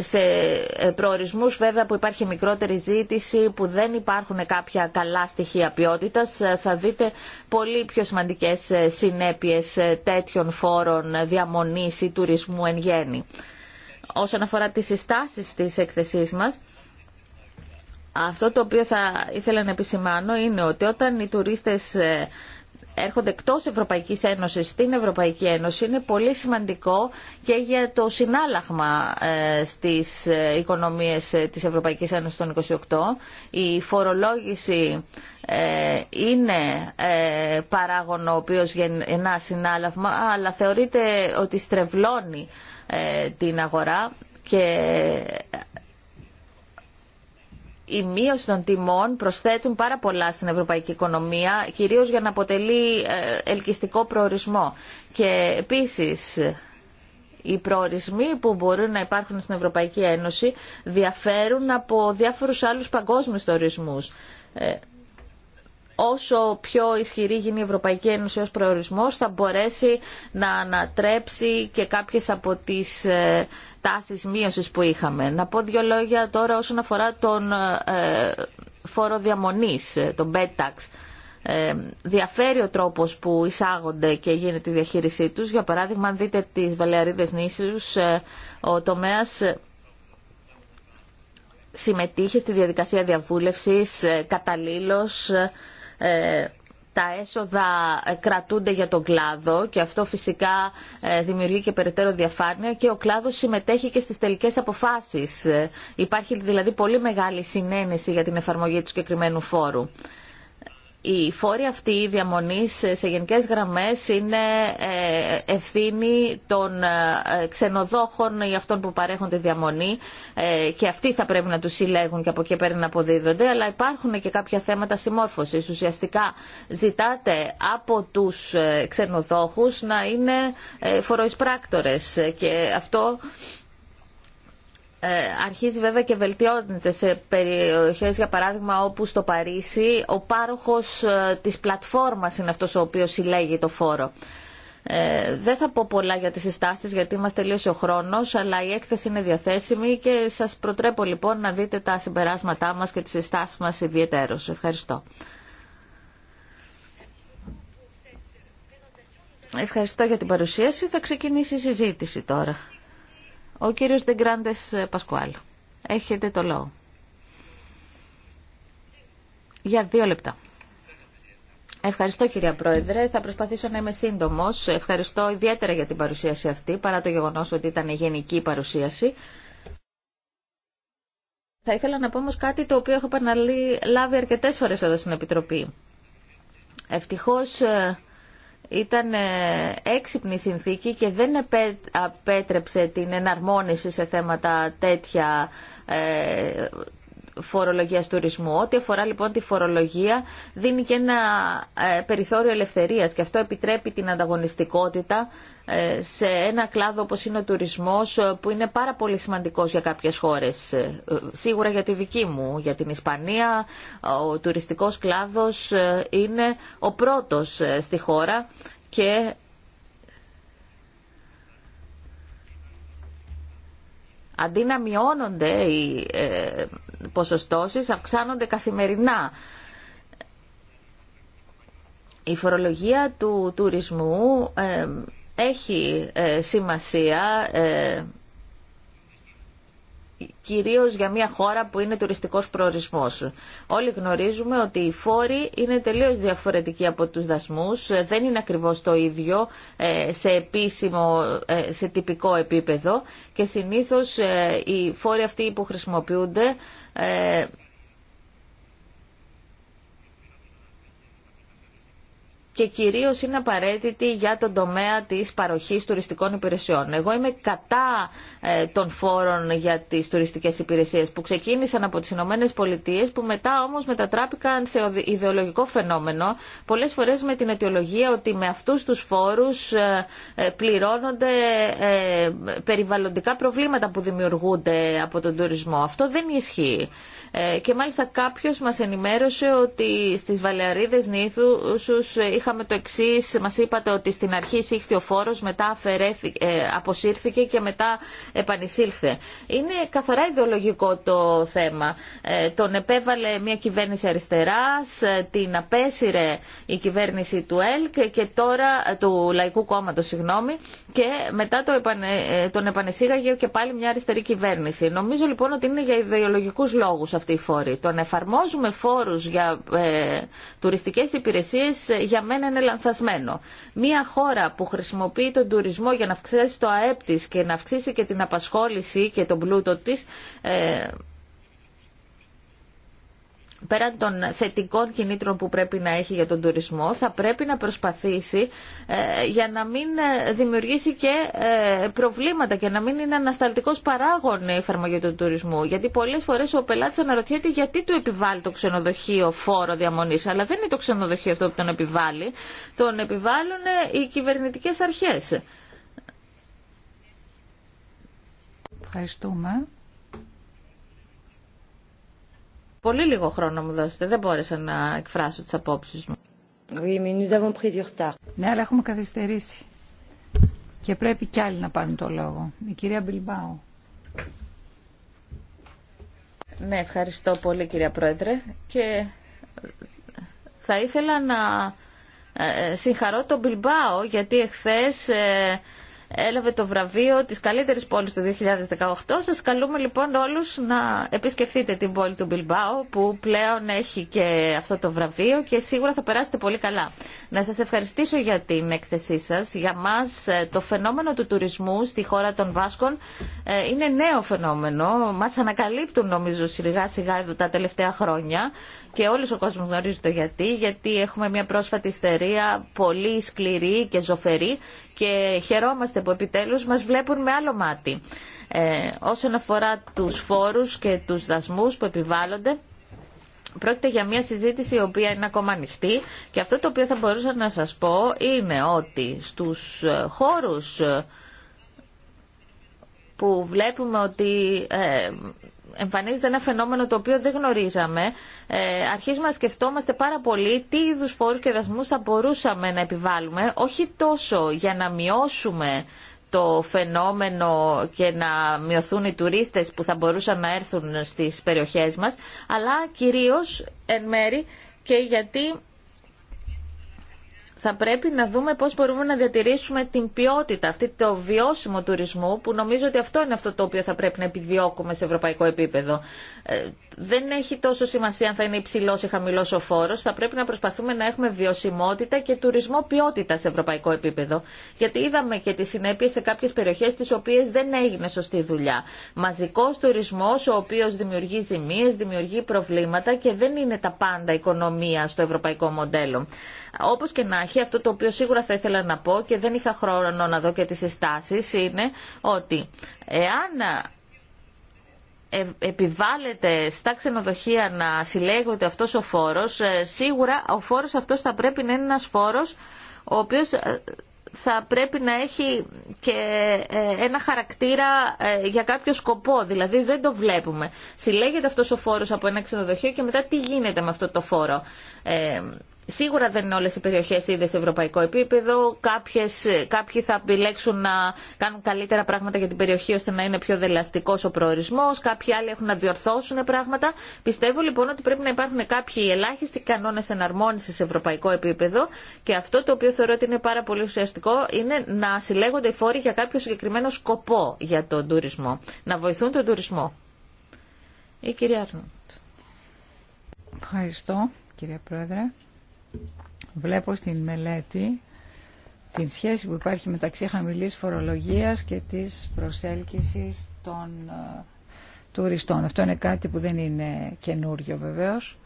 Σε προορισμούς βέβαια που υπάρχει μικρότερη ζήτηση που δεν υπάρχουν κάποια καλά στοιχεία ποιότητας θα δείτε πολύ πιο σημαντικές συνέπειες τέτοιων φόρων διαμόρφωσης ή τουρισμού εν Όσον αφορά τις συστάσεις της έκθεσής μας, αυτό το οποίο θα ήθελα να επισημάνω είναι ότι όταν οι τουρίστες ε, έρχονται εκτό Ευρωπαϊκής Ένωσης στην Ευρωπαϊκή Ένωση είναι πολύ σημαντικό και για το συνάλλαγμα ε, στις ε, οικονομίες ε, της Ευρωπαϊκής Ένωσης των 28. Η φορολόγηση είναι παράγωνο ο οποίος γεννά συνάλλαγμα αλλά θεωρείται ότι στρεβλώνει την αγορά και η μείωση των τιμών προσθέτουν πάρα πολλά στην ευρωπαϊκή οικονομία, κυρίως για να αποτελεί ε, ελκυστικό προορισμό. Και επίσης, οι προορισμοί που μπορούν να υπάρχουν στην Ευρωπαϊκή Ένωση διαφέρουν από διάφορους άλλους παγκόσμιους τορισμούς. Ε, όσο πιο ισχυρή γίνει η Ευρωπαϊκή Ένωση ως προορισμός θα μπορέσει να ανατρέψει και κάποιες από τις ε, τάσεις μείωσης που είχαμε. Να πω δύο λόγια τώρα όσον αφορά τον ε, φόρο διαμονής, ε, τον BETAX. Ε, διαφέρει ο τρόπος που εισάγονται και γίνεται η διαχείρισή τους. Για παράδειγμα, αν δείτε τις Βαλεαρίδες νήσους, ε, ο τομέας συμμετείχε στη διαδικασία διαβούλευσης καταλήλως τα έσοδα ε, κρατούνται για τον κλάδο και αυτό φυσικά ε, δημιουργεί και περαιτέρω διαφάνεια και ο κλάδος συμμετέχει και στις τελικές αποφάσεις. Ε, υπάρχει δηλαδή πολύ μεγάλη συνένεση για την εφαρμογή του συγκεκριμένου φόρου οι φόροι αυτοί διαμονής σε γενικέ γραμμές είναι ε, ευθύνη των ε, ξενοδόχων ή αυτών που παρέχουν τη διαμονή ε, και αυτοί θα πρέπει να του συλλέγουν και από εκεί πέρα να αποδίδονται αλλά υπάρχουν και κάποια θέματα συμμόρφωσης. Ουσιαστικά ζητάτε από τους ξενοδόχους να είναι φοροεισπράκτορες και αυτό ε, αρχίζει βέβαια και βελτιώνεται σε περιοχές για παράδειγμα όπου στο Παρίσι ο πάροχος ε, της πλατφόρμας είναι αυτός ο οποίος συλλέγει το φόρο. Ε, δεν θα πω πολλά για τις συστάσεις γιατί μας τελείωσε ο χρόνος, αλλά η έκθεση είναι διαθέσιμη και σας προτρέπω λοιπόν να δείτε τα συμπεράσματά μας και τις συστάσεις μας ιδιαίτερως. Ευχαριστώ. Ευχαριστώ για την παρουσίαση. Θα ξεκινήσει η συζήτηση τώρα. Ο κύριος Ντεγκράντες Πασκουάλ. Έχετε το λόγο. Για δύο λεπτά. Ευχαριστώ κυρία Πρόεδρε. Θα προσπαθήσω να είμαι σύντομος. Ευχαριστώ ιδιαίτερα για την παρουσίαση αυτή, παρά το γεγονός ότι ήταν γενική παρουσίαση. Θα ήθελα να πω όμω κάτι το οποίο έχω επαναλάβει αρκετέ φορέ εδώ στην Επιτροπή. Ευτυχώ ε, ήταν ε, έξυπνη συνθήκη και δεν απέτρεψε την εναρμόνιση σε θέματα τέτοια ε, φορολογίας τουρισμού. Ό,τι αφορά λοιπόν τη φορολογία δίνει και ένα ε, περιθώριο ελευθερίας και αυτό επιτρέπει την ανταγωνιστικότητα ε, σε ένα κλάδο όπως είναι ο τουρισμός ε, που είναι πάρα πολύ σημαντικός για κάποιες χώρες. Σίγουρα για τη δική μου, για την Ισπανία, ο τουριστικός κλάδος είναι ο πρώτος στη χώρα και Αντί να μειώνονται οι ε, ποσοστώσεις, αυξάνονται καθημερινά. Η φορολογία του τουρισμού ε, έχει ε, σημασία ε, κυρίως για μια χώρα που είναι τουριστικός προορισμός. Όλοι γνωρίζουμε ότι οι φόροι είναι τελείως διαφορετικοί από τους δασμού. δεν είναι ακριβώς το ίδιο ε, σε επίσημο, ε, σε τυπικό επίπεδο και συνήθως ε, οι φόροι αυτοί που χρησιμοποιούνται και κυρίως είναι απαραίτητη για τον τομέα της παροχής τουριστικών υπηρεσιών. Εγώ είμαι κατά ε, των φόρων για τις τουριστικές υπηρεσίες που ξεκίνησαν από τις Ηνωμένε Πολιτείε που μετά όμως μετατράπηκαν σε ιδεολογικό φαινόμενο πολλές φορές με την αιτιολογία ότι με αυτούς τους φόρους ε, ε, πληρώνονται περιβαλλοντικά προβλήματα που δημιουργούνται από τον τουρισμό. Αυτό δεν ισχύει. Και μάλιστα κάποιος μας ενημέρωσε ότι στις Βαλεαρίδες Νήθους είχαμε το εξή, μας είπατε ότι στην αρχή εισήχθη ο φόρος, μετά ε, αποσύρθηκε και μετά επανεισήλθε. Είναι καθαρά ιδεολογικό το θέμα. Ε, τον επέβαλε μια κυβέρνηση αριστεράς, ε, την απέσυρε η κυβέρνηση του ΕΛΚ και τώρα του Λαϊκού Κόμματος, και μετά τον επανεσήγαγε και πάλι μια αριστερή κυβέρνηση. Νομίζω λοιπόν ότι είναι για ιδεολογικούς λόγους αυτή η φόρη. Τον εφαρμόζουμε φόρους για ε, τουριστικές υπηρεσίες ε, για μένα είναι λανθασμένο. Μια χώρα που χρησιμοποιεί τον τουρισμό για να αυξήσει το ΑΕΠ της και να αυξήσει και την απασχόληση και τον πλούτο της... Ε, πέραν των θετικών κινήτρων που πρέπει να έχει για τον τουρισμό, θα πρέπει να προσπαθήσει ε, για να μην ε, δημιουργήσει και ε, προβλήματα και να μην είναι ανασταλτικός παράγων η εφαρμογή του τουρισμού. Γιατί πολλές φορές ο πελάτη αναρωτιέται γιατί του επιβάλλει το ξενοδοχείο φόρο διαμονής. Αλλά δεν είναι το ξενοδοχείο αυτό που τον επιβάλλει. Τον επιβάλλουν ε, οι κυβερνητικέ αρχέ. Ευχαριστούμε. Πολύ λίγο χρόνο μου δώσετε. Δεν μπόρεσα να εκφράσω τι απόψει μου. Ναι, αλλά έχουμε καθυστερήσει. Και πρέπει κι άλλοι να πάρουν το λόγο. Η κυρία Μπιλμπάου. Ναι, ευχαριστώ πολύ κυρία Πρόεδρε. Και θα ήθελα να ε, ε, συγχαρώ τον Μπιλμπάου γιατί εχθές ε, έλαβε το βραβείο τη καλύτερη πόλη του 2018. Σας καλούμε λοιπόν όλους να επισκεφτείτε την πόλη του Μπιλμπάου που πλέον έχει και αυτό το βραβείο και σίγουρα θα περάσετε πολύ καλά. Να σας ευχαριστήσω για την έκθεσή σα. Για μας ε, το φαινόμενο του τουρισμού στη χώρα των Βάσκων ε, είναι νέο φαινόμενο. Μας ανακαλύπτουν νομίζω σιγά σιγά εδώ τα τελευταία χρόνια και όλο ο κόσμο γνωρίζει το γιατί, γιατί έχουμε μια πρόσφατη ιστερία πολύ σκληρή και ζωφερή και χαιρόμαστε που επιτέλους μας βλέπουν με άλλο μάτι. Ε, όσον αφορά τους φόρους και τους δασμούς που επιβάλλονται, Πρόκειται για μια συζήτηση η οποία είναι ακόμα ανοιχτή και αυτό το οποίο θα μπορούσα να σας πω είναι ότι στους ε, χώρους ε, που βλέπουμε ότι ε, εμφανίζεται ένα φαινόμενο το οποίο δεν γνωρίζαμε, ε, αρχίζουμε να σκεφτόμαστε πάρα πολύ τι είδους φόρους και δασμούς θα μπορούσαμε να επιβάλλουμε, όχι τόσο για να μειώσουμε το φαινόμενο και να μειωθούν οι τουρίστες που θα μπορούσαν να έρθουν στις περιοχές μας, αλλά κυρίως εν μέρη και γιατί θα πρέπει να δούμε πώς μπορούμε να διατηρήσουμε την ποιότητα, αυτή το βιώσιμο τουρισμού που νομίζω ότι αυτό είναι αυτό το οποίο θα πρέπει να επιδιώκουμε σε ευρωπαϊκό επίπεδο. Ε, δεν έχει τόσο σημασία αν θα είναι υψηλό ή χαμηλό ο φόρο. Θα πρέπει να προσπαθούμε να έχουμε βιωσιμότητα και τουρισμό ποιότητα σε ευρωπαϊκό επίπεδο. Γιατί είδαμε και τι συνέπειε σε κάποιε περιοχέ τι οποίε δεν έγινε σωστή δουλειά. Μαζικό τουρισμό, ο οποίο δημιουργεί ζημίε, δημιουργεί προβλήματα και δεν είναι τα πάντα οικονομία στο ευρωπαϊκό μοντέλο. Όπως και να έχει, αυτό το οποίο σίγουρα θα ήθελα να πω και δεν είχα χρόνο να δω και τι συστάσεις είναι ότι εάν ε, επιβάλλεται στα ξενοδοχεία να συλλέγονται αυτός ο φόρος, ε, σίγουρα ο φόρος αυτός θα πρέπει να είναι ένας φόρος ο οποίος ε, θα πρέπει να έχει και ένα χαρακτήρα για κάποιο σκοπό. Δηλαδή δεν το βλέπουμε. Συλλέγεται αυτός ο φόρος από ένα ξενοδοχείο και μετά τι γίνεται με αυτό το φόρο. Σίγουρα δεν είναι όλες οι περιοχές ήδη σε ευρωπαϊκό επίπεδο. Κάποιες, κάποιοι θα επιλέξουν να κάνουν καλύτερα πράγματα για την περιοχή ώστε να είναι πιο δελαστικός ο προορισμός. Κάποιοι άλλοι έχουν να διορθώσουν πράγματα. Πιστεύω λοιπόν ότι πρέπει να υπάρχουν κάποιοι ελάχιστοι κανόνες εναρμόνισης σε ευρωπαϊκό επίπεδο και αυτό το οποίο θεωρώ ότι είναι πάρα πολύ ουσιαστικό είναι να συλλέγονται οι φόροι για κάποιο συγκεκριμένο σκοπό για τον τουρισμό. Να βοηθούν τον τουρισμό. Η κυρία Αρνούτ. Ευχαριστώ κυρία Πρόεδρε βλέπω στην μελέτη την σχέση που υπάρχει μεταξύ χαμηλής φορολογίας και της προσέλκυσης των ε, τουριστών. Αυτό είναι κάτι που δεν είναι καινούριο βεβαίως.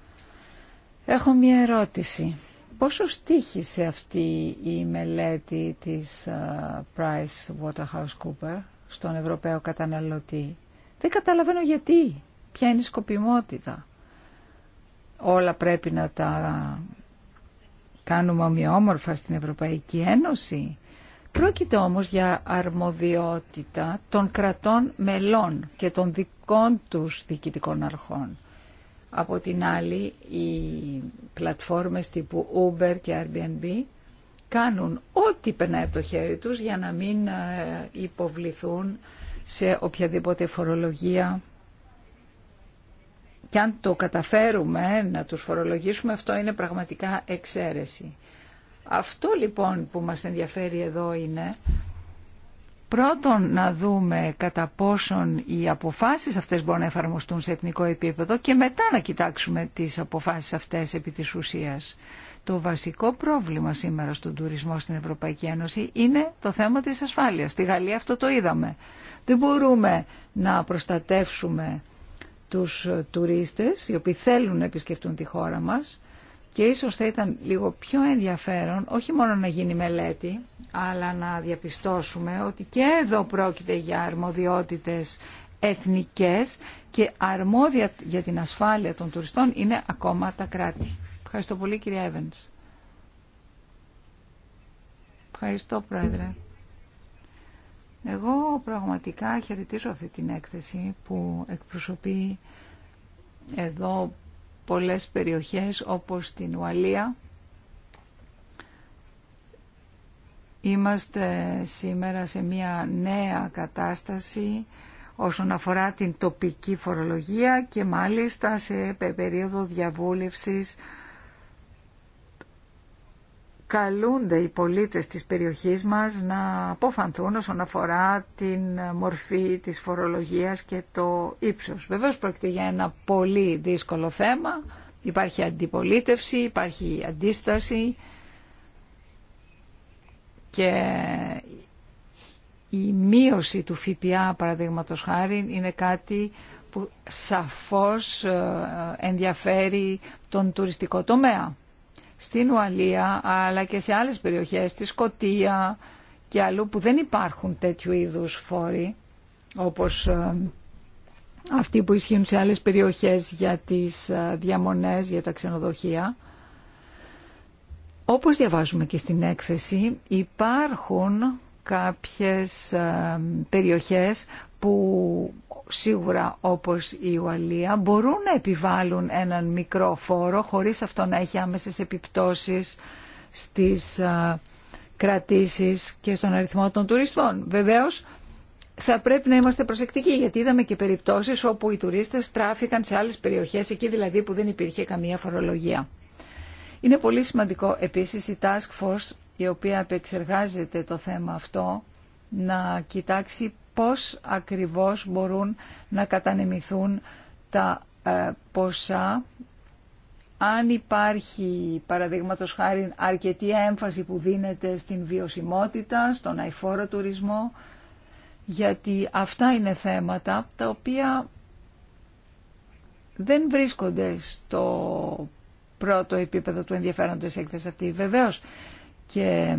Έχω μία ερώτηση. Πόσο στήχησε αυτή η μελέτη της ε, Price Waterhouse Cooper στον Ευρωπαίο καταναλωτή. Δεν καταλαβαίνω γιατί. Ποια είναι η σκοπιμότητα. Όλα πρέπει να τα κάνουμε ομοιόμορφα στην Ευρωπαϊκή Ένωση. Πρόκειται όμως για αρμοδιότητα των κρατών μελών και των δικών τους διοικητικών αρχών. Από την άλλη, οι πλατφόρμες τύπου Uber και Airbnb κάνουν ό,τι περνάει από το χέρι τους για να μην ε, υποβληθούν σε οποιαδήποτε φορολογία και αν το καταφέρουμε να τους φορολογήσουμε αυτό είναι πραγματικά εξαίρεση. Αυτό λοιπόν που μας ενδιαφέρει εδώ είναι πρώτον να δούμε κατά πόσον οι αποφάσεις αυτές μπορούν να εφαρμοστούν σε εθνικό επίπεδο και μετά να κοιτάξουμε τις αποφάσεις αυτές επί της ουσίας. Το βασικό πρόβλημα σήμερα στον τουρισμό στην Ευρωπαϊκή Ένωση είναι το θέμα της ασφάλειας. Στη Γαλλία αυτό το είδαμε. Δεν μπορούμε να προστατεύσουμε τους ε, τουρίστες οι οποίοι θέλουν να επισκεφτούν τη χώρα μας και ίσως θα ήταν λίγο πιο ενδιαφέρον όχι μόνο να γίνει μελέτη αλλά να διαπιστώσουμε ότι και εδώ πρόκειται για αρμοδιότητες εθνικές και αρμόδια για την ασφάλεια των τουριστών είναι ακόμα τα κράτη. Ευχαριστώ πολύ κυρία Εύενς. Ευχαριστώ πρόεδρε. Εγώ πραγματικά χαιρετίζω αυτή την έκθεση που εκπροσωπεί εδώ πολλές περιοχές όπως την Ουαλία. Είμαστε σήμερα σε μια νέα κατάσταση όσον αφορά την τοπική φορολογία και μάλιστα σε περίοδο διαβούλευσης καλούνται οι πολίτες της περιοχής μας να αποφανθούν όσον αφορά την μορφή της φορολογίας και το ύψος. Βεβαίως πρόκειται για ένα πολύ δύσκολο θέμα. Υπάρχει αντιπολίτευση, υπάρχει αντίσταση και η μείωση του ΦΠΑ παραδείγματος χάρη είναι κάτι που σαφώς ε, ενδιαφέρει τον τουριστικό τομέα στην Ουαλία αλλά και σε άλλες περιοχές, στη Σκοτία και αλλού που δεν υπάρχουν τέτοιου είδους φόροι όπως ε, αυτοί που ισχύουν σε άλλες περιοχές για τις ε, διαμονές, για τα ξενοδοχεία. Όπως διαβάζουμε και στην έκθεση, υπάρχουν κάποιες ε, περιοχές που σίγουρα όπως η Ουαλία μπορούν να επιβάλλουν έναν μικρό φόρο χωρίς αυτό να έχει άμεσες επιπτώσεις στις κρατήσεις και στον αριθμό των τουριστών. Βεβαίως θα πρέπει να είμαστε προσεκτικοί γιατί είδαμε και περιπτώσεις όπου οι τουρίστες τράφηκαν σε άλλες περιοχές, εκεί δηλαδή που δεν υπήρχε καμία φορολογία. Είναι πολύ σημαντικό επίσης η Task Force η οποία επεξεργάζεται το θέμα αυτό να κοιτάξει πώς ακριβώς μπορούν να κατανεμηθούν τα ε, ποσά αν υπάρχει παραδείγματο χάρη αρκετή έμφαση που δίνεται στην βιωσιμότητα, στον αηφόρο τουρισμό, γιατί αυτά είναι θέματα τα οποία δεν βρίσκονται στο πρώτο επίπεδο του ενδιαφέροντος έκθεση αυτή. Βεβαίως και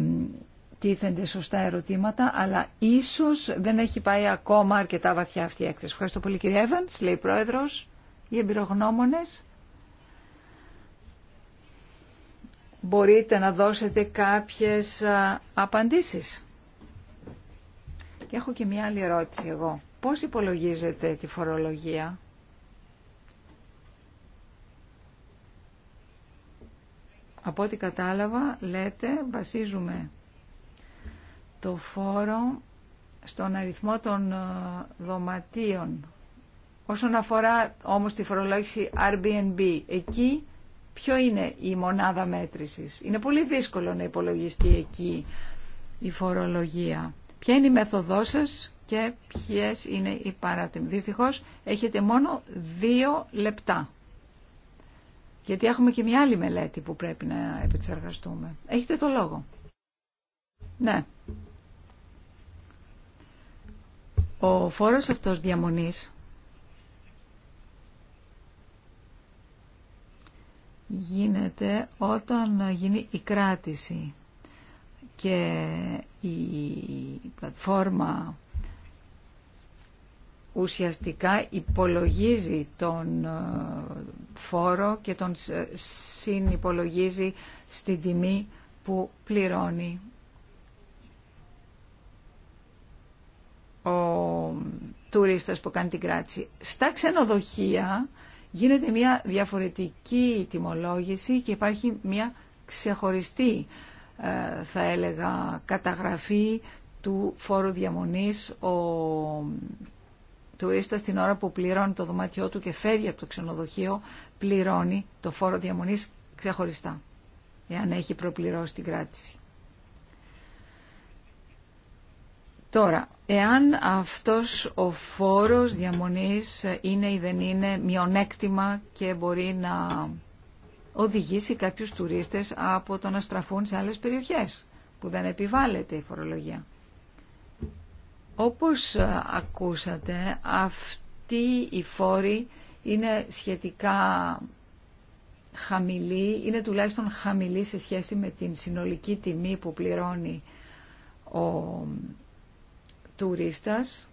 τίθενται σωστά ερωτήματα, αλλά ίσως δεν έχει πάει ακόμα αρκετά βαθιά αυτή η έκθεση. Ευχαριστώ πολύ κύριε Εύαν, λέει η Πρόεδρος, οι εμπειρογνώμονε. Μπορείτε να δώσετε κάποιες απαντήσεις. Και έχω και μια άλλη ερώτηση εγώ. Πώς υπολογίζετε τη φορολογία Από ό,τι κατάλαβα, λέτε, βασίζουμε το φόρο στον αριθμό των ε, δωματίων. Όσον αφορά όμως τη φορολόγηση Airbnb, εκεί ποιο είναι η μονάδα μέτρησης. Είναι πολύ δύσκολο να υπολογιστεί εκεί η φορολογία. Ποια είναι η μέθοδό σας και ποιες είναι οι παράτημοι. Δυστυχώς έχετε μόνο δύο λεπτά. Γιατί έχουμε και μια άλλη μελέτη που πρέπει να επεξεργαστούμε. Έχετε το λόγο. Ναι. Ο φόρος αυτός διαμονής γίνεται όταν γίνει η κράτηση και η πλατφόρμα ουσιαστικά υπολογίζει τον ε, φόρο και τον ε, συνυπολογίζει στην τιμή που πληρώνει ο τουρίστας που κάνει την κράτηση. Στα ξενοδοχεία γίνεται μια διαφορετική τιμολόγηση και υπάρχει μια ξεχωριστή, ε, θα έλεγα, καταγραφή του φόρου διαμονής. Ο τουρίστας την ώρα που πληρώνει το δωμάτιό του και φεύγει από το ξενοδοχείο, πληρώνει το φόρο διαμονής ξεχωριστά, εάν έχει προπληρώσει την κράτηση. Τώρα, εάν αυτός ο φόρος διαμονής είναι ή δεν είναι μειονέκτημα και μπορεί να οδηγήσει κάποιους τουρίστες από το να στραφούν σε άλλες περιοχές που δεν επιβάλλεται η φορολογία. Όπως ακούσατε, αυτή η φόρη είναι σχετικά χαμηλή, είναι τουλάχιστον χαμηλή σε σχέση με την συνολική τιμή που πληρώνει ο τουρίστας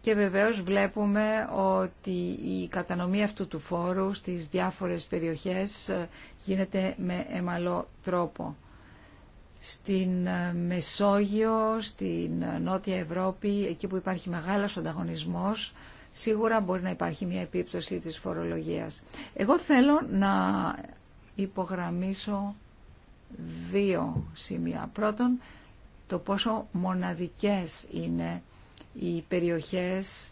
και βεβαίως βλέπουμε ότι η κατανομή αυτού του φόρου στις διάφορες περιοχές ε, γίνεται με εμαλό τρόπο. Στην ε, Μεσόγειο, στην ε, Νότια Ευρώπη, εκεί που υπάρχει μεγάλος ανταγωνισμός, σίγουρα μπορεί να υπάρχει μια επίπτωση της φορολογίας. Εγώ θέλω να υπογραμμίσω δύο σημεία. Πρώτον, το πόσο μοναδικές είναι οι περιοχές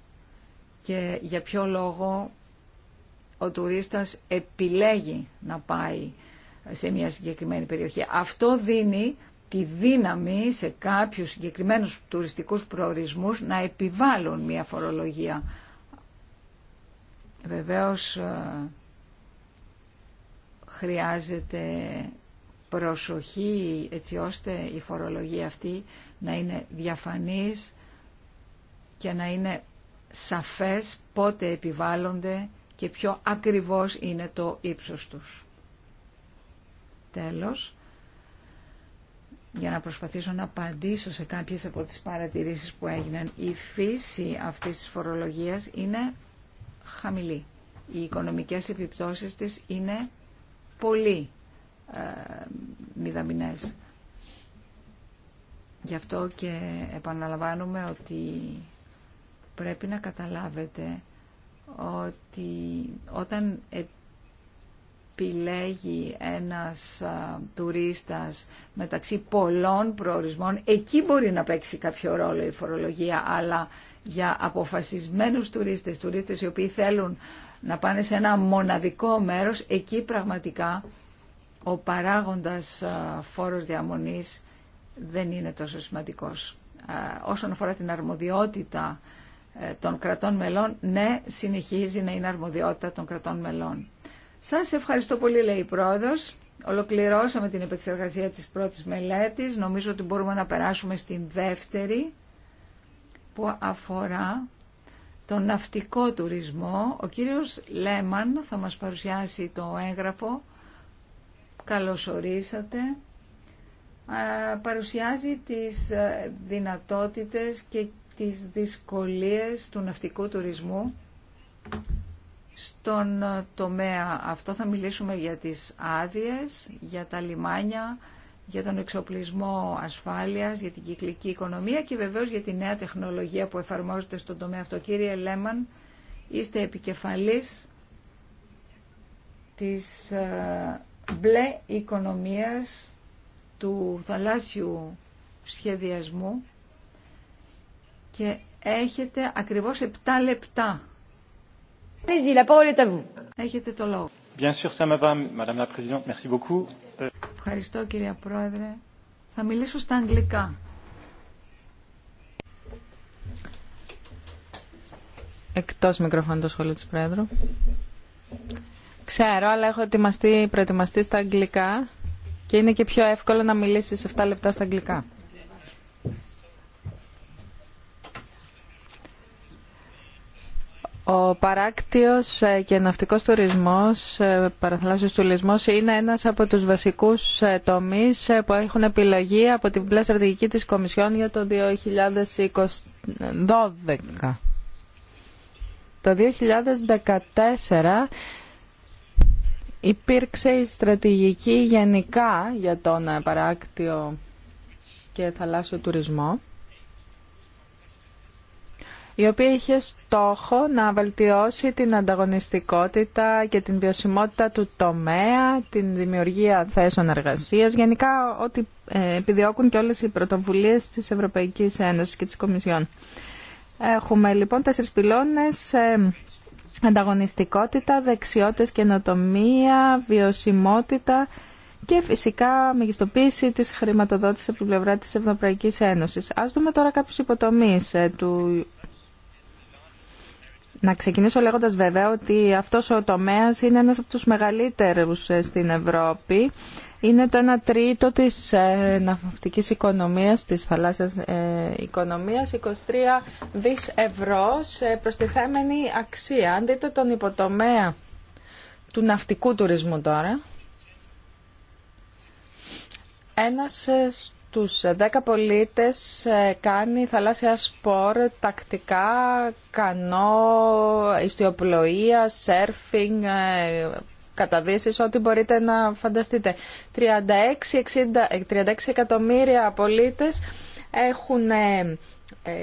και για ποιο λόγο ο τουρίστας επιλέγει να πάει σε μια συγκεκριμένη περιοχή. Αυτό δίνει τη δύναμη σε κάποιους συγκεκριμένους τουριστικούς προορισμούς να επιβάλλουν μια φορολογία. Βεβαίως ε, χρειάζεται προσοχή έτσι ώστε η φορολογία αυτή να είναι διαφανής και να είναι σαφές πότε επιβάλλονται και ποιο ακριβώς είναι το ύψος τους. Τέλος, για να προσπαθήσω να απαντήσω σε κάποιες από τις παρατηρήσεις που έγιναν, η φύση αυτής της φορολογίας είναι χαμηλή. Οι οικονομικές επιπτώσεις της είναι πολύ ε, μηδαμινές. Γι' αυτό και επαναλαμβάνουμε ότι πρέπει να καταλάβετε ότι όταν επιλέγει ένας τουρίστας μεταξύ πολλών προορισμών, εκεί μπορεί να παίξει κάποιο ρόλο η φορολογία, αλλά για αποφασισμένους τουρίστες, τουρίστες οι οποίοι θέλουν να πάνε σε ένα μοναδικό μέρος, εκεί πραγματικά ο παράγοντας φόρος διαμονής δεν είναι τόσο σημαντικός. Όσον αφορά την αρμοδιότητα ε, των κρατών μελών, ναι, συνεχίζει να είναι αρμοδιότητα των κρατών μελών. Σας ευχαριστώ πολύ, λέει η Πρόεδρος. Ολοκληρώσαμε την επεξεργασία της πρώτης μελέτης. Νομίζω ότι μπορούμε να περάσουμε στην δεύτερη, που αφορά τον ναυτικό τουρισμό. Ο κύριος Λέμαν θα μας παρουσιάσει το έγγραφο καλωσορίσατε παρουσιάζει τις ε, δυνατότητες και τις δυσκολίες του ναυτικού τουρισμού στον ε, τομέα αυτό. Θα μιλήσουμε για τις άδειες, για τα λιμάνια, για τον εξοπλισμό ασφάλειας, για την κυκλική οικονομία και βεβαίως για τη νέα τεχνολογία που εφαρμόζεται στον τομέα αυτό. Κύριε Λέμαν, είστε επικεφαλής της ε, μπλε οικονομίας του θαλάσσιου σχεδιασμού και έχετε ακριβώς 7 λεπτά. Έχετε το λόγο. Bien sûr, ça va, Madame la Présidente. Merci beaucoup. Ευχαριστώ, κυρία Πρόεδρε. Θα μιλήσω στα αγγλικά. Εκτός μικροφώνου του σχολείου της Πρόεδρου. Ξέρω, αλλά έχω ετοιμαστεί, προετοιμαστεί στα αγγλικά και είναι και πιο εύκολο να μιλήσεις 7 λεπτά στα αγγλικά. Ο παράκτιος ε, και ναυτικός τουρισμός, ε, παραθαλάσσιος τουρισμός, είναι ένας από τους βασικούς ε, τομείς που έχουν επιλογή από την πλέον στρατηγική της Κομισιόν για το 2012. Το 2014 υπήρξε η στρατηγική γενικά για τον ε, παράκτιο και θαλάσσιο τουρισμό η οποία είχε στόχο να βελτιώσει την ανταγωνιστικότητα και την βιωσιμότητα του τομέα, την δημιουργία θέσεων εργασίας, γενικά ό,τι ε, επιδιώκουν και όλες οι πρωτοβουλίες της Ευρωπαϊκής Ένωσης και της Κομισιόν. Έχουμε λοιπόν τέσσερις πυλώνες, ε, ανταγωνιστικότητα, δεξιότητες, καινοτομία, βιωσιμότητα και φυσικά μεγιστοποίηση της χρηματοδότησης από την πλευρά της Ευρωπαϊκής Ένωσης. Ας δούμε τώρα κάποιους υποτομείς ε, του να ξεκινήσω λέγοντας βέβαια ότι αυτός ο τομέας είναι ένας από τους μεγαλύτερους ε, στην Ευρώπη. Είναι το 1 τρίτο της ε, ναυτικής οικονομίας, της θαλάσσιας ε, οικονομίας, 23 δις ευρώ σε προστιθέμενη αξία. Αν δείτε τον υποτομέα του ναυτικού τουρισμού τώρα, ένας τους 10 πολίτες ε, κάνει θαλάσσια σπορ τακτικά, κανό, ιστιοπλοεία, σέρφινγκ, ε, καταδύσεις, ό,τι μπορείτε να φανταστείτε. 36, 36 ε, εκατομμύρια πολίτες έχουν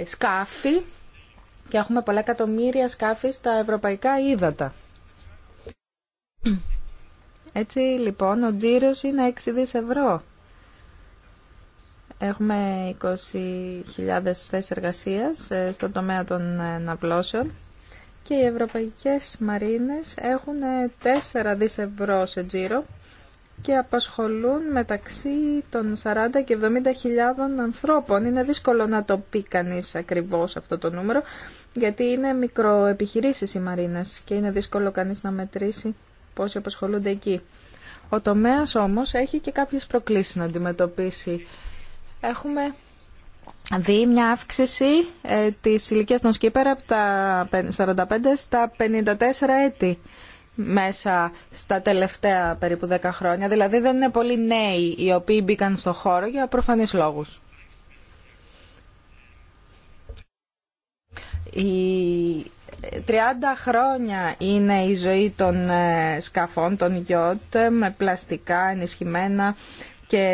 σκάφη και έχουμε πολλά εκατομμύρια σκάφη στα ευρωπαϊκά ύδατα. Έτσι λοιπόν ο τζίρος είναι 6 δις ευρώ. Έχουμε 20.000 θέσεις εργασίας ε, στον τομέα των ε, ναυλώσεων και οι ευρωπαϊκές μαρίνες έχουν 4 ε, δις ευρώ σε τζίρο και απασχολούν μεταξύ των 40 και 70.000 ανθρώπων. Είναι δύσκολο να το πει κανεί ακριβώς αυτό το νούμερο, γιατί είναι μικροεπιχειρήσεις οι μαρίνες και είναι δύσκολο κανείς να μετρήσει πόσοι απασχολούνται εκεί. Ο τομέας όμως έχει και κάποιες προκλήσεις να αντιμετωπίσει έχουμε δει μια αύξηση ε, της ηλικίας των σκύπερα από τα 45 στα 54 έτη μέσα στα τελευταία περίπου 10 χρόνια. Δηλαδή δεν είναι πολλοί νέοι οι οποίοι μπήκαν στο χώρο για προφανείς λόγους. Η 30 ε, χρόνια είναι η ζωή των ε, σκαφών, των γιότ, με πλαστικά ενισχυμένα και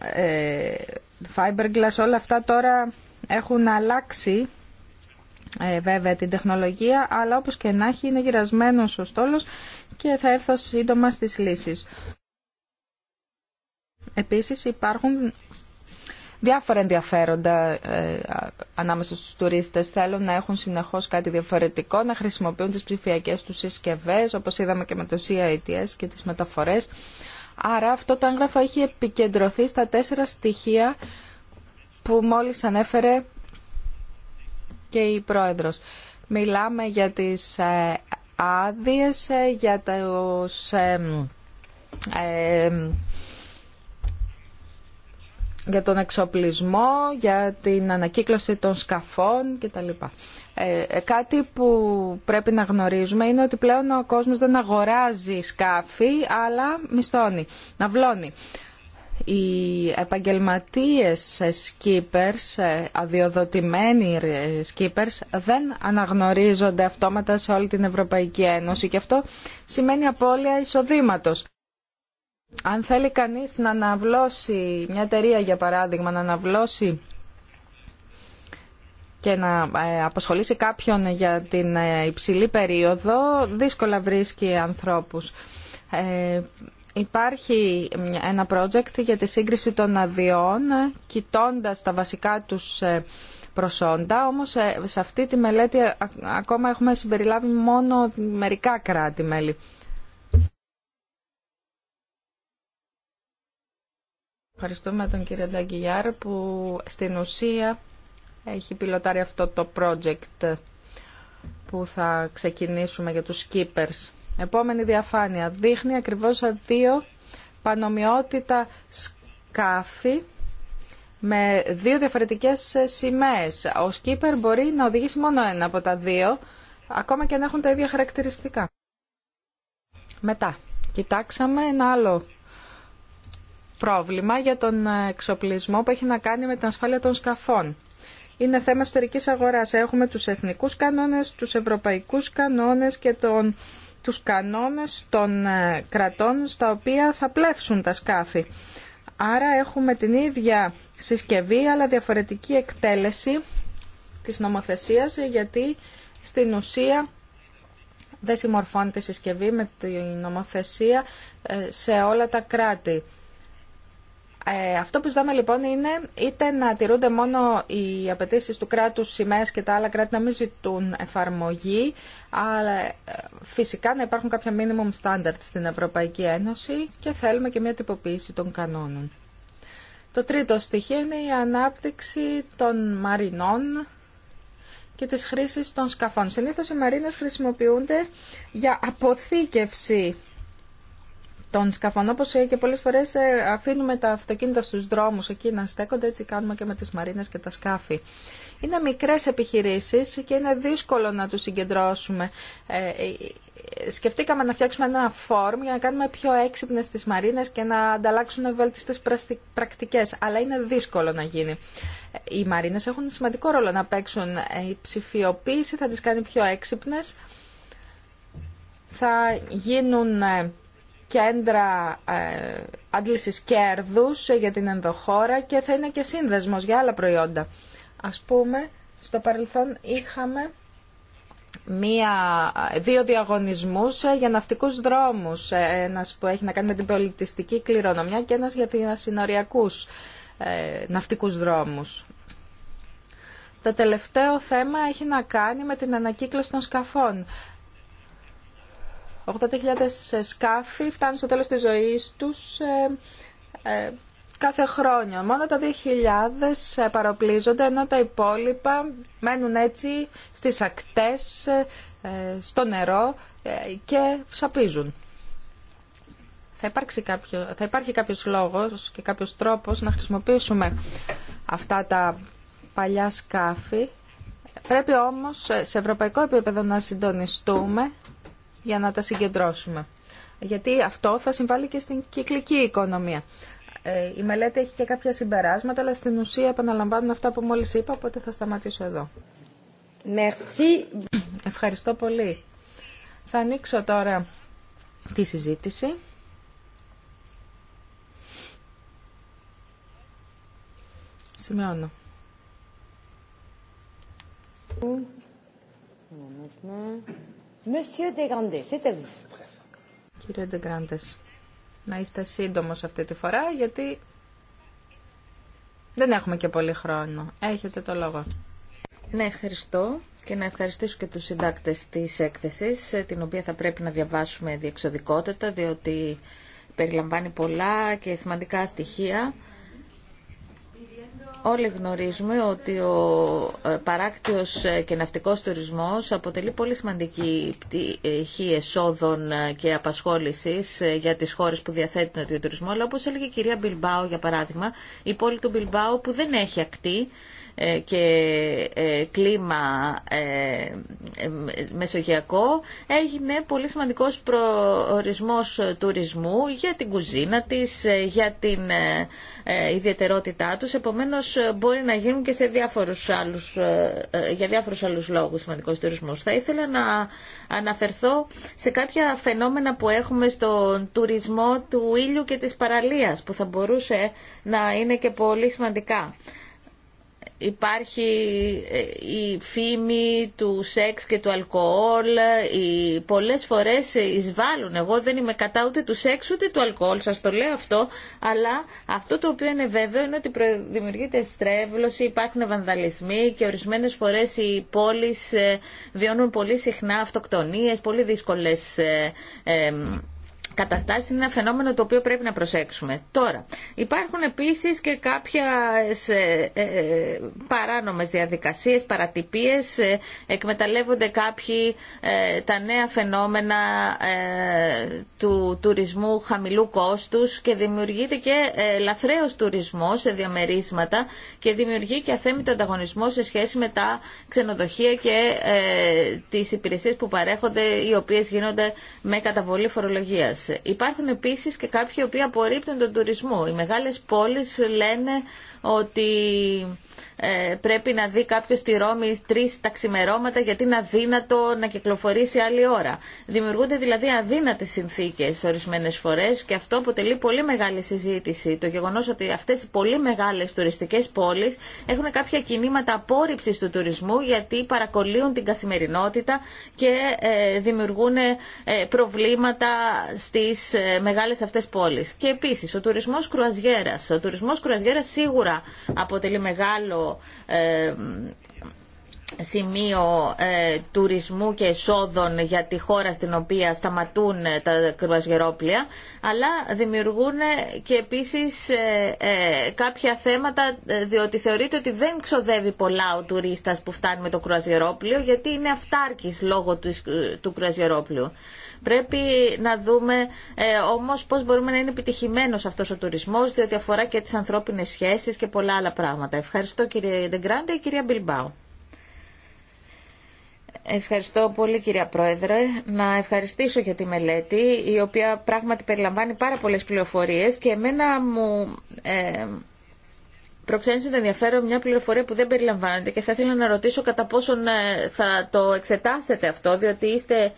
ε, fiberglass, όλα αυτά τώρα έχουν αλλάξει ε, βέβαια την τεχνολογία, αλλά όπως και να έχει είναι γυρασμένος ο στόλος και θα έρθω σύντομα στις λύσεις. Επίσης υπάρχουν διάφορα ενδιαφέροντα ε, ανάμεσα στους τουρίστες. Θέλουν να έχουν συνεχώς κάτι διαφορετικό, να χρησιμοποιούν τις ψηφιακές τους συσκευές, όπως είδαμε και με το CITS και τις μεταφορές. Άρα αυτό το έγγραφο έχει επικεντρωθεί στα τέσσερα στοιχεία που μόλις ανέφερε και η Πρόεδρος. Μιλάμε για τις ε, άδειες, ε, για τους ε, για τον εξοπλισμό, για την ανακύκλωση των σκαφών κτλ. Ε, κάτι που πρέπει να γνωρίζουμε είναι ότι πλέον ο κόσμος δεν αγοράζει σκάφη, αλλά μισθώνει, ναυλώνει. Οι επαγγελματίες skippers, ε, αδειοδοτημένοι skippers, δεν αναγνωρίζονται αυτόματα σε όλη την Ευρωπαϊκή Ένωση και αυτό σημαίνει απώλεια εισοδήματος. Αν θέλει κανείς να αναβλώσει μια εταιρεία για παράδειγμα να αναβλώσει και να ε, αποσχολήσει κάποιον για την ε, υψηλή περίοδο δύσκολα βρίσκει ανθρώπους. Ε, υπάρχει ένα project για τη σύγκριση των αδειών κοιτώντας τα βασικά τους προσόντα, όμως σε αυτή τη μελέτη ακόμα έχουμε συμπεριλάβει μόνο μερικά κράτη-μέλη. Ευχαριστούμε τον κύριο Νταγκιγιάρ που στην ουσία έχει πιλωτάρει αυτό το project που θα ξεκινήσουμε για τους skippers. Επόμενη διαφάνεια. Δείχνει ακριβώς δύο πανομοιότητα σκάφη με δύο διαφορετικές σημαίες. Ο skipper μπορεί να οδηγήσει μόνο ένα από τα δύο, ακόμα και αν έχουν τα ίδια χαρακτηριστικά. Μετά, κοιτάξαμε ένα άλλο πρόβλημα για τον εξοπλισμό που έχει να κάνει με την ασφάλεια των σκαφών. Είναι θέμα εσωτερικής αγοράς. Έχουμε τους εθνικούς κανόνες, τους ευρωπαϊκούς κανόνες και τον, τους κανόνες των ε, κρατών στα οποία θα πλεύσουν τα σκάφη. Άρα έχουμε την ίδια συσκευή αλλά διαφορετική εκτέλεση της νομοθεσίας γιατί στην ουσία δεν συμμορφώνεται η συσκευή με την νομοθεσία ε, σε όλα τα κράτη. Ε, αυτό που ζητάμε λοιπόν είναι είτε να τηρούνται μόνο οι απαιτήσει του κράτου σημαία και τα άλλα κράτη να μην ζητούν εφαρμογή, αλλά ε, φυσικά να υπάρχουν κάποια minimum standards στην Ευρωπαϊκή Ένωση και θέλουμε και μια τυποποίηση των κανόνων. Το τρίτο στοιχείο είναι η ανάπτυξη των μαρινών και της χρήσης των σκαφών. Συνήθως οι μαρίνες χρησιμοποιούνται για αποθήκευση των σκαφών. όπω και πολλέ φορέ ε, αφήνουμε τα αυτοκίνητα στου δρόμου, εκεί να στέκονται, έτσι κάνουμε και με τι μαρίνε και τα σκάφη. Είναι μικρέ επιχειρήσει και είναι δύσκολο να του συγκεντρώσουμε. Ε, ε, σκεφτήκαμε να φτιάξουμε ένα φόρμ για να κάνουμε πιο έξυπνες τις μαρίνες και να ανταλλάξουν βέλτιστες πρακτικές, αλλά είναι δύσκολο να γίνει. Οι μαρίνες έχουν σημαντικό ρόλο να παίξουν. Η ψηφιοποίηση θα τις κάνει πιο έξυπνε, θα γίνουν κέντρα ε, άντλησης κέρδους ε, για την ενδοχώρα και θα είναι και σύνδεσμος για άλλα προϊόντα. Ας πούμε, στο παρελθόν είχαμε μία, ε, δύο διαγωνισμούς για ναυτικούς δρόμους. Ένας που έχει να κάνει με την πολιτιστική κληρονομιά και ένας για την συνοριακούς ναυτικούς δρόμους. Το τελευταίο θέμα έχει να κάνει με την ανακύκλωση των σκαφών. 80.000 σκάφη φτάνουν στο τέλος της ζωής τους ε, ε, κάθε χρόνο. Μόνο τα 2.000 παροπλίζονται, ενώ τα υπόλοιπα μένουν έτσι στις ακτές, ε, στο νερό και ψαπίζουν. Θα, υπάρξει κάποιο, θα υπάρχει κάποιος λόγος και κάποιος τρόπος να χρησιμοποιήσουμε αυτά τα παλιά σκάφη. Πρέπει όμως σε ευρωπαϊκό επίπεδο να συντονιστούμε για να τα συγκεντρώσουμε. Γιατί αυτό θα συμβάλλει και στην κυκλική οικονομία. Ε, η μελέτη έχει και κάποια συμπεράσματα, αλλά στην ουσία επαναλαμβάνουν αυτά που μόλις είπα, οπότε θα σταματήσω εδώ. Merci. Ευχαριστώ πολύ. Θα ανοίξω τώρα τη συζήτηση. Σημειώνω. Mm. Mm, mm, Monsieur De Κύριε De να είστε σύντομος αυτή τη φορά γιατί δεν έχουμε και πολύ χρόνο. Έχετε το λόγο. Ναι, ευχαριστώ και να ευχαριστήσω και τους συντάκτες της έκθεσης, ε, την οποία θα πρέπει να διαβάσουμε διεξοδικότητα, διότι περιλαμβάνει πολλά και σημαντικά στοιχεία Όλοι γνωρίζουμε ότι ο ε, παράκτιος ε, και ναυτικός τουρισμός αποτελεί πολύ σημαντική πτυχή εσόδων ε, και απασχόλησης για τις χώρες που διαθέτουν τον τουρισμό, αλλά όπως έλεγε η κυρία Μπιλμπάου για παράδειγμα, η πόλη του Μπιλμπάου που δεν έχει ακτή ε, και ε, κλίμα ε, μεσογειακό έγινε πολύ σημαντικός προορισμός τουρισμού για την κουζίνα της, για την ιδιαιτερότητά τους. Επομένως μπορεί να γίνουν και σε διάφορους άλλους, για διάφορους άλλους λόγους σημαντικός τουρισμός. Θα ήθελα να αναφερθώ σε κάποια φαινόμενα που έχουμε στον τουρισμό του ήλιου και της παραλίας που θα μπορούσε να είναι και πολύ σημαντικά υπάρχει ε, η φήμη του σεξ και του αλκοόλ οι πολλές φορές εισβάλλουν εγώ δεν είμαι κατά ούτε του σεξ ούτε του αλκοόλ σας το λέω αυτό αλλά αυτό το οποίο είναι βέβαιο είναι ότι δημιουργείται στρέβλωση υπάρχουν βανδαλισμοί και ορισμένες φορές οι πόλεις ε, βιώνουν πολύ συχνά αυτοκτονίες πολύ δύσκολες ε, καταστάσεις είναι ένα φαινόμενο το οποίο πρέπει να προσέξουμε. Τώρα, υπάρχουν επίσης και κάποιες ε, ε, παράνομες διαδικασίες, παρατυπίες, ε, εκμεταλλεύονται κάποιοι ε, τα νέα φαινόμενα ε, του τουρισμού χαμηλού κόστους και δημιουργείται και λαφραίος τουρισμός σε διαμερίσματα και δημιουργεί και αθέμητο ανταγωνισμό σε σχέση με τα ξενοδοχεία και τις υπηρεσίες που παρέχονται οι οποίες γίνονται με καταβολή φορολογίας. Υπάρχουν επίσης και κάποιοι οποίοι απορρίπτουν τον τουρισμό. Οι μεγάλες πόλεις λένε ότι ε, πρέπει να δει κάποιο στη Ρώμη τρει ταξιμερώματα γιατί είναι αδύνατο να κυκλοφορήσει άλλη ώρα. Δημιουργούνται δηλαδή αδύνατε συνθήκε ορισμένε φορέ και αυτό αποτελεί πολύ μεγάλη συζήτηση. Το γεγονό ότι αυτέ οι πολύ μεγάλε τουριστικέ πόλει έχουν κάποια κινήματα απόρριψη του τουρισμού γιατί παρακολύουν την καθημερινότητα και ε, δημιουργούν ε, προβλήματα στι μεγάλε αυτέ πόλει. Και επίση ο τουρισμό κρουαζιέρα. Ο τουρισμό κρουαζιέρα σίγουρα αποτελεί μεγάλο εμ σημείο ε, τουρισμού και εσόδων για τη χώρα στην οποία σταματούν τα κρουαζιερόπλια, αλλά δημιουργούν ε, και επίσης ε, ε κάποια θέματα, ε, διότι θεωρείται ότι δεν ξοδεύει πολλά ο τουρίστας που φτάνει με το κρουαζιερόπλιο, γιατί είναι αυτάρκης λόγω του, του κρουαζιερόπλιου. Πρέπει να δούμε ε, όμως πώς μπορούμε να είναι επιτυχημένος αυτός ο τουρισμός, διότι αφορά και τις ανθρώπινες σχέσεις και πολλά άλλα πράγματα. Ευχαριστώ κύριε Ντεγκράντε και κυρία Μπιλμπάου. Ευχαριστώ πολύ κυρία Πρόεδρε. Να ευχαριστήσω για τη μελέτη η οποία πράγματι περιλαμβάνει πάρα πολλές πληροφορίες και εμένα μου ε, προξένησε το ενδιαφέρον μια πληροφορία που δεν περιλαμβάνεται και θα ήθελα να ρωτήσω κατά πόσον ε, θα το εξετάσετε αυτό διότι είστε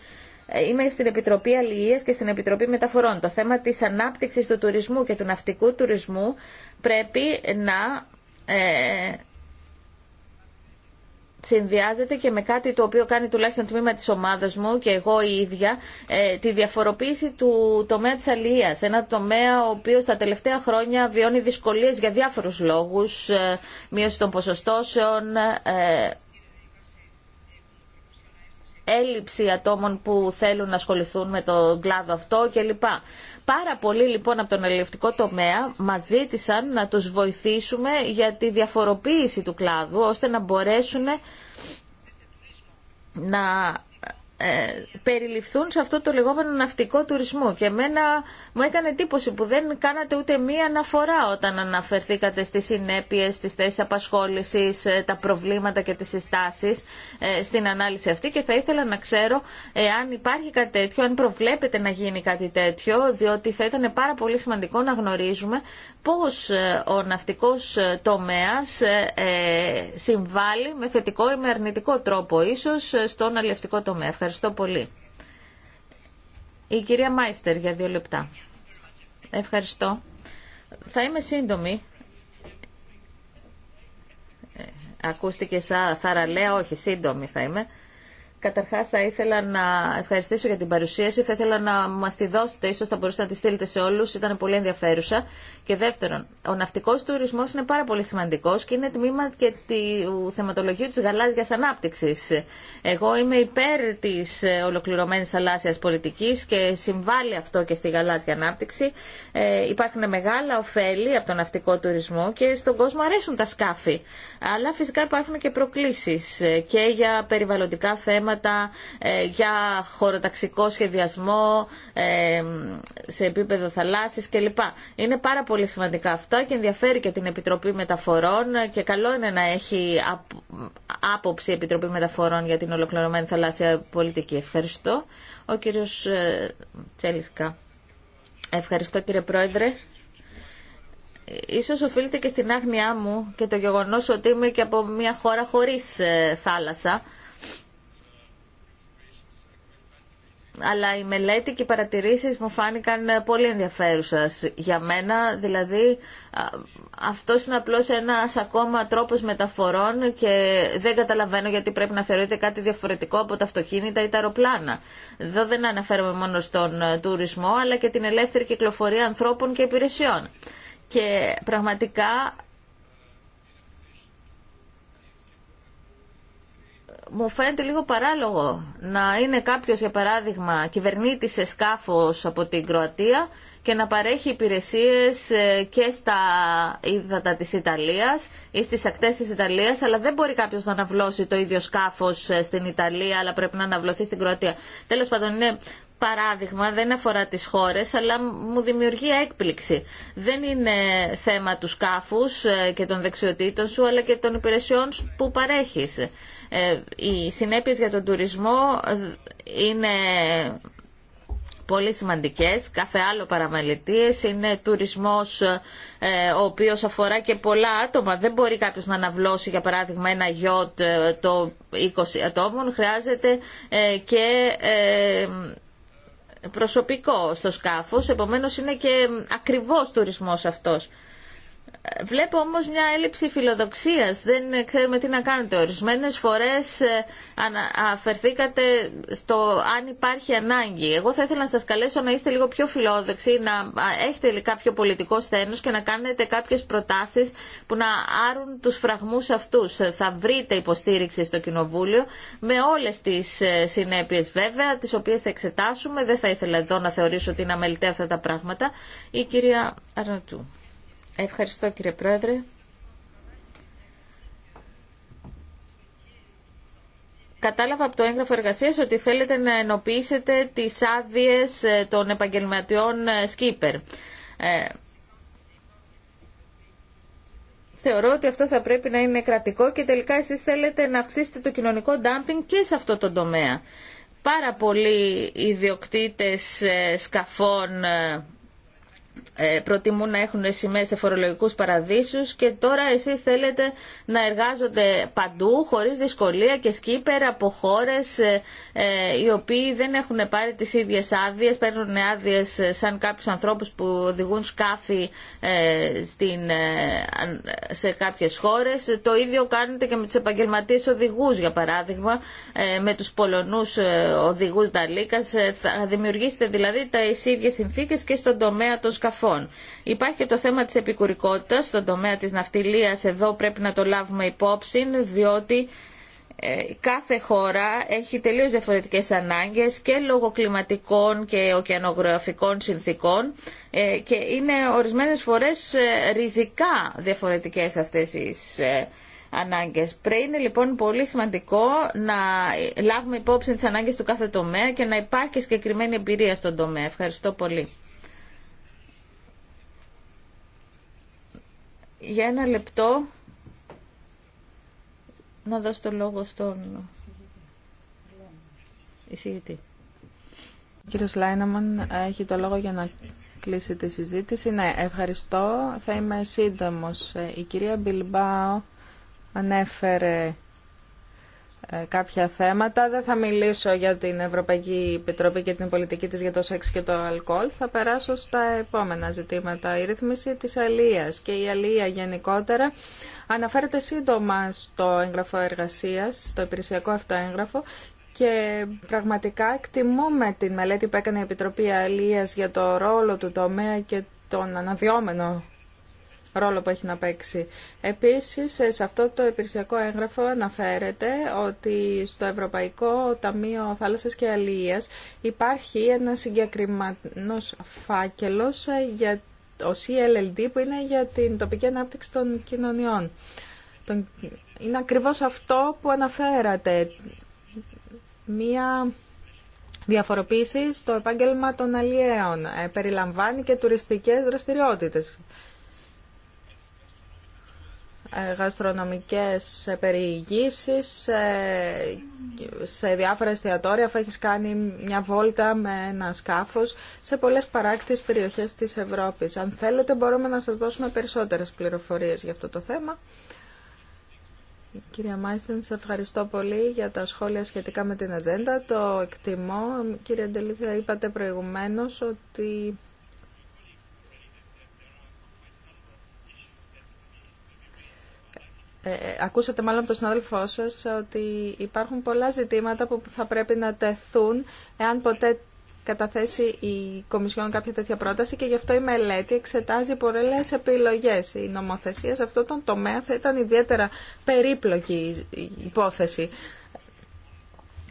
ε, Είμαι στην Επιτροπή Αλληλείας και στην Επιτροπή Μεταφορών. Το θέμα της ανάπτυξης του τουρισμού και του ναυτικού τουρισμού πρέπει να ε, συνδυάζεται και με κάτι το οποίο κάνει τουλάχιστον τμήμα της ομάδας μου και εγώ η ίδια, ε, τη διαφοροποίηση του τομέα της αλληλείας. Ένα τομέα ο οποίος τα τελευταία χρόνια βιώνει δυσκολίες για διάφορους λόγους, ε, μείωση των ποσοστώσεων, ε, έλλειψη ατόμων που θέλουν να ασχοληθούν με τον κλάδο αυτό κλπ. Πάρα πολλοί λοιπόν από τον ελληνικό τομέα μας ζήτησαν να τους βοηθήσουμε για τη διαφοροποίηση του κλάδου ώστε να μπορέσουν να ε, περιληφθούν σε αυτό το λεγόμενο ναυτικό τουρισμό. Και εμένα μου έκανε εντύπωση που δεν κάνατε ούτε μία αναφορά όταν αναφερθήκατε στις συνέπειες, στις θέσεις απασχόλησης, ε, τα προβλήματα και τις συστάσεις ε, στην ανάλυση αυτή και θα ήθελα να ξέρω αν υπάρχει κάτι τέτοιο, αν προβλέπετε να γίνει κάτι τέτοιο, διότι θα ήταν πάρα πολύ σημαντικό να γνωρίζουμε πώς ο ναυτικός τομέας συμβάλλει με θετικό ή με αρνητικό τρόπο ίσως στον αλληλευτικό τομέα. Ευχαριστώ πολύ. Η κυρία Μάιστερ για δύο λεπτά. Ευχαριστώ. Θα είμαι σύντομη. Ε, ακούστηκε σαν θαραλέα, όχι σύντομη θα είμαι. Καταρχάς θα ήθελα να ευχαριστήσω για την παρουσίαση. Θα ήθελα να μας τη δώσετε, ίσως θα μπορούσατε να τη στείλετε σε όλους. Ήταν πολύ ενδιαφέρουσα. Και δεύτερον, ο ναυτικό τουρισμό είναι πάρα πολύ σημαντικό και είναι τμήμα και του θεματολογίου της γαλάζια ανάπτυξη. Εγώ είμαι υπέρ τη ολοκληρωμένη θαλάσσιας πολιτική και συμβάλλει αυτό και στη γαλάζια ανάπτυξη. Ε, υπάρχουν μεγάλα ωφέλη από τον ναυτικό τουρισμό και στον κόσμο αρέσουν τα σκάφη. Αλλά φυσικά υπάρχουν και προκλήσει ε, και για περιβαλλοντικά θέματα, ε, για χωροταξικό σχεδιασμό ε, σε επίπεδο θαλάσσης κλπ. Είναι πάρα πολύ σημαντικά αυτά και ενδιαφέρει και την Επιτροπή Μεταφορών και καλό είναι να έχει άποψη η Επιτροπή Μεταφορών για την ολοκληρωμένη θαλάσσια πολιτική. Ευχαριστώ. Ο κύριος ε, Τσέλισκα. Ευχαριστώ κύριε Πρόεδρε ίσως οφείλεται και στην άγνοιά μου και το γεγονός ότι είμαι και από μια χώρα χωρίς ε, θάλασσα. αλλά η μελέτη και οι παρατηρήσεις μου φάνηκαν ε, πολύ ενδιαφέρουσες για μένα. Δηλαδή αυτό είναι απλώς ένας ακόμα τρόπος μεταφορών και δεν καταλαβαίνω γιατί πρέπει να θεωρείται κάτι διαφορετικό από τα αυτοκίνητα ή τα αεροπλάνα. Εδώ δεν αναφέρομαι μόνο στον ε, τουρισμό αλλά και την ελεύθερη κυκλοφορία ανθρώπων και υπηρεσιών. Και πραγματικά μου φαίνεται λίγο παράλογο να είναι κάποιος για παράδειγμα κυβερνήτης σε σκάφος από την Κροατία και να παρέχει υπηρεσίες ε, και στα ύδατα της Ιταλίας ή στις ακτές της Ιταλίας αλλά δεν μπορεί κάποιος να αναβλώσει το ίδιο σκάφος ε, στην Ιταλία αλλά πρέπει να αναβλωθεί στην Κροατία. Τέλος πάντων είναι παράδειγμα, δεν αφορά τις χώρες, αλλά μου δημιουργεί έκπληξη. Δεν είναι θέμα του σκάφους ε, και των δεξιοτήτων σου, αλλά και των υπηρεσιών που παρέχεις. Ε, οι συνέπειες για τον τουρισμό ε, είναι πολύ σημαντικές. Κάθε άλλο παραμελητίες είναι τουρισμός ο οποίος αφορά και πολλά άτομα. Δεν μπορεί κάποιος να αναβλώσει για παράδειγμα ένα γιότ το 20 ατόμων. Χρειάζεται και προσωπικό στο σκάφος, επομένως είναι και ακριβώς τουρισμός αυτός. Βλέπω όμως μια έλλειψη φιλοδοξίας. Δεν ξέρουμε τι να κάνετε. Ορισμένες φορές ε, αναφερθήκατε στο αν υπάρχει ανάγκη. Εγώ θα ήθελα να σας καλέσω να είστε λίγο πιο φιλόδοξοι, να έχετε κάποιο πολιτικό στένος και να κάνετε κάποιες προτάσεις που να άρουν τους φραγμούς αυτούς. Θα βρείτε υποστήριξη στο Κοινοβούλιο με όλες τις ε, συνέπειες βέβαια, τις οποίες θα εξετάσουμε. Δεν θα ήθελα εδώ να θεωρήσω ότι είναι αμεληταία αυτά τα πράγματα. Η κυρία Αρνατού. Ευχαριστώ κύριε Πρόεδρε. Κατάλαβα από το έγγραφο εργασίας ότι θέλετε να ενοποιήσετε τις άδειες ε, των επαγγελματιών ε, ε, Θεωρώ ότι αυτό θα πρέπει να είναι κρατικό και τελικά εσείς θέλετε να αυξήσετε το κοινωνικό ντάμπινγκ και σε αυτό το τομέα. Πάρα πολλοί ιδιοκτήτες ε, σκαφών ε, προτιμούν να έχουν σημαίες σε φορολογικούς παραδείσους και τώρα εσείς θέλετε να εργάζονται παντού χωρίς δυσκολία και σκύπερ από χώρες ε, ε, οι οποίοι δεν έχουν πάρει τις ίδιες άδειες, παίρνουν άδειες σαν κάποιους ανθρώπους που οδηγούν σκάφη στην, σε κάποιες χώρες. Το ίδιο κάνετε και με τους επαγγελματίες οδηγούς για παράδειγμα, με τους Πολωνούς οδηγούς Νταλίκας. Θα δημιουργήσετε δηλαδή τα ίδιες συνθήκες και στον τομέα των σκαφών. Υπάρχει και το θέμα της επικουρικότητας στον τομέα της ναυτιλίας. Εδώ πρέπει να το λάβουμε υπόψη, διότι ε, κάθε χώρα έχει τελείως διαφορετικές ανάγκες και λόγω κλιματικών και ωκεανογραφικών συνθήκων ε, και είναι ορισμένες φορές ε, ριζικά διαφορετικές αυτές οι ανάγκες. Πρέπει είναι λοιπόν πολύ σημαντικό να λάβουμε υπόψη τις ανάγκες του κάθε τομέα και να υπάρχει συγκεκριμένη εμπειρία στον τομέα. Ευχαριστώ πολύ. για ένα λεπτό να δώσω το λόγο στον εισηγητή. Ο κύριος Λάιναμαν έχει το λόγο για να κλείσει τη συζήτηση. Ναι, ευχαριστώ. Θα είμαι σύντομος. Η κυρία Μπιλμπάο ανέφερε ε, κάποια θέματα. Δεν θα μιλήσω για την Ευρωπαϊκή Επιτροπή και την πολιτική της για το σεξ και το αλκοόλ. Θα περάσω στα επόμενα ζητήματα. Η ρύθμιση της αλίας και η αλία γενικότερα αναφέρεται σύντομα στο έγγραφο εργασίας, στο υπηρεσιακό αυτό έγγραφο και πραγματικά εκτιμούμε την μελέτη που έκανε η Επιτροπή Αλίας για το ρόλο του τομέα και τον αναδυόμενο ρόλο που έχει να παίξει. Επίσης, σε αυτό το υπηρεσιακό έγγραφο αναφέρεται ότι στο Ευρωπαϊκό Ταμείο Θάλασσας και Αλίας υπάρχει ένα συγκεκριμένος φάκελος για το CLLD που είναι για την τοπική ανάπτυξη των κοινωνιών. Είναι ακριβώς αυτό που αναφέρατε. Μία διαφοροποίηση στο επάγγελμα των αλλιέων. Ε, περιλαμβάνει και τουριστικές δραστηριότητες γαστρονομικές περιηγήσεις ε, σε διάφορα εστιατόρια, αφού έχεις κάνει μια βόλτα με ένα σκάφος σε πολλές παράκτης περιοχές της Ευρώπης. Αν θέλετε μπορούμε να σας δώσουμε περισσότερες πληροφορίες για αυτό το θέμα. Κυρία Μάιστεν, σε ευχαριστώ πολύ για τα σχόλια σχετικά με την ατζέντα. Το εκτιμώ. Κύριε Ντελίτσια, είπατε προηγουμένως ότι Ε, ε, ακούσατε μάλλον από τον συνάδελφό σας ότι υπάρχουν πολλά ζητήματα που θα πρέπει να τεθούν εάν ποτέ καταθέσει η Κομισιόν κάποια τέτοια πρόταση και γι' αυτό η μελέτη εξετάζει πολλέ επιλογές. Η νομοθεσία σε αυτό τον τομέα θα ήταν ιδιαίτερα περίπλοκη υπόθεση.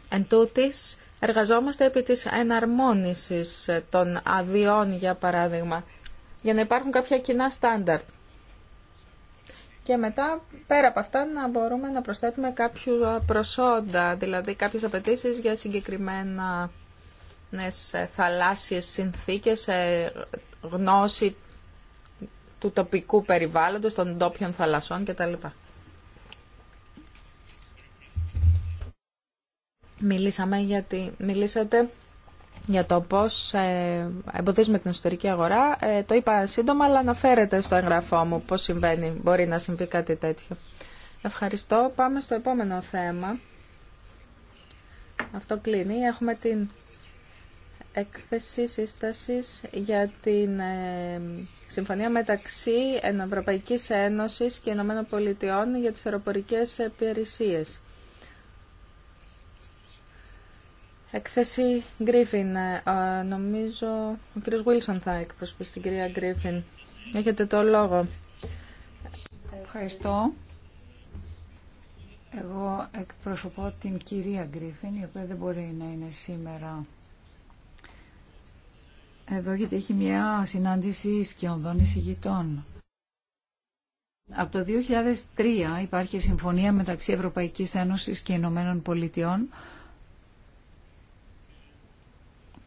Εν τούτης, εργαζόμαστε επί της εναρμόνισης των αδειών, για παράδειγμα, για να υπάρχουν κάποια κοινά στάνταρτ και μετά πέρα από αυτά να μπορούμε να προσθέτουμε κάποιου προσόντα, δηλαδή κάποιες απαιτήσει για συγκεκριμένα ε, θαλάσσιες συνθήκες, ε, γνώση του τοπικού περιβάλλοντος, των ντόπιων θαλασσών κτλ. Μιλήσαμε γιατί μιλήσατε για το πώς ε, εμποδίζουμε την εσωτερική αγορά. Ε, το είπα σύντομα, αλλά αναφέρεται στο εγγραφό μου πώς συμβαίνει, μπορεί να συμβεί κάτι τέτοιο. Ευχαριστώ. Πάμε στο επόμενο θέμα. Αυτό κλείνει. Έχουμε την έκθεση σύσταση για την ε, συμφωνία μεταξύ Ευρωπαϊκής Ένωσης και Ηνωμένων Πολιτειών για τις αεροπορικές υπηρεσίες. Εκθέση Γκρίφιν. Ε, νομίζω ο κύριος Βίλσον θα εκπροσωπήσει την κυρία Γκρίφιν. Έχετε το λόγο. Ευχαριστώ. Εγώ εκπροσωπώ την κυρία Γκρίφιν, η οποία δεν μπορεί να είναι σήμερα εδώ, γιατί έχει μια συνάντηση σκιονδών εισηγητών. Από το 2003 υπάρχει συμφωνία μεταξύ Ευρωπαϊκής Ένωσης και Ηνωμένων Πολιτειών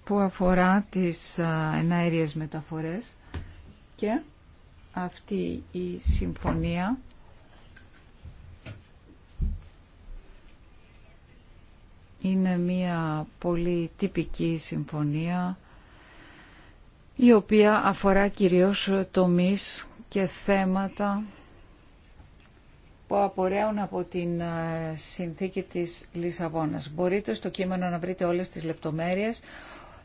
που αφορά τις εναέριες μεταφορές και αυτή η συμφωνία είναι μια πολύ τυπική συμφωνία η οποία αφορά κυρίως τομείς και θέματα που απορρέουν από την συνθήκη της Λισαβόνας. Μπορείτε στο κείμενο να βρείτε όλες τις λεπτομέρειες.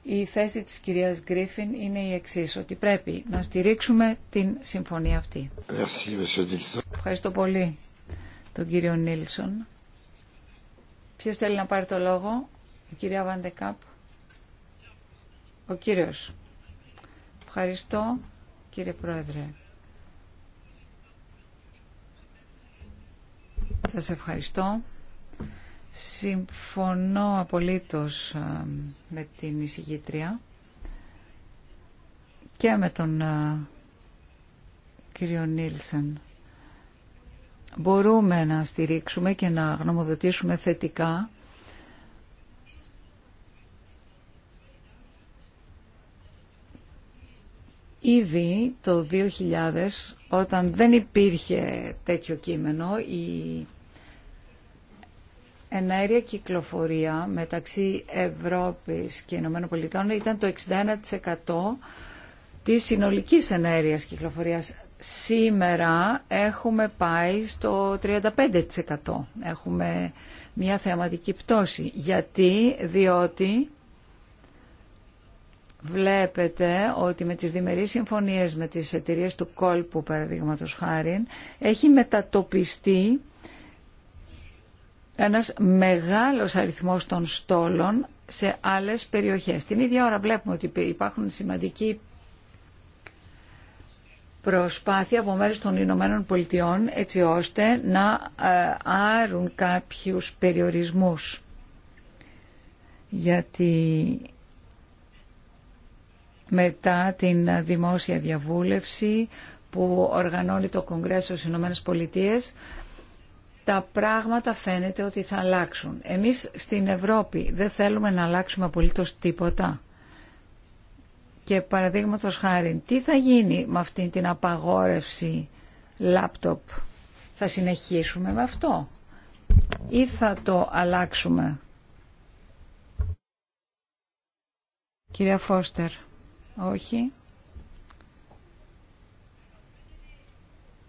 Η θέση της κυρίας Γκρίφιν είναι η εξής, ότι πρέπει να στηρίξουμε την συμφωνία αυτή. Ευχαριστώ πολύ τον κύριο Νίλσον. Ποιος θέλει να πάρει το λόγο, η κυρία Βαντεκάπ. Ο κύριος. Ευχαριστώ κύριε Πρόεδρε. Θα ευχαριστώ. Συμφωνώ απολύτως ε, με την εισηγήτρια και με τον ε, κύριο Νίλσεν. Μπορούμε να στηρίξουμε και να γνωμοδοτήσουμε θετικά Ήδη το 2000, όταν δεν υπήρχε τέτοιο κείμενο, η ενέργεια κυκλοφορία μεταξύ Ευρώπης και Ηνωμένων Πολιτών ήταν το 61% της συνολικής ενέργειας κυκλοφορίας. Σήμερα έχουμε πάει στο 35%. Έχουμε μια θεαματική πτώση. Γιατί, διότι βλέπετε ότι με τις διμερείς συμφωνίες με τις εταιρείες του κόλπου, παραδείγματος χάρη, έχει μετατοπιστεί ένας μεγάλος αριθμός των στόλων σε άλλες περιοχές. Την ίδια ώρα βλέπουμε ότι υπάρχουν σημαντική προσπάθεια από μέρους των Ηνωμένων Πολιτειών έτσι ώστε να ε, άρουν κάποιους περιορισμούς. Γιατί μετά την δημόσια διαβούλευση που οργανώνει το Κογκρέσο στις Ηνωμένες Πολιτείες τα πράγματα φαίνεται ότι θα αλλάξουν. Εμείς στην Ευρώπη δεν θέλουμε να αλλάξουμε απολύτως τίποτα. Και παραδείγματο χάρη, τι θα γίνει με αυτή την απαγόρευση λάπτοπ. Θα συνεχίσουμε με αυτό ή θα το αλλάξουμε. Κυρία Φώστερ, όχι.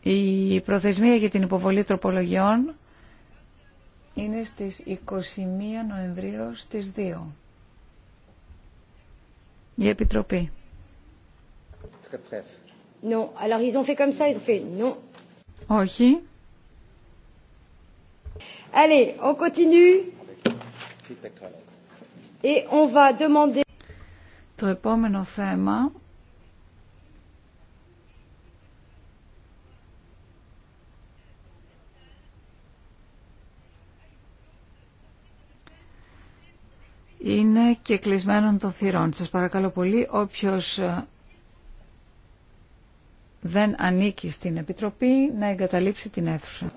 Η προθεσμία για την υποβολή τροπολογιών είναι στις 21 Νοεμβρίου στις 2. Η Επιτροπή. Όχι. Allez, on continue. Et on va demander... Το επόμενο θέμα είναι και κλεισμένων των θυρών. Σας παρακαλώ πολύ, όποιος ε, δεν ανήκει στην Επιτροπή να εγκαταλείψει την αίθουσα.